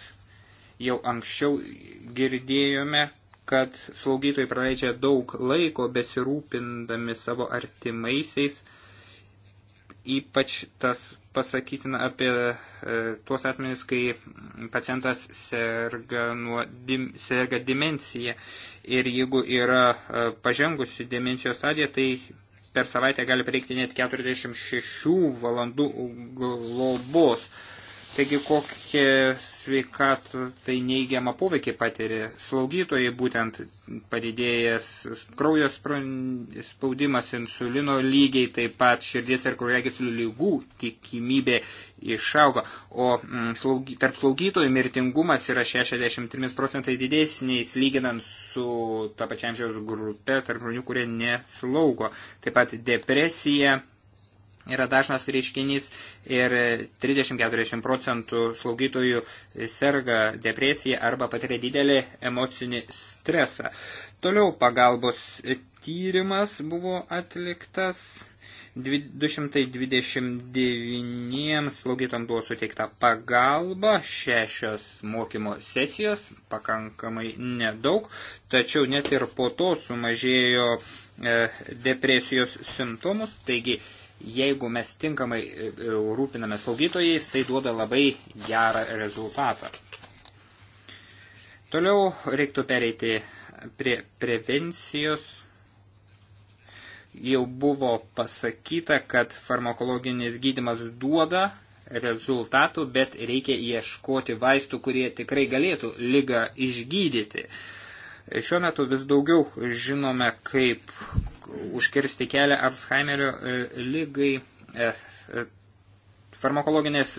Jau anksčiau girdėjome, kad slaugytojai praleidžia daug laiko besirūpindami savo artimaisiais, ypač tas pasakytina apie e, tuos atmenis, kai pacientas serga, nuo, dim, serga dimencija ir jeigu yra e, pažengusi demencijos stadija, tai per savaitę gali prireikti net 46 valandų globos. E, Taigi kokie sveikatų tai neigiamą poveikį patiria slaugytojai, būtent padidėjęs kraujo spaudimas, insulino lygiai, taip pat širdies ir kraujagyslių lygų tikimybė išauga, o mm, slaugy, tarp slaugytojų mirtingumas yra 63 procentai didesniais lyginant su ta pačiam žiaus grupe tarp žmonių, kurie neslaugo. Taip pat depresija yra dažnas reiškinys ir 30-40 procentų slaugytojų serga depresija arba patiria didelį emocinį stresą. Toliau pagalbos tyrimas buvo atliktas. 229 slaugytam buvo suteikta pagalba, šešios mokymo sesijos, pakankamai nedaug, tačiau net ir po to sumažėjo e, depresijos simptomus, taigi e, Jeigu mes tinkamai e, e, rūpiname slaugytojais, tai duoda labai gerą rezultatą. Toliau reiktų pereiti prie prevencijos. Jau buvo pasakyta, kad farmakologinis gydimas duoda rezultatų, bet reikia ieškoti vaistų, kurie tikrai galėtų lygą išgydyti. Šiuo metu vis daugiau žinome, kaip užkirsti kelią Alzheimerio e, lygai. E, e, farmakologinės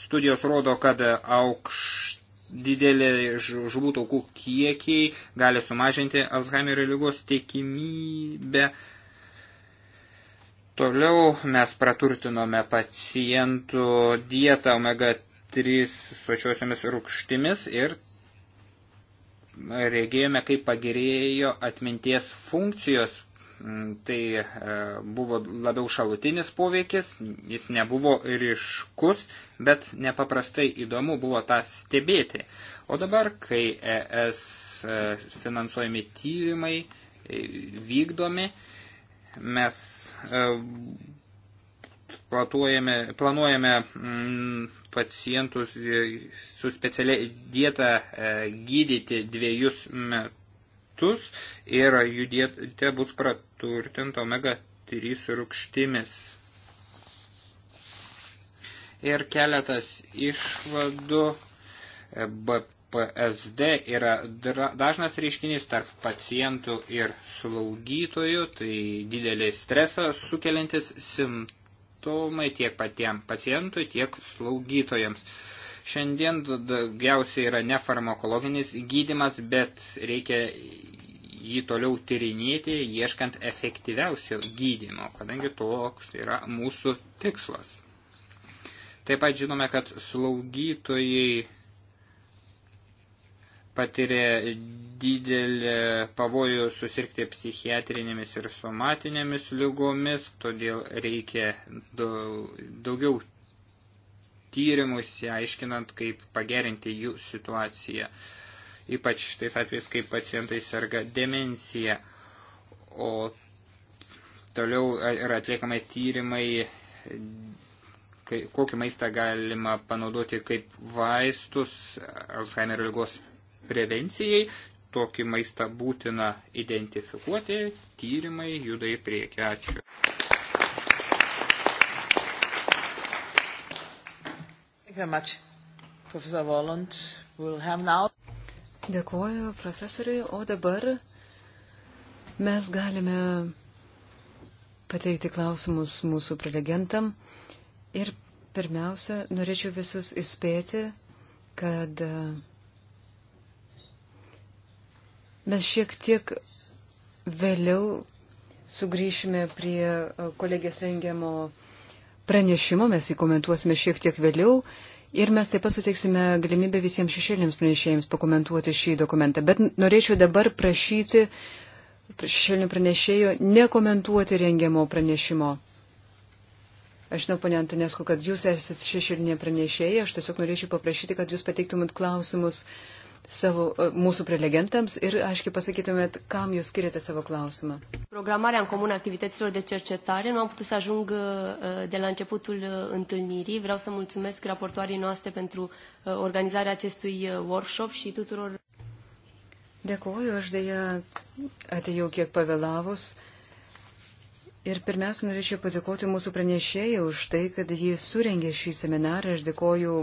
studijos rodo, kad aukšt didelė žuvų taukų kiekiai gali sumažinti Alzheimerio lygos tikimybę. Toliau mes praturtinome pacientų dietą omega 3 sočiosiamis rūkštimis ir regėjome, kaip pagerėjo atminties funkcijos. Mm, tai e, buvo labiau šalutinis poveikis, jis nebuvo ryškus, bet nepaprastai įdomu buvo tą stebėti. O dabar, kai ES e, finansuojami tyrimai e, vykdomi, mes planuojame mm, pacientus e, su specialia dieta e, gydyti dviejus metus ir jų dieta bus praturtinta omega 3 rūkštimis. Ir keletas išvadų e, BP PSD yra dažnas reiškinys tarp pacientų ir slaugytojų, tai didelį stresą sukeliantis simptomas skirtumai tiek patiem pacientui, tiek slaugytojams. Šiandien daugiausiai yra nefarmakologinis gydimas, bet reikia jį toliau tyrinėti, ieškant efektyviausio gydimo, kadangi toks yra mūsų tikslas. Taip pat žinome, kad slaugytojai patiria didelį pavojų susirgti psichiatrinėmis ir somatinėmis lygomis, todėl reikia daugiau tyrimus, aiškinant, kaip pagerinti jų situaciją. Ypač tais atvejais, kai pacientai serga demencija, o toliau yra atliekama tyrimai, kokį maistą galima panaudoti kaip vaistus Alzheimerio lygos prevencijai. Tokį maistą būtina identifikuoti, tyrimai juda į priekį. Ačiū. Dėkuoju profesoriui, o dabar mes galime pateikti klausimus mūsų prelegentam. Ir pirmiausia, norėčiau visus įspėti, kad uh, Mes šiek tiek vėliau sugrįšime prie e, kolegės rengiamo pranešimo, mes jį komentuosime šiek tiek vėliau. Ir mes taip pat suteiksime galimybę visiems šešėlėms pranešėjams pakomentuoti šį dokumentą. Bet norėčiau dabar prašyti šešėlinių pranešėjų nekomentuoti rengiamo pranešimo. Aš žinau, ponė Antonesku, kad jūs esate šešėlinė pranešėja. Aš tiesiog norėčiau paprašyti, kad jūs pateiktumėt klausimus uh, savo, e, mūsų prelegentams ir aiškiai pasakytumėt, kam jūs skiriate savo klausimą. Programarea în comun activităților de cercetare. Nu am putut să ajung e, de la începutul e, întâlnirii. Vreau să mulțumesc raportoarii noastre pentru organizarea acestui workshop și tuturor. Dėkuoju, aš dėja atėjau kiek pavėlavus. Ir pirmiausia, norėčiau padėkoti mūsų pranešėjai už tai, kad jie surengė šį seminarą. Aš dėkoju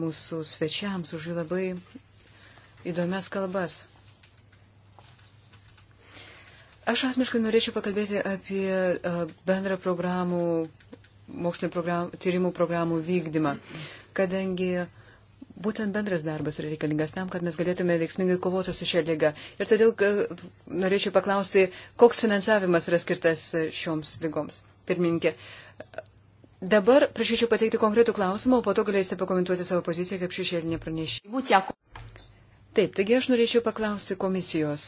mūsų svečiams už jų labai įdomias kalbas. Aš asmeniškai norėčiau pakalbėti apie bendrą programų, mokslinio program, tyrimų programų vykdymą, kadangi būtent bendras darbas yra reikalingas tam, kad mes galėtume veiksmingai kovoti su šia lyga. Ir todėl norėčiau paklausti, koks finansavimas yra skirtas šioms lygoms. Pirmininkė, dabar prašyčiau pateikti konkretų klausimą, o po to galėsite pakomentuoti savo poziciją kaip šešėlinė pranešė. Taip, taigi aš norėčiau paklausti komisijos.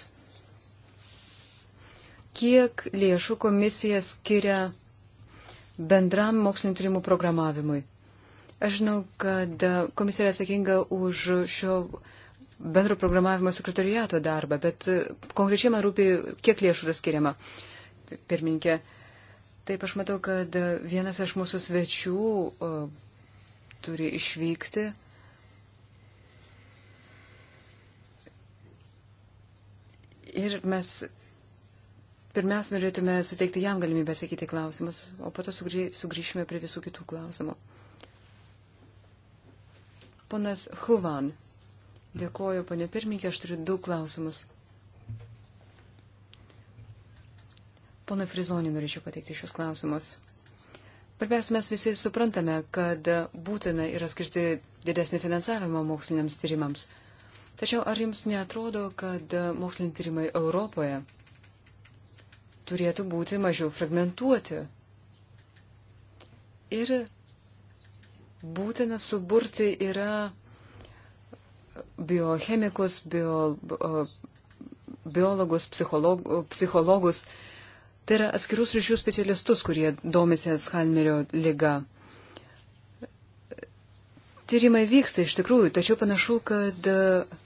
Kiek lėšų komisija skiria bendram mokslinio tyrimų programavimui? Aš žinau, kad komisija yra atsakinga už šio bendro programavimo sekretoriato darbą, bet konkrečiai man rūpi, kiek lėšų yra skiriama. Pirminkė, taip aš matau, kad vienas iš mūsų svečių o, turi išvykti. Ir mes pirmiausia norėtume suteikti jam galimybę sakyti klausimus, o po to sugrįšime prie visų kitų klausimų. Ponas Huvan, dėkoju, ponė pirmininkė, aš turiu du klausimus. Pono Frizonį norėčiau pateikti šios klausimus. Pirmiausia, mes visi suprantame, kad būtina yra skirti didesnį finansavimą moksliniams tyrimams. Tačiau ar jums netrodo, kad e, moksliniai tyrimai Europoje turėtų būti mažiau fragmentuoti? Ir būtina suburti yra biochemikus, bio, e, biologus, psicholog, psichologus, tai yra atskirus ryšių specialistus, kurie domisi Alzheimerio lyga. Tyrimai vyksta iš tikrųjų, tačiau panašu, kad uh,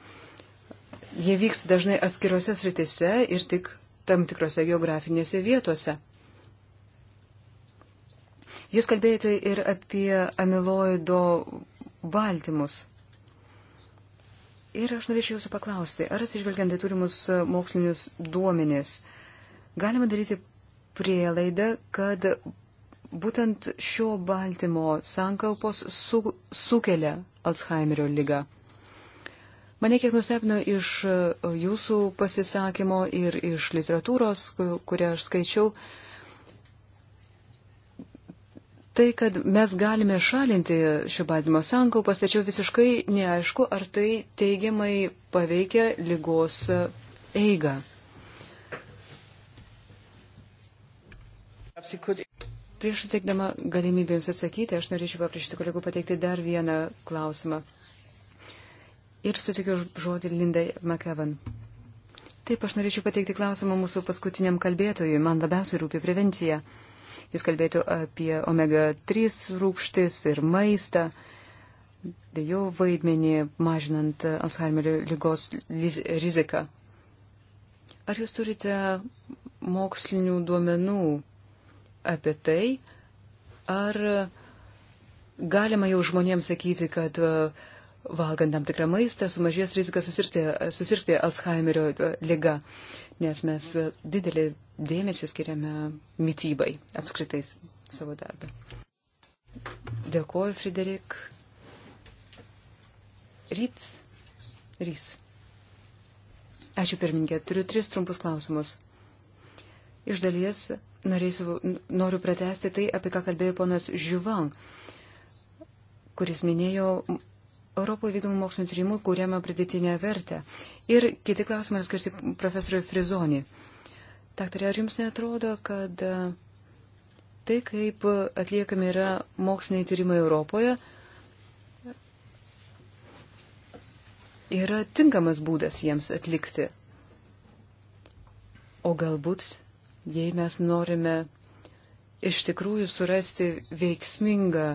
Jie vyksta dažnai atskirose sritise ir tik tam tikrose geografinėse vietose. Jūs kalbėjote ir apie amiloido baltymus. Ir aš norėčiau jūsų paklausti, ar atsižvelgiant į turimus mokslinius duomenis, galima daryti prielaidą, kad būtent šio baltymo sankalpos su, sukelia Alzheimerio lygą. Mane kiek nustebino iš e, jūsų pasisakymo ir iš literatūros, kurią aš skaičiau, tai, kad mes galime šalinti šio baltymo sankaupas, tačiau visiškai neaišku, ar tai teigiamai paveikia lygos e, eigą. Prieš suteikdama galimybėms atsakyti, aš norėčiau paprašyti kolegų pateikti dar vieną klausimą ir sutikiu žodį Lindai McEvan. Taip, aš norėčiau pateikti klausimą mūsų paskutiniam kalbėtojui. Man labiausiai rūpi prevencija. Jis kalbėtų apie omega-3 rūkštis ir maistą, bei jo vaidmenį mažinant Alzheimerio lygos riziką. Ar jūs turite mokslinių duomenų apie tai, ar galima jau žmonėms sakyti, kad uh, valgant tam tikrą maistą, sumažės rizika susirgti, susirgti Alzheimerio e, lyga, nes mes e, didelį dėmesį skiriame mytybai apskritai savo darbą. Dėkuoju, Friderik. Ryts. Rys. Ačiū, pirmininkė. Turiu tris trumpus klausimus. Iš dalies norėsiu, noriu pratesti tai, apie ką kalbėjo ponas Žiuvang, kuris minėjo Europoje vykdomų mokslinio tyrimų kūrėme pridėtinę vertę. Ir kiti klausimai skirti profesoriui Frizonį. Daktarė, ar jums netrodo, kad e, tai, kaip atliekami yra moksliniai tyrimai Europoje, yra tinkamas būdas jiems atlikti? O galbūt, jei mes norime iš tikrųjų surasti veiksmingą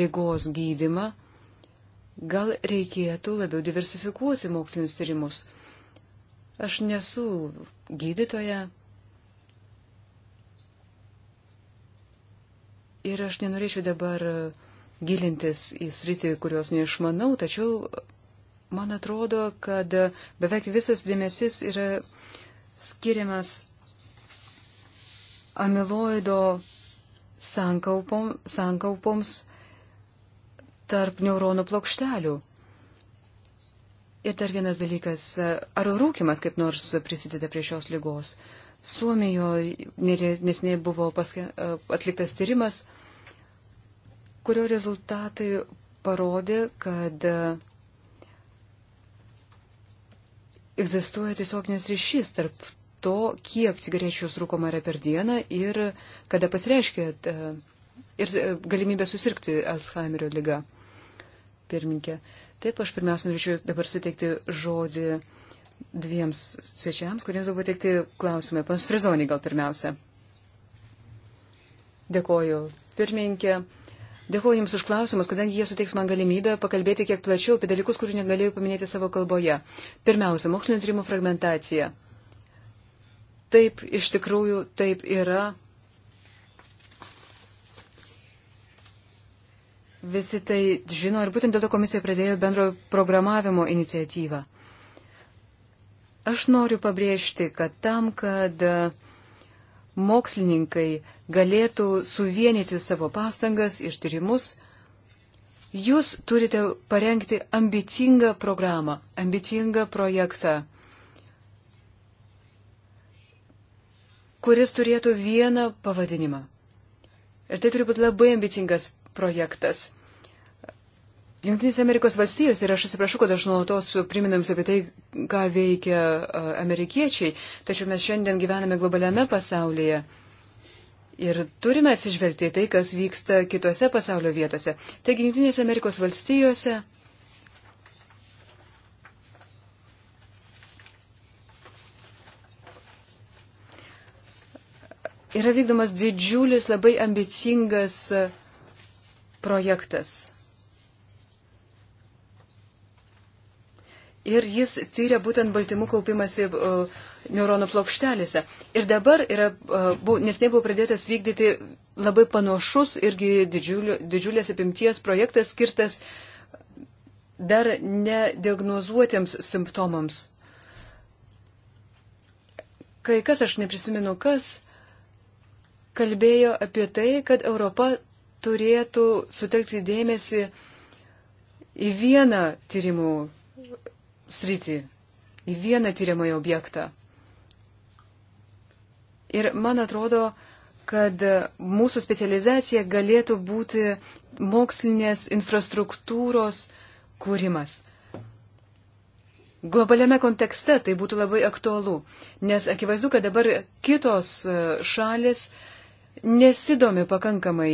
lygos gydimą, Gal reikėtų labiau diversifikuoti mokslinius tyrimus? Aš nesu gydytoja ir aš nenorėčiau dabar gilintis į sritį, kurios neišmanau, tačiau man atrodo, kad beveik visas dėmesys yra skiriamas amiloido sankaupoms, sankaupoms tarp neuronų plokštelių. Ir dar vienas dalykas, ar rūkimas kaip nors prisideda prie šios lygos? Suomijoje nesnei buvo paske, e, atliktas tyrimas, kurio rezultatai parodė, kad e, egzistuoja tiesioginis ryšys tarp to, kiek cigarečių surūkoma yra per dieną ir kada pasireiškia e, ir galimybė susirgti Alzheimerio lygą pirminkė. Taip, aš pirmiausia norėčiau dabar suteikti žodį dviems svečiams, kuriems dabar teikti klausimai. Pas Frizonį gal pirmiausia. Dėkoju pirmininkė. Dėkuoju Jums už klausimus, kadangi jie suteiks man galimybę pakalbėti kiek plačiau apie dalykus, kurių negalėjau paminėti savo kalboje. Pirmiausia, mokslinio tyrimų fragmentacija. Taip, iš tikrųjų, taip yra. visi tai žino ir būtent dėl to komisija pradėjo bendro programavimo iniciatyvą. Aš noriu pabrėžti, kad tam, kad e, mokslininkai galėtų suvienyti savo pastangas ir tyrimus, jūs turite parengti ambicingą programą, ambicingą projektą, kuris turėtų vieną pavadinimą. Ir tai turi būti labai ambicingas projektas. Junktinės Amerikos valstijos, ir aš atsiprašau, kad aš nuolatos priminu jums apie tai, ką veikia amerikiečiai, tačiau mes šiandien gyvename globaliame pasaulyje. Ir turime atsižvelgti tai, kas vyksta kitose pasaulio vietose. Taigi, Junktinės Amerikos valstijose. Yra vykdomas didžiulis, labai ambicingas projektas. Ir jis tyrė būtent baltymų kaupimasi uh, e, neuronų plokštelėse. Ir dabar yra, uh, bu, nes nebuvo pradėtas vykdyti labai panašus irgi didžiulio, didžiulės apimties projektas skirtas dar nediagnozuotiems simptomams. Kai kas, aš neprisimenu kas, kalbėjo apie tai, kad Europa turėtų sutelkti dėmesį į vieną tyrimų sritį, į vieną tyriamąjį objektą. Ir man atrodo, kad mūsų specializacija galėtų būti mokslinės infrastruktūros kūrimas. Globaliame kontekste tai būtų labai aktualu, nes akivaizdu, kad dabar kitos e, šalis nesidomi pakankamai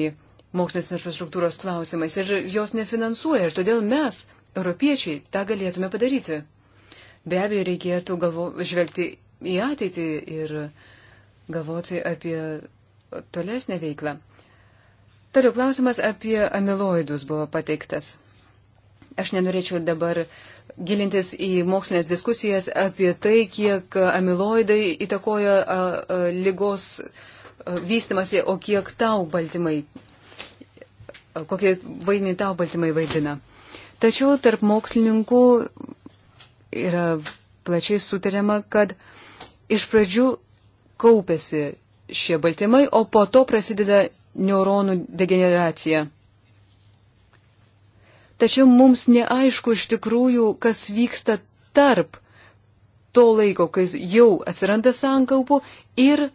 mokslinės infrastruktūros klausimais ir jos nefinansuoja ir todėl mes, europiečiai, tą galėtume padaryti. Be abejo, reikėtų galvo, žvelgti į ateitį ir galvoti apie tolesnę veiklą. Toliau klausimas apie amiloidus buvo pateiktas. Aš nenorėčiau dabar gilintis į mokslinės diskusijas apie tai, kiek amiloidai įtakoja a, a, lygos vystimasi, o kiek tau baltymai kokie vaidmenį tau baltymai vaidina. Tačiau tarp mokslininkų yra plačiai sutariama, kad iš pradžių kaupėsi šie baltymai, o po to prasideda neuronų degeneracija. Tačiau mums neaišku iš tikrųjų, kas vyksta tarp to laiko, kai jau atsiranda sankaupų ir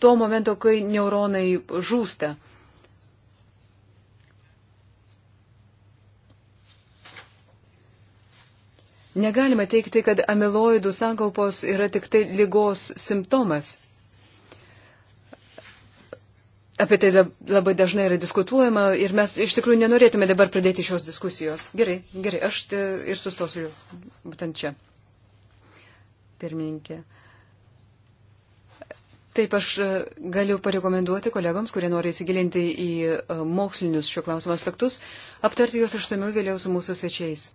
to momento, kai neuronai žūsta. Negalima teikti, kad amiloidų sankaupos yra tik tai lygos simptomas. Apie tai labai dažnai yra diskutuojama ir mes iš tikrųjų nenorėtume dabar pradėti šios diskusijos. Gerai, gerai, aš e, ir sustosiu būtent čia. Pirmininkė. Taip aš e, galiu parekomenduoti kolegoms, kurie nori įsigilinti į e, mokslinius šio klausimo aspektus, aptarti juos išsamiu vėliau su mūsų svečiais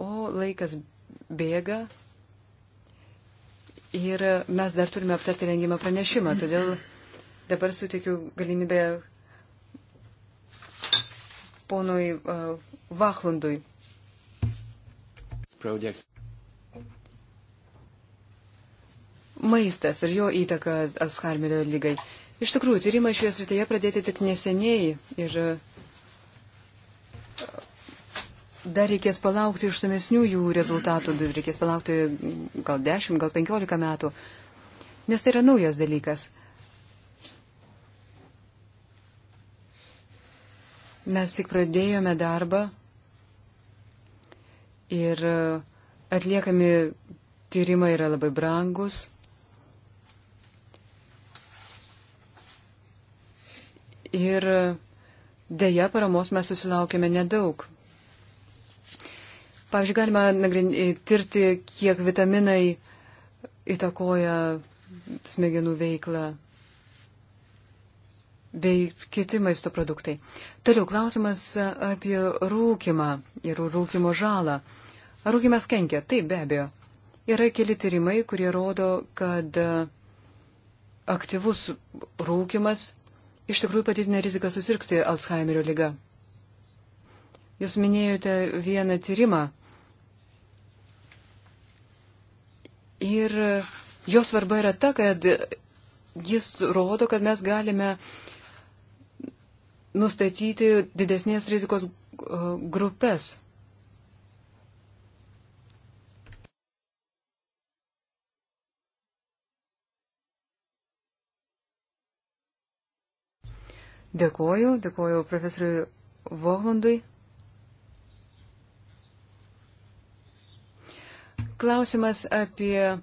o laikas bėga ir mes dar turime aptarti rengimą pranešimą, todėl dabar suteikiu galimybę ponui uh, Vachlundui. Projects. Maistas ir jo įtaka Alzheimerio lygai. Iš tikrųjų, tyrimai šioje srityje pradėti tik neseniai ir Dar reikės palaukti išsamesnių jų rezultatų, reikės palaukti mm, gal 10, gal 15 metų, nes tai yra naujas dalykas. Mes tik pradėjome darbą ir e, atliekami tyrimai yra labai brangus. Ir e, dėja paramos mes susilaukėme nedaug. Pavyzdžiui, galima tirti, kiek vitaminai įtakoja smegenų veiklą bei kiti maisto produktai. Toliau klausimas apie rūkimą ir rūkimo žalą. Ar rūkimas kenkia? Taip, be abejo. Yra keli tyrimai, kurie rodo, kad e, aktyvus rūkimas iš tikrųjų padidina riziką susirgti Alzheimerio lyga. Jūs minėjote vieną tyrimą, Ir jo svarba yra ta, kad jis rodo, kad mes galime nustatyti didesnės rizikos grupės. Dėkoju, dėkoju profesoriui Vohlandui. Klausimas apie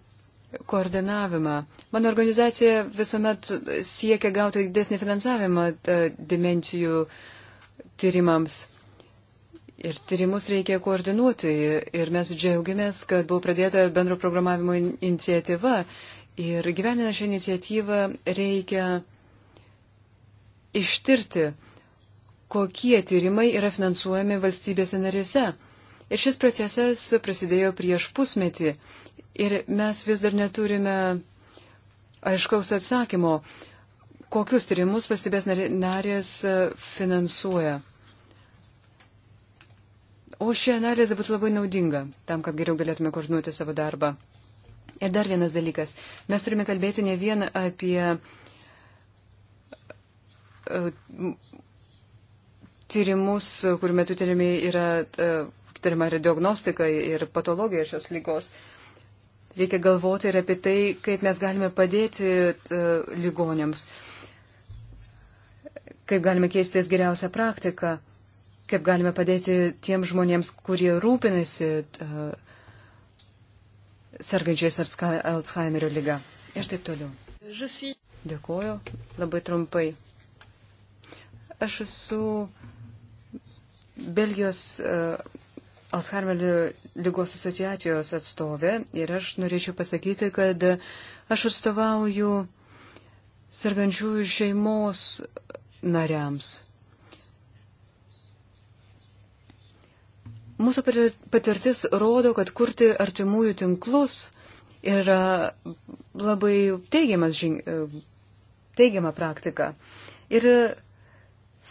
koordinavimą. Mano organizacija visuomet siekia gauti didesnį finansavimą e, dimensijų tyrimams. Ir tyrimus reikia koordinuoti. Ir mes džiaugiamės, kad buvo pradėta bendro programavimo iniciatyva. Ir gyveninę šią iniciatyvą reikia ištirti, kokie tyrimai yra finansuojami valstybėse narėse. Ir šis procesas prasidėjo prieš pusmetį ir mes vis dar neturime aiškaus atsakymo, kokius tyrimus valstybės narės e, finansuoja. O ši analizė būtų labai naudinga tam, kad geriau galėtume koordinuoti savo darbą. Ir dar vienas dalykas. Mes turime kalbėti ne vien apie e, tyrimus, kur metu tyrimai yra e, tariama ir diagnostikai, ir patologija šios lygos. Reikia galvoti ir apie tai, kaip mes galime padėti e, ligonėms, kaip galime keistis geriausią praktiką, kaip galime padėti tiem žmonėms, kurie rūpinasi e, sergančiais Alzheimerio lyga. Ir taip toliau. Dėkuoju labai trumpai. Aš esu Belgijos uh, Alzheimerio lygos asociacijos atstovė ir aš norėčiau pasakyti, kad aš atstovauju sergančiųjų šeimos nariams. Mūsų patirtis rodo, kad kurti artimųjų tinklus yra labai teigiamas, teigiama praktika. Ir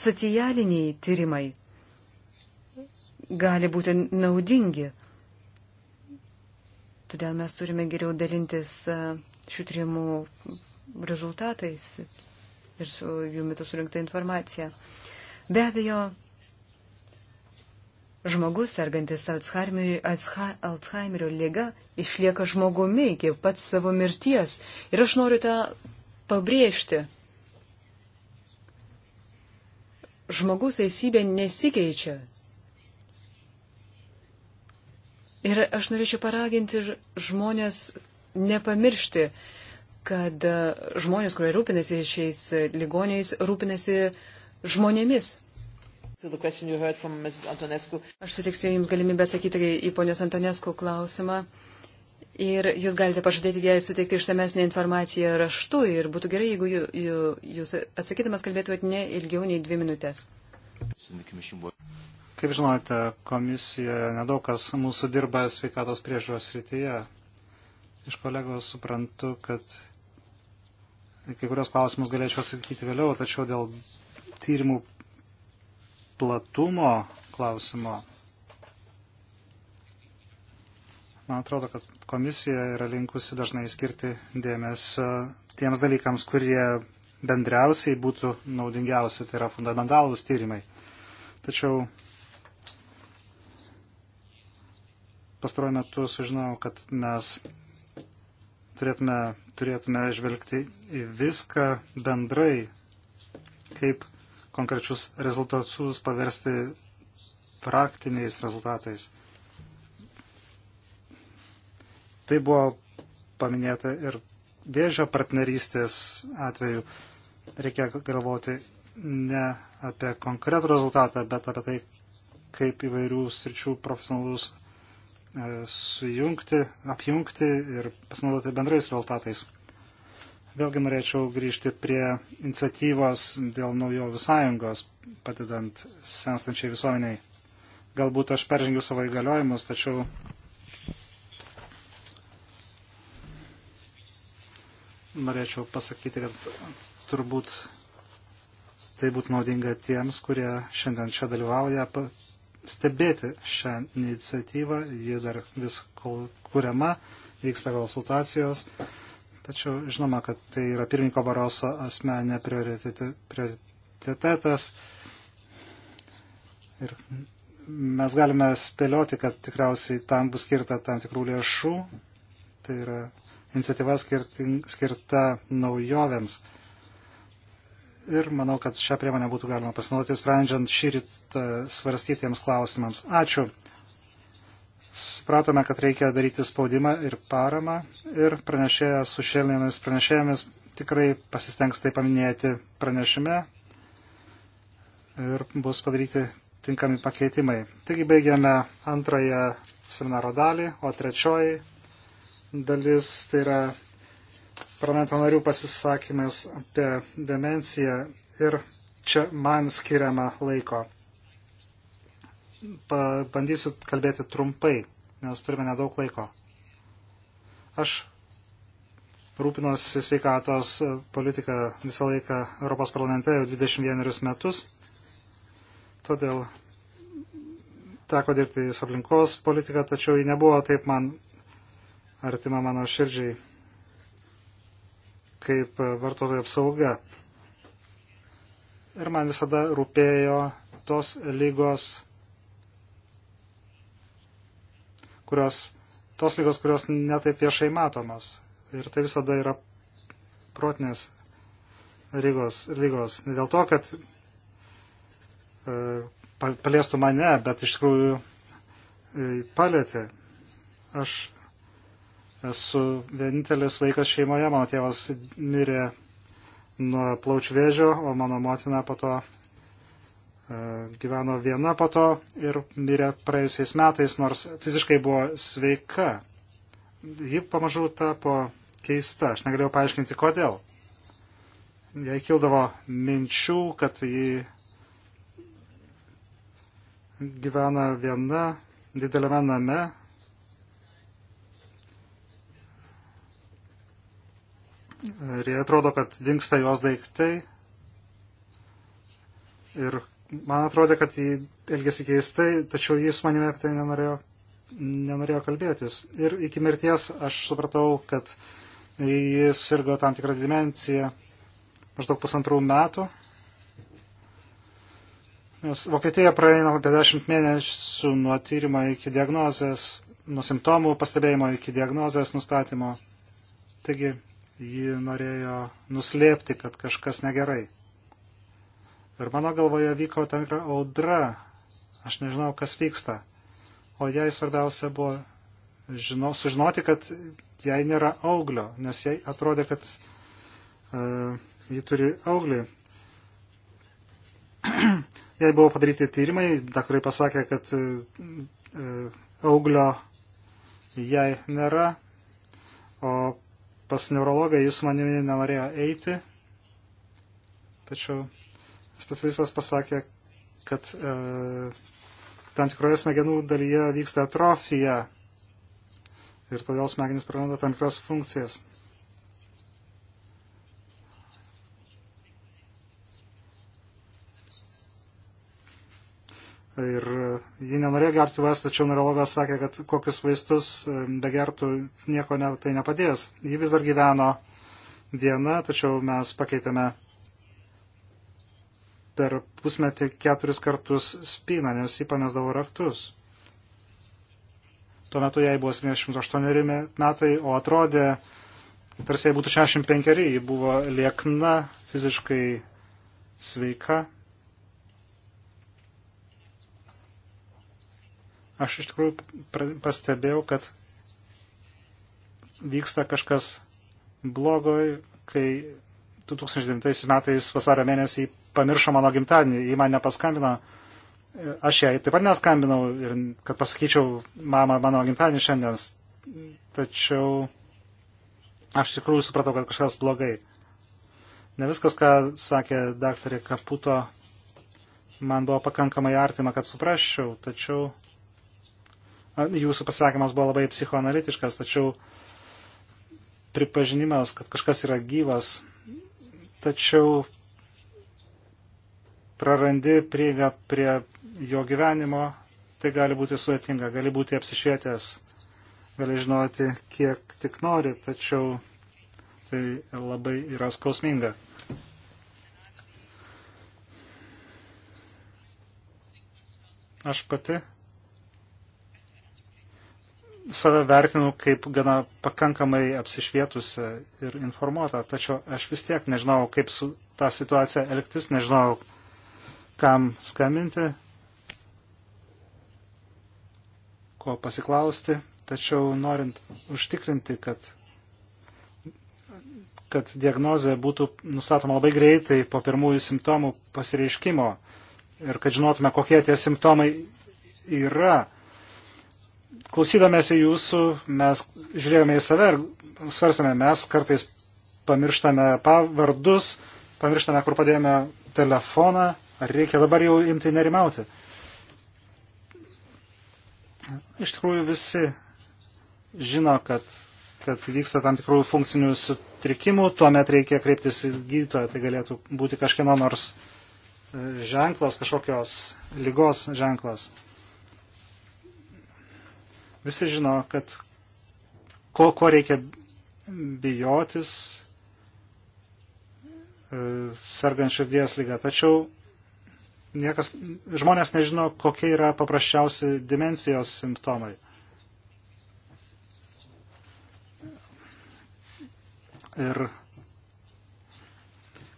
socialiniai tyrimai gali būti naudingi. Todėl mes turime geriau dalintis e, šių tyrimų rezultatais ir su jų metu surinkta informacija. Be abejo, žmogus, sergantis Alzheimerio lyga, išlieka žmogumi iki pat savo mirties. Ir aš noriu tą pabrėžti. Žmogus esybė nesikeičia, Ir aš norėčiau paraginti žmonės nepamiršti, kad e, žmonės, kurie rūpinasi šiais e, ligoniais, rūpinasi žmonėmis. Aš sutiksiu Jums galimybę sakyti į ponios Antonesku klausimą. Ir jūs galite pažadėti jai suteikti išsamesnę informaciją raštu ir būtų gerai, jeigu jūs atsakydamas kalbėtumėt ne ilgiau nei dvi minutės. Kaip žinote, komisijoje nedaug kas mūsų dirba sveikatos priežiūros rytyje. Iš kolegos suprantu, kad kai kurios klausimus galėčiau sakyti vėliau, tačiau dėl tyrimų platumo klausimo. Man atrodo, kad komisija yra linkusi dažnai skirti dėmesio tiems dalykams, kurie bendriausiai būtų naudingiausi, tai yra fundamentalūs tyrimai. Tačiau pastaruoju metu sužinojau, kad mes turėtume, turėtume žvelgti į viską bendrai, kaip konkrečius rezultatus paversti praktiniais rezultatais. Tai buvo paminėta ir vėžio partnerystės atveju. Reikia galvoti ne apie konkretų rezultatą, bet apie tai, kaip įvairių sričių profesionalus E, sujungti, apjungti ir pasinaudoti bendrais rezultatais. Vėlgi norėčiau grįžti prie iniciatyvos dėl naujovių sąjungos, padedant senstančiai visuomeniai. Galbūt aš peržengiu savo įgaliojimus, tačiau norėčiau pasakyti, kad turbūt tai būtų naudinga tiems, kurie šiandien čia dalyvauja, stebėti šią iniciatyvą. Ji dar vis kuriama, vyksta konsultacijos. Tačiau žinoma, kad tai yra pirmininko Baroso asmenė prioritetas. Ir mes galime spėlioti, kad tikriausiai tam bus skirta tam tikrų lėšų. Tai yra iniciatyva skirta naujovėms ir manau, kad šią priemonę būtų galima pasinaudoti, sprendžiant šį rytą svarstytiems klausimams. Ačiū. Supratome, kad reikia daryti spaudimą ir paramą ir pranešėjas su šėlinėmis pranešėjomis tikrai pasistengs tai paminėti pranešime ir bus padaryti tinkami pakeitimai. Taigi baigiame antrąją seminaro dalį, o trečioji dalis tai yra parlamento narių pasisakymas apie demenciją ir čia man skiriama laiko. Bandysiu kalbėti trumpai, nes turime nedaug laiko. Aš rūpinosi sveikatos politiką visą laiką Europos parlamente jau 21 metus, todėl teko dirbti į aplinkos politiką, tačiau ji nebuvo taip man artima mano širdžiai kaip vartotojų apsauga. Ir man visada rūpėjo tos lygos, kurios, tos lygos, kurios netaip viešai matomos. Ir tai visada yra protinės lygos. lygos. Ne dėl to, kad e, paliestų mane, bet iš tikrųjų e, palėtė. Aš Esu vienintelis vaikas šeimoje, mano tėvas mirė nuo plaučių vėžio, o mano motina po to e, gyveno viena po to ir mirė praėjusiais metais, nors fiziškai buvo sveika. Ji pamažu tapo keista, aš negalėjau paaiškinti kodėl. Jai kildavo minčių, kad ji gyvena viena dideliame name, ir jie atrodo, kad dinksta jos daiktai. Ir man atrodė, kad jį elgėsi keistai, tačiau jis manimi apie tai nenorėjo, nenorėjo kalbėtis. Ir iki mirties aš supratau, kad jis sirgo tam tikrą dimenciją maždaug pusantrų metų. Nes Vokietija praeina apie 10 mėnesių nuo tyrimo iki diagnozės, nuo simptomų pastebėjimo iki diagnozės nustatymo. Taigi ji norėjo nuslėpti, kad kažkas negerai. Ir mano galvoje vyko tam tikra audra, aš nežinau, kas vyksta. O jai svarbiausia buvo žino, sužinoti, kad jai nėra auglio, nes jai atrodė, kad uh, ji turi auglį. jai buvo padaryti tyrimai, daktarai pasakė, kad uh, auglio jai nėra, o pas neurologą, jis manimi nenorėjo eiti, tačiau specialistas pasakė, kad e, tam tikroje smegenų dalyje vyksta atrofija ir todėl smegenys praranda tam tikras funkcijas. Ir e, ji nenorėjo gerti vaistų, tačiau neurologas sakė, kad kokius vaistus e, begertų nieko ne, tai nepadės. Ji vis dar gyveno dieną, tačiau mes pakeitėme per pusmetį keturis kartus spyną, nes ji pamesdavo raktus. Tuo metu jai buvo 78 metai, o atrodė, tarsi jai būtų 65, ji buvo liekna, fiziškai sveika. Aš iš tikrųjų pastebėjau, kad vyksta kažkas blogo, kai 2009 metais vasario mėnesį pamiršo mano gimtadienį, jį man nepaskambino. Aš jai taip pat neskambinau ir kad pasakyčiau, mama, mano gimtadienį šiandien. Tačiau aš tikrųjų supratau, kad kažkas blogai. Ne viskas, ką sakė daktarė Kaputo, man buvo pakankamai artima, kad suprasčiau, tačiau Jūsų pasakymas buvo labai psichoanalitiškas, tačiau pripažinimas, kad kažkas yra gyvas, tačiau prarandi prieigą prie jo gyvenimo, tai gali būti sudėtinga, gali būti apsišvietęs, gali žinoti, kiek tik nori, tačiau tai labai yra skausminga. Aš pati save vertinu kaip gana pakankamai apsišvietusi ir informuota, tačiau aš vis tiek nežinau, kaip su tą situaciją elgtis, nežinau, kam skambinti, ko pasiklausti, tačiau norint užtikrinti, kad, kad diagnozė būtų nustatoma labai greitai po pirmųjų simptomų pasireiškimo ir kad žinotume, kokie tie simptomai yra Klausydamėsi jūsų, mes žiūrėjome į save ir svarstame, mes kartais pamirštame pavardus, pamirštame, kur padėjome telefoną, ar reikia dabar jau imti nerimauti. Iš tikrųjų visi žino, kad, kad vyksta tam tikrų funkcinių sutrikimų, tuomet reikia kreiptis į gydytoją, tai galėtų būti kažkieno nors e, ženklas, kažkokios lygos ženklas. Visi žino, kad ko, ko reikia bijotis e, sergant širdies lygą. Tačiau niekas, žmonės nežino, kokie yra paprasčiausi dimensijos simptomai. Ir,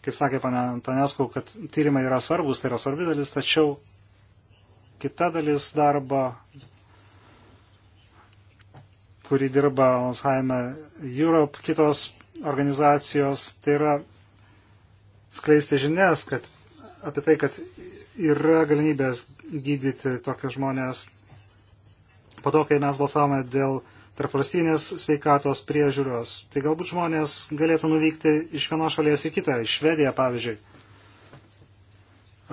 kaip sakė pane Antonesku, kad tyrimai yra svarbus, tai yra svarbi dalis, tačiau kita dalis darbo kuri dirba Alzheimer Europe, kitos organizacijos, tai yra skleisti žinias, kad apie tai, kad yra galimybės gydyti tokius žmonės. Po to, kai mes balsavome dėl tarpvalstybinės sveikatos priežiūros, tai galbūt žmonės galėtų nuvykti iš vienos šalies į kitą, į Švediją pavyzdžiui,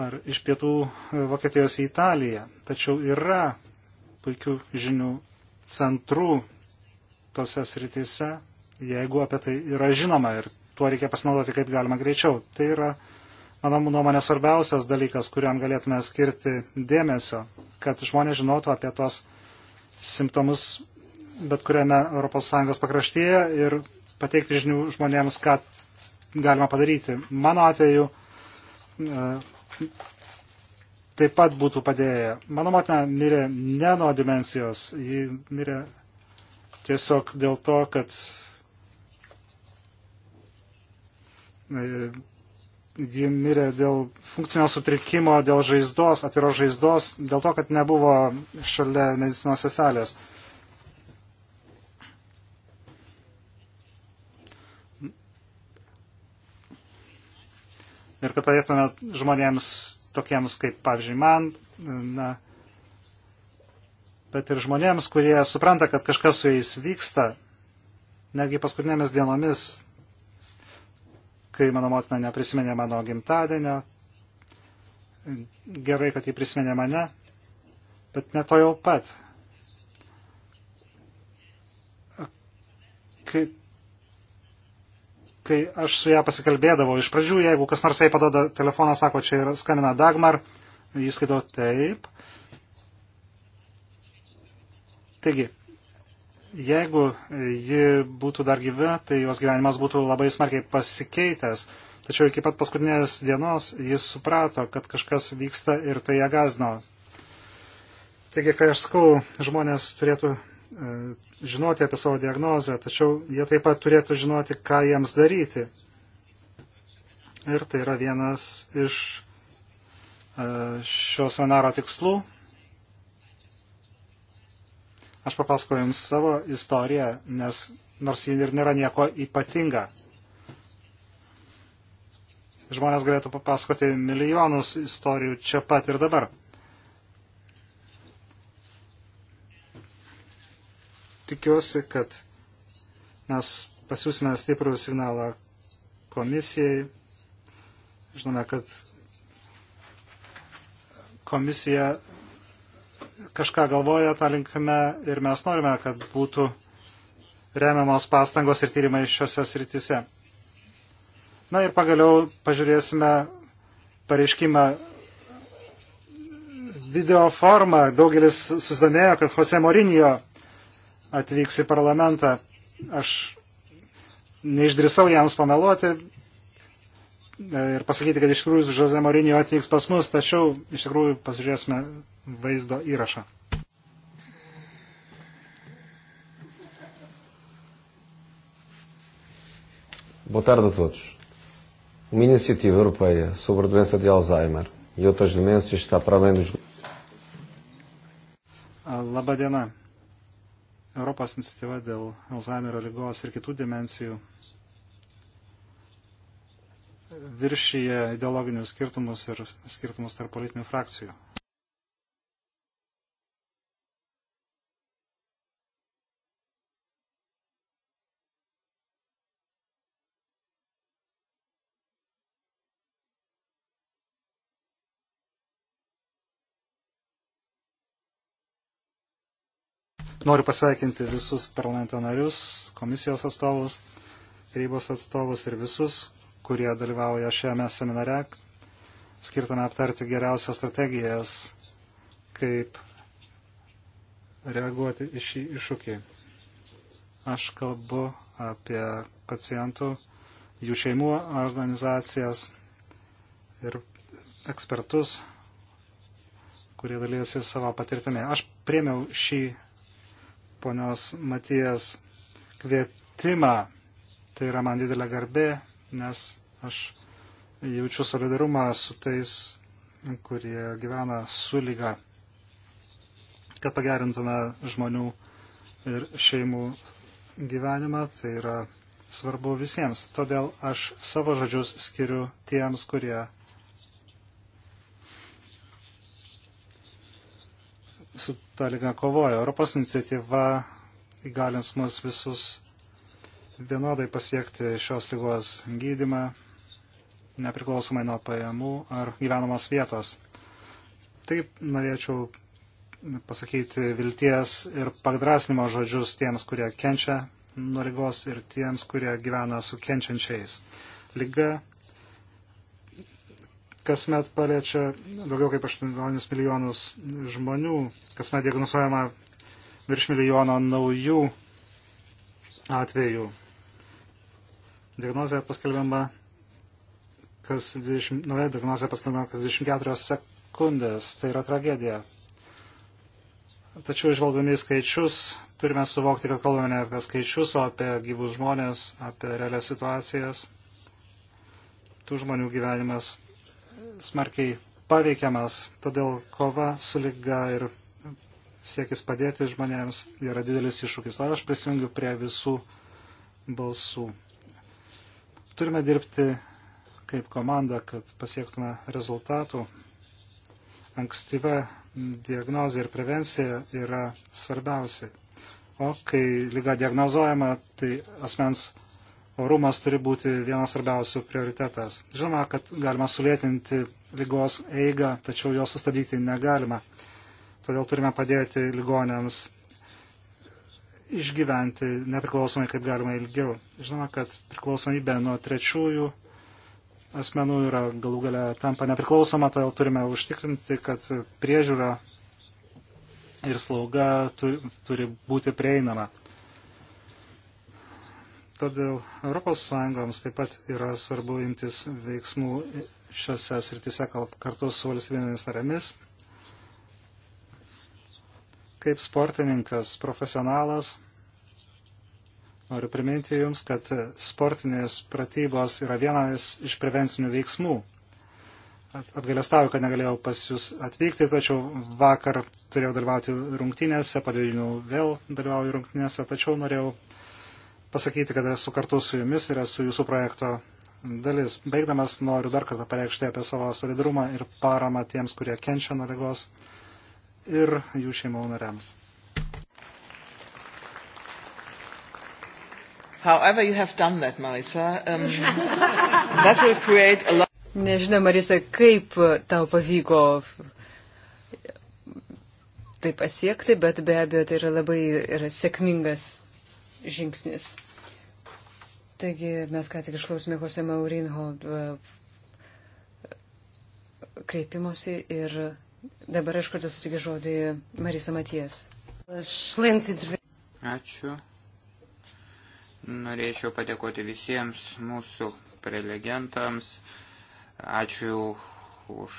ar iš pietų e, Vokietijos į Italiją. Tačiau yra puikių žinių centrų tose sritise, jeigu apie tai yra žinoma ir tuo reikia pasinaudoti kaip galima greičiau. Tai yra, mano nuomonė, svarbiausias dalykas, kuriam galėtume skirti dėmesio, kad žmonės žinotų apie tos simptomus bet kuriame ES pakraštyje ir pateikti žinių žmonėms, ką galima padaryti. Mano atveju e, taip pat būtų padėję. Mano motina mirė ne nuo dimensijos, ji mirė Tiesiog dėl to, kad e, ji mirė dėl funkcinio sutrikimo, dėl žaizdos, atviros žaizdos, dėl to, kad nebuvo šalia medicinos seselės. Ir kad padėtume žmonėms tokiems kaip, pavyzdžiui, man, na, bet ir žmonėms, kurie supranta, kad kažkas su jais vyksta, netgi paskutinėmis dienomis, kai mano motina neprisiminė mano gimtadienio, gerai, kad jį prisiminė mane, bet ne to jau pat. Kai, kai aš su ją pasikalbėdavau iš pradžių, jeigu kas nors jai padoda telefoną, sako, čia yra skamina Dagmar, jis skaito taip, Taigi, jeigu ji būtų dar gyva, tai jos gyvenimas būtų labai smarkiai pasikeitęs. Tačiau iki pat paskutinės dienos jis suprato, kad kažkas vyksta ir tai ją gazino. Taigi, kai aš sakau, žmonės turėtų e, žinoti apie savo diagnozę, tačiau jie taip pat turėtų žinoti, ką jiems daryti. Ir tai yra vienas iš e, šio seminaro tikslų. Aš papasakoju Jums savo istoriją, nes nors ji ir nėra nieko ypatinga. Žmonės galėtų papasakoti milijonus istorijų čia pat ir dabar. Tikiuosi, kad mes pasiūsime stiprų signalą komisijai. Žinome, kad komisija kažką galvoja tą linkme ir mes norime, kad būtų remiamos pastangos ir tyrimai šiuose srityse. Na ir pagaliau pažiūrėsime pareiškimą video formą. Daugelis susidomėjo, kad Jose Morinio atvyks į parlamentą. Aš neišdrisau jiems pameluoti, ir pasakyti, kad iš tikrųjų Žoze Morinio atvyks pas mus, tačiau iš tikrųjų pasižiūrėsime vaizdo įrašą. Boa tarde a todos. Uma iniciativa europeia sobre a doença de Alzheimer e outras demências está para além dos. Ah, labadiena. Europos iniciatyva dėl Alzheimerio lygos ir kitų dimensijų viršyje ideologinius skirtumus ir skirtumus tarp politinių frakcijų. Noriu pasveikinti visus parlamento narius, komisijos atstovus, tarybos atstovus ir visus kurie dalyvauja šiame seminare, skirtame aptarti geriausias strategijas, kaip reaguoti į šį iššūkį. Aš kalbu apie pacientų, jų šeimų organizacijas ir ekspertus, kurie dalyjosi savo patirtimi. Aš priemiau šį ponios Matijas kvietimą. Tai yra man didelė garbė, nes Aš jaučiu solidarumą su tais, kurie gyvena su lyga, kad pagerintume žmonių ir šeimų gyvenimą. Tai yra svarbu visiems. Todėl aš savo žodžius skiriu tiems, kurie su ta lyga kovoja. Europos iniciatyva įgalins mus visus vienodai pasiekti šios lygos gydimą nepriklausomai nuo pajamų ar gyvenamos vietos. Taip norėčiau pasakyti vilties ir padrasnimo žodžius tiems, kurie kenčia nuo lygos ir tiems, kurie gyvena su kenčiančiais. Liga kasmet paliečia daugiau kaip 8 milijonus žmonių, kasmet diagnozuojama virš milijono naujų atvejų. Diagnozija paskelbiama kas 20, nauja diagnozė paskelbiama kas 24 sekundės. Tai yra tragedija. Tačiau išvalgdami skaičius, turime suvokti, kad kalbame ne apie skaičius, o apie gyvus žmonės, apie realias situacijas. Tų žmonių gyvenimas smarkiai paveikiamas, todėl kova su lyga ir siekis padėti žmonėms yra didelis iššūkis. Aš prisijungiu prie visų balsų. Turime dirbti kaip komanda, kad pasiektume rezultatų. Ankstyva diagnozija ir prevencija yra svarbiausia. O kai lyga diagnozuojama, tai asmens orumas turi būti vienas svarbiausių prioritetas. Žinoma, kad galima sulėtinti lygos eigą, tačiau jos sustabdyti negalima. Todėl turime padėti ligonėms išgyventi nepriklausomai kaip galima ilgiau. Žinoma, kad priklausomybė nuo trečiųjų asmenų yra galų gale tampa nepriklausoma, todėl turime užtikrinti, kad priežiūra ir slauga turi būti prieinama. Todėl ES taip pat yra svarbu imtis veiksmų šiose srityse kartu su valstybinėmis narėmis. Kaip sportininkas, profesionalas, Noriu priminti Jums, kad sportinės pratybos yra vienas iš prevencinių veiksmų. Apgailestauju, kad negalėjau pas Jūs atvykti, tačiau vakar turėjau dalyvauti rungtynėse, po dviejų vėl dalyvauju rungtynėse, tačiau norėjau pasakyti, kad esu kartu su Jumis ir esu Jūsų projekto dalis. Baigdamas noriu dar kartą pareikšti apie savo solidarumą ir paramą tiems, kurie kenčia nuo lygos ir jų šeimų nariams. However you have done that, Marisa, um, that will create a lot. Nežinau, Marisa, kaip uh, tau pavyko uh, tai pasiekti, bet be abejo tai yra labai yra sėkmingas žingsnis. Taigi mes ką tik išklausėme Jose Maurinho uh, kreipimosi ir dabar aš kartu sutikiu žodį Marisa Maties. Ačiū Norėčiau padėkoti visiems mūsų prelegentams. Ačiū už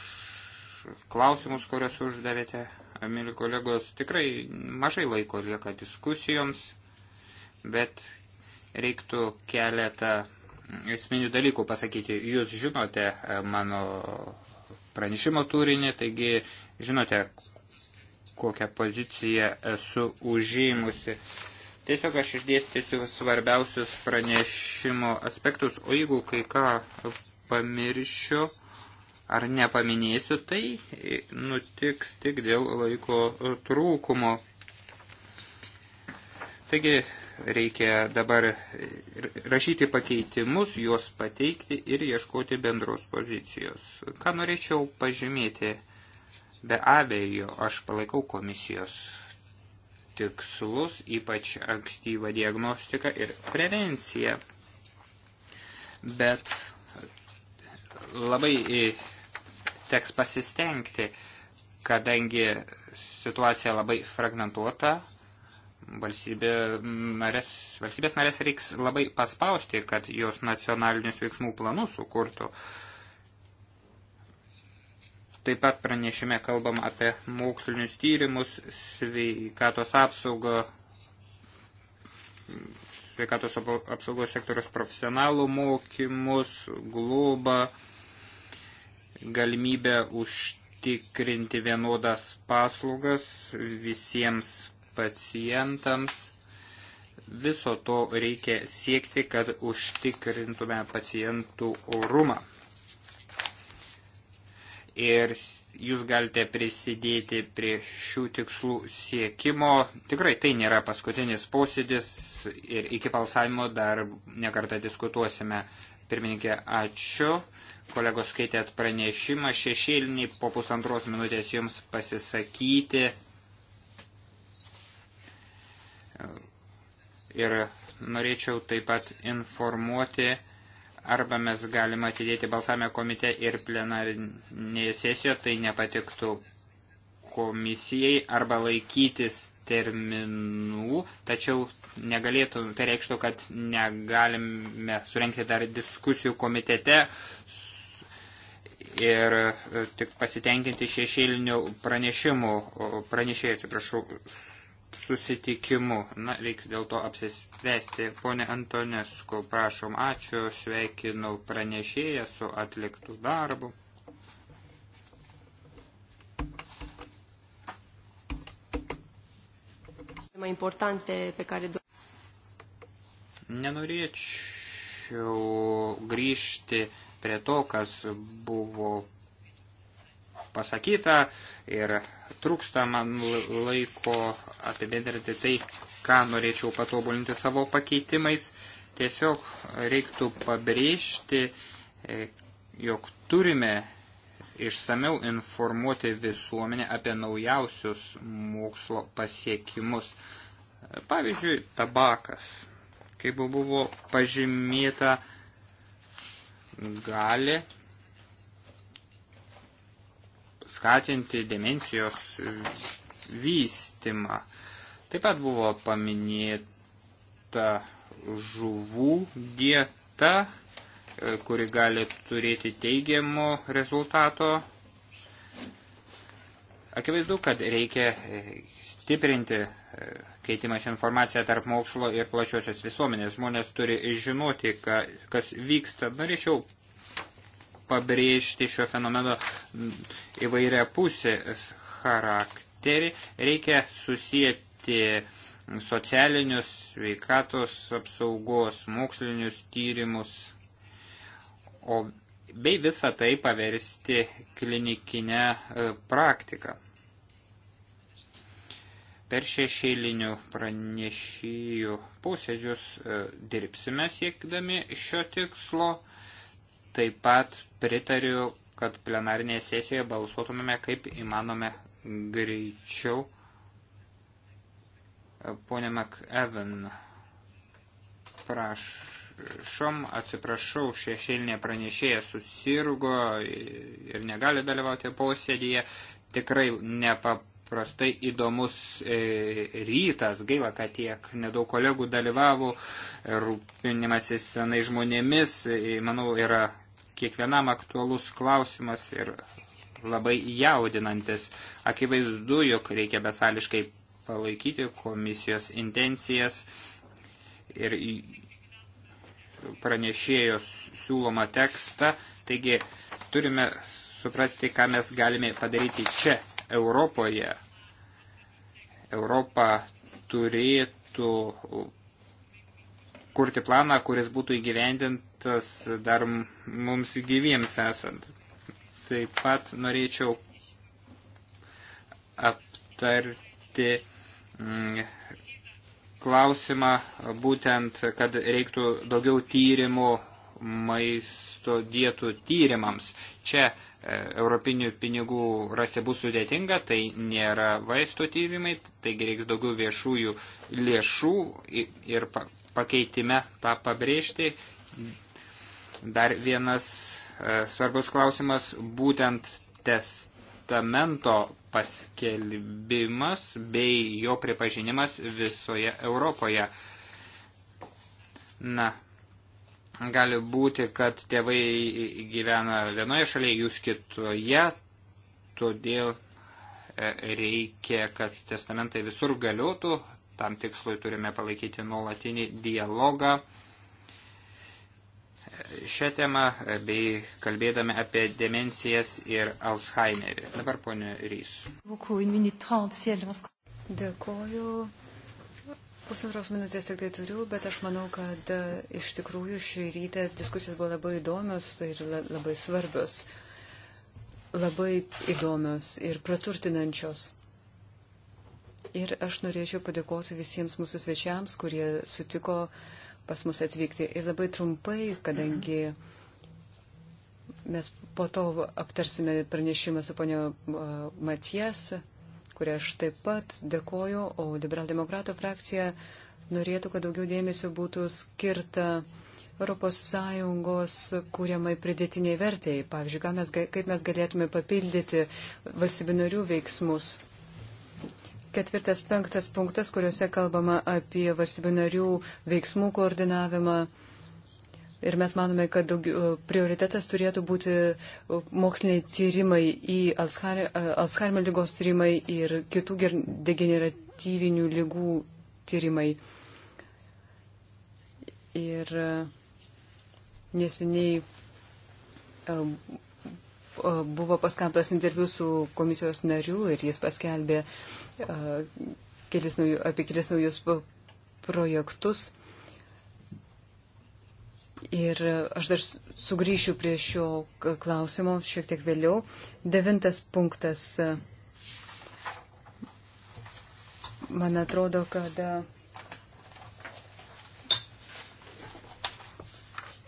klausimus, kuriuos uždavėte, mėly kolegos. Tikrai mažai laiko lieka diskusijoms, bet reiktų keletą esminių dalykų pasakyti. Jūs žinote mano pranešimo turinį, taigi žinote, kokią poziciją esu užėmusi. Tiesiog aš išdėstysiu svarbiausius pranešimo aspektus, o jeigu kai ką pamiršiu ar nepaminėsiu, tai nutiks tik dėl laiko trūkumo. Taigi reikia dabar rašyti pakeitimus, juos pateikti ir ieškoti bendros pozicijos. Ką norėčiau pažymėti, be abejo, aš palaikau komisijos tikslus, ypač ankstyvą diagnostiką ir prevenciją. Bet labai e, teks pasistengti, kadangi situacija labai fragmentuota, valstybė narės, valstybės narės reiks labai paspausti, kad jos nacionalinius veiksmų planus sukurtų. Uh, Taip pat pranešime kalbam apie mokslinius tyrimus, sveikatos apsaugą, sveikatos apsaugos sektorius profesionalų mokymus, globą, galimybę užtikrinti vienodas paslaugas visiems pacientams. Viso to reikia siekti, kad užtikrintume pacientų orumą ir jūs galite prisidėti prie šių tikslų siekimo. Tikrai tai nėra paskutinis posėdis ir iki balsavimo dar nekartą diskutuosime. Pirmininkė, ačiū. Kolegos skaitėt pranešimą šešėlinį, po pusantros minutės jums pasisakyti. Ir norėčiau taip pat informuoti, arba mes galime atidėti balsavimą komite ir plenarinėje sesijoje, tai nepatiktų komisijai, arba laikytis terminų, tačiau negalėtų, tai reikštų, kad negalime surenkti dar diskusijų komitete ir e, tik pasitenkinti šešėlinių pranešimų, pranešėjų, atsiprašau, susitikimu. Na, reiks dėl to apsispręsti. Pone Antonesku, prašom, ačiū, sveikinu pranešėją su atliktų darbu. Nenorėčiau grįžti prie to, kas buvo pasakyta ir trūksta man laiko apibendrinti tai, ką norėčiau patobulinti savo pakeitimais. Tiesiog reiktų pabrėžti, e, jog turime išsameu informuoti visuomenę apie naujausius mokslo pasiekimus. Pavyzdžiui, tabakas. Kaip buvo pažymėta, gali skatinti demencijos vystimą. Taip pat buvo paminėta žuvų dieta, kuri gali turėti teigiamų rezultato. Akivaizdu, kad reikia stiprinti keitimas informacija tarp mokslo ir plačiosios visuomenės. Žmonės turi žinoti, ka, kas vyksta. Norėčiau pabrėžti šio fenomeno įvairia pusė charakterį. Reikia susijęti socialinius, sveikatos apsaugos, mokslinius tyrimus, o bei visą tai paversti klinikinę e, praktiką. Per šešėlinių pranešėjų posėdžius e, dirbsime siekdami šio tikslo. Taip pat pritariu, kad plenarinėje sesijoje balsuotumėme kaip įmanome greičiau. Pone McEvan, prašom, atsiprašau, šešėlinė pranešėja susirgo ir negali dalyvauti posėdėje. Tikrai nepaprastai įdomus e, rytas, gaila, kad tiek nedaug kolegų dalyvavo, rūpinimasis senai žmonėmis, e, manau, yra kiekvienam aktualus klausimas ir labai jaudinantis. Akivaizdu, jog reikia besališkai palaikyti komisijos intencijas ir pranešėjos siūlomą tekstą. Taigi turime suprasti, ką mes galime padaryti čia, Europoje. Europa turėtų kurti planą, kuris būtų įgyvendint tas dar mums gyviems esant. Taip pat norėčiau aptarti mm, klausimą būtent, kad reiktų daugiau tyrimų maisto dietų tyrimams. Čia e, europinių pinigų rasti bus sudėtinga, tai nėra vaistų tyrimai, taigi reiks daugiau viešųjų lėšų ir pakeitime tą pabrėžti. Dar vienas e, svarbus klausimas - būtent testamento paskelbimas bei jo pripažinimas visoje Europoje. Na, gali būti, kad tėvai gyvena vienoje šalyje, jūs kitoje, todėl e, reikia, kad testamentai visur galiotų, tam tikslui turime palaikyti nuolatinį dialogą šią temą bei kalbėdami apie demencijas ir Alzheimerį. Dabar ponė Rys. Dėkoju. Pusantros minutės tik tai turiu, bet aš manau, kad e, iš tikrųjų šį rytą diskusijos buvo labai įdomios ir labai svarbios. Labai įdomios ir praturtinančios. Ir aš norėčiau padėkoti visiems mūsų svečiams, kurie sutiko uh, pas mus atvykti. Ir labai trumpai, kadangi mes po to aptarsime pranešimą su ponio Matijas, kurią aš taip pat dėkoju, o liberaldemokratų frakcija norėtų, kad daugiau dėmesio būtų skirta ES kūriamai pridėtiniai vertėjai. Pavyzdžiui, mes, kaip mes galėtume papildyti valstybinarių veiksmus ketvirtas, penktas punktas, kuriuose kalbama apie valstybių narių veiksmų koordinavimą. Ir mes manome, kad daug, e, prioritetas turėtų būti e, moksliniai tyrimai į e, Alzheimer lygos tyrimai ir kitų degeneratyvinių lygų tyrimai. Ir neseniai buvo paskelbtas interviu su komisijos nariu ir jis paskelbė kelis naujų, apie kelis naujus projektus. Ir aš dar sugrįšiu prie šio klausimo šiek tiek vėliau. Devintas punktas. Man atrodo, kad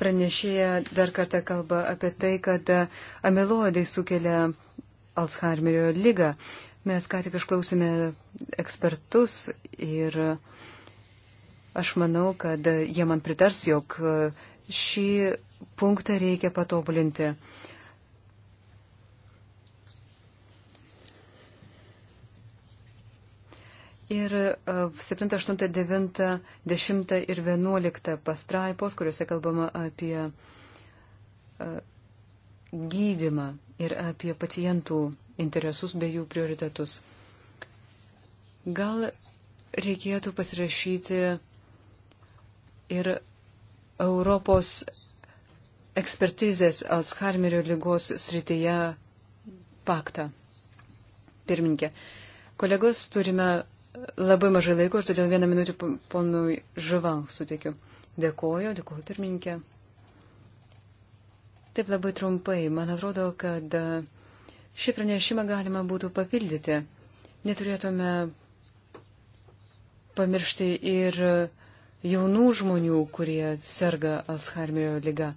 Pranešėja dar kartą kalba apie tai, kad e, amiloidai sukelia Alzheimerio lygą. Mes ką tik išklausėme ekspertus ir e, aš manau, kad e, jie man pritars, jog šį punktą reikia patobulinti. Ir 7, 8, 9, 10 ir 11 pastraipos, kuriuose kalbama apie e, gydimą ir apie pacientų interesus bei jų prioritetus. Gal reikėtų pasirašyti ir Europos ekspertizės Alzheimerio lygos srityje paktą. Pirminkė, kolegos turime Labai mažai laiko ir todėl vieną minutę ponui Žavan suteikiu. Dėkoju, dėkoju pirmininkė. Taip labai trumpai, man atrodo, kad e, šį pranešimą galima būtų papildyti. Neturėtume pamiršti ir jaunų žmonių, kurie serga Alzheimerio lyga.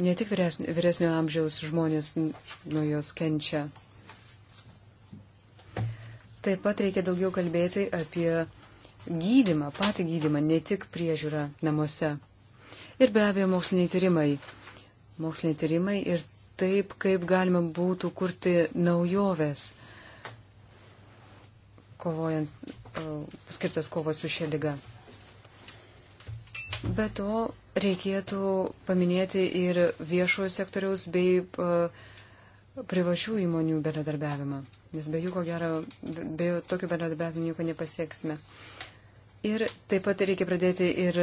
Ne tik vyresnio amžiaus žmonės nuo jos kenčia. Taip pat reikia daugiau kalbėti apie gydimą, patį gydimą, ne tik priežiūrą namuose. Ir be abejo, moksliniai tyrimai. Moksliniai tyrimai ir taip, kaip galima būtų kurti naujoves, kovojant, skirtas kovos su šia lyga. Be to, reikėtų paminėti ir viešojo sektoriaus bei privačių įmonių bendradarbiavimą nes be jų, ko gero, be tokių bendradarbiavimų nieko nepasieksime. Ir taip pat reikia pradėti ir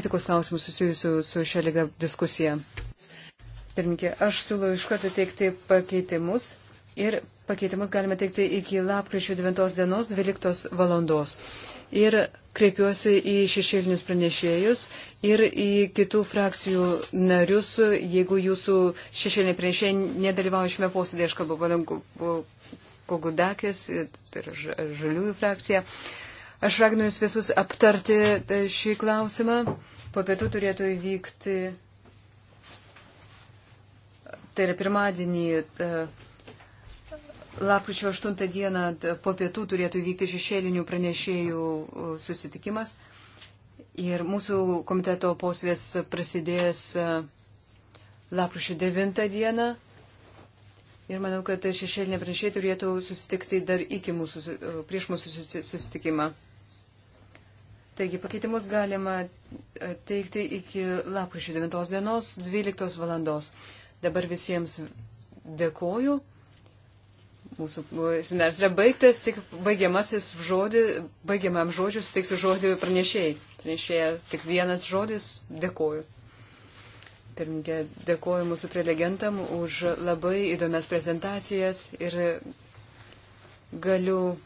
etikos klausimų susijusių su šia lyga diskusija. Pirminkė, aš siūlau iš karto teikti pakeitimus ir pakeitimus galime teikti iki lapkričio 9 dienos 12 valandos. Ir kreipiuosi į šešėlinius pranešėjus ir į kitų frakcijų narius, jeigu jūsų šešėliniai pranešėjai nedalyvauja šiame posėdėje, aš kalbu, Pogudakis ir tai Žaliųjų frakcija. Aš raginu jūs visus aptarti e, šį klausimą. Po pietų turėtų įvykti, tai yra pirmadienį, e, lapkričio 8 dieną po pietų turėtų įvykti šešėlinių pranešėjų e, susitikimas. Ir mūsų komiteto posėdės prasidės lapkričio 9 dieną. Ir manau, kad šešėlinė pranešėjai turėtų susitikti dar iki mūsų, prieš mūsų susitikimą. Taigi pakeitimus galima teikti iki lapkričio 9 dienos 12 valandos. Dabar visiems dėkoju. Mūsų seminaras yra baigtas, tik baigiamasis žodį, baigiamam žodžiu suteiksiu žodį pranešėjai. Pranešėja tik vienas žodis, dėkoju pirmininkė. Dėkuoju mūsų prelegentam už labai įdomias prezentacijas ir galiu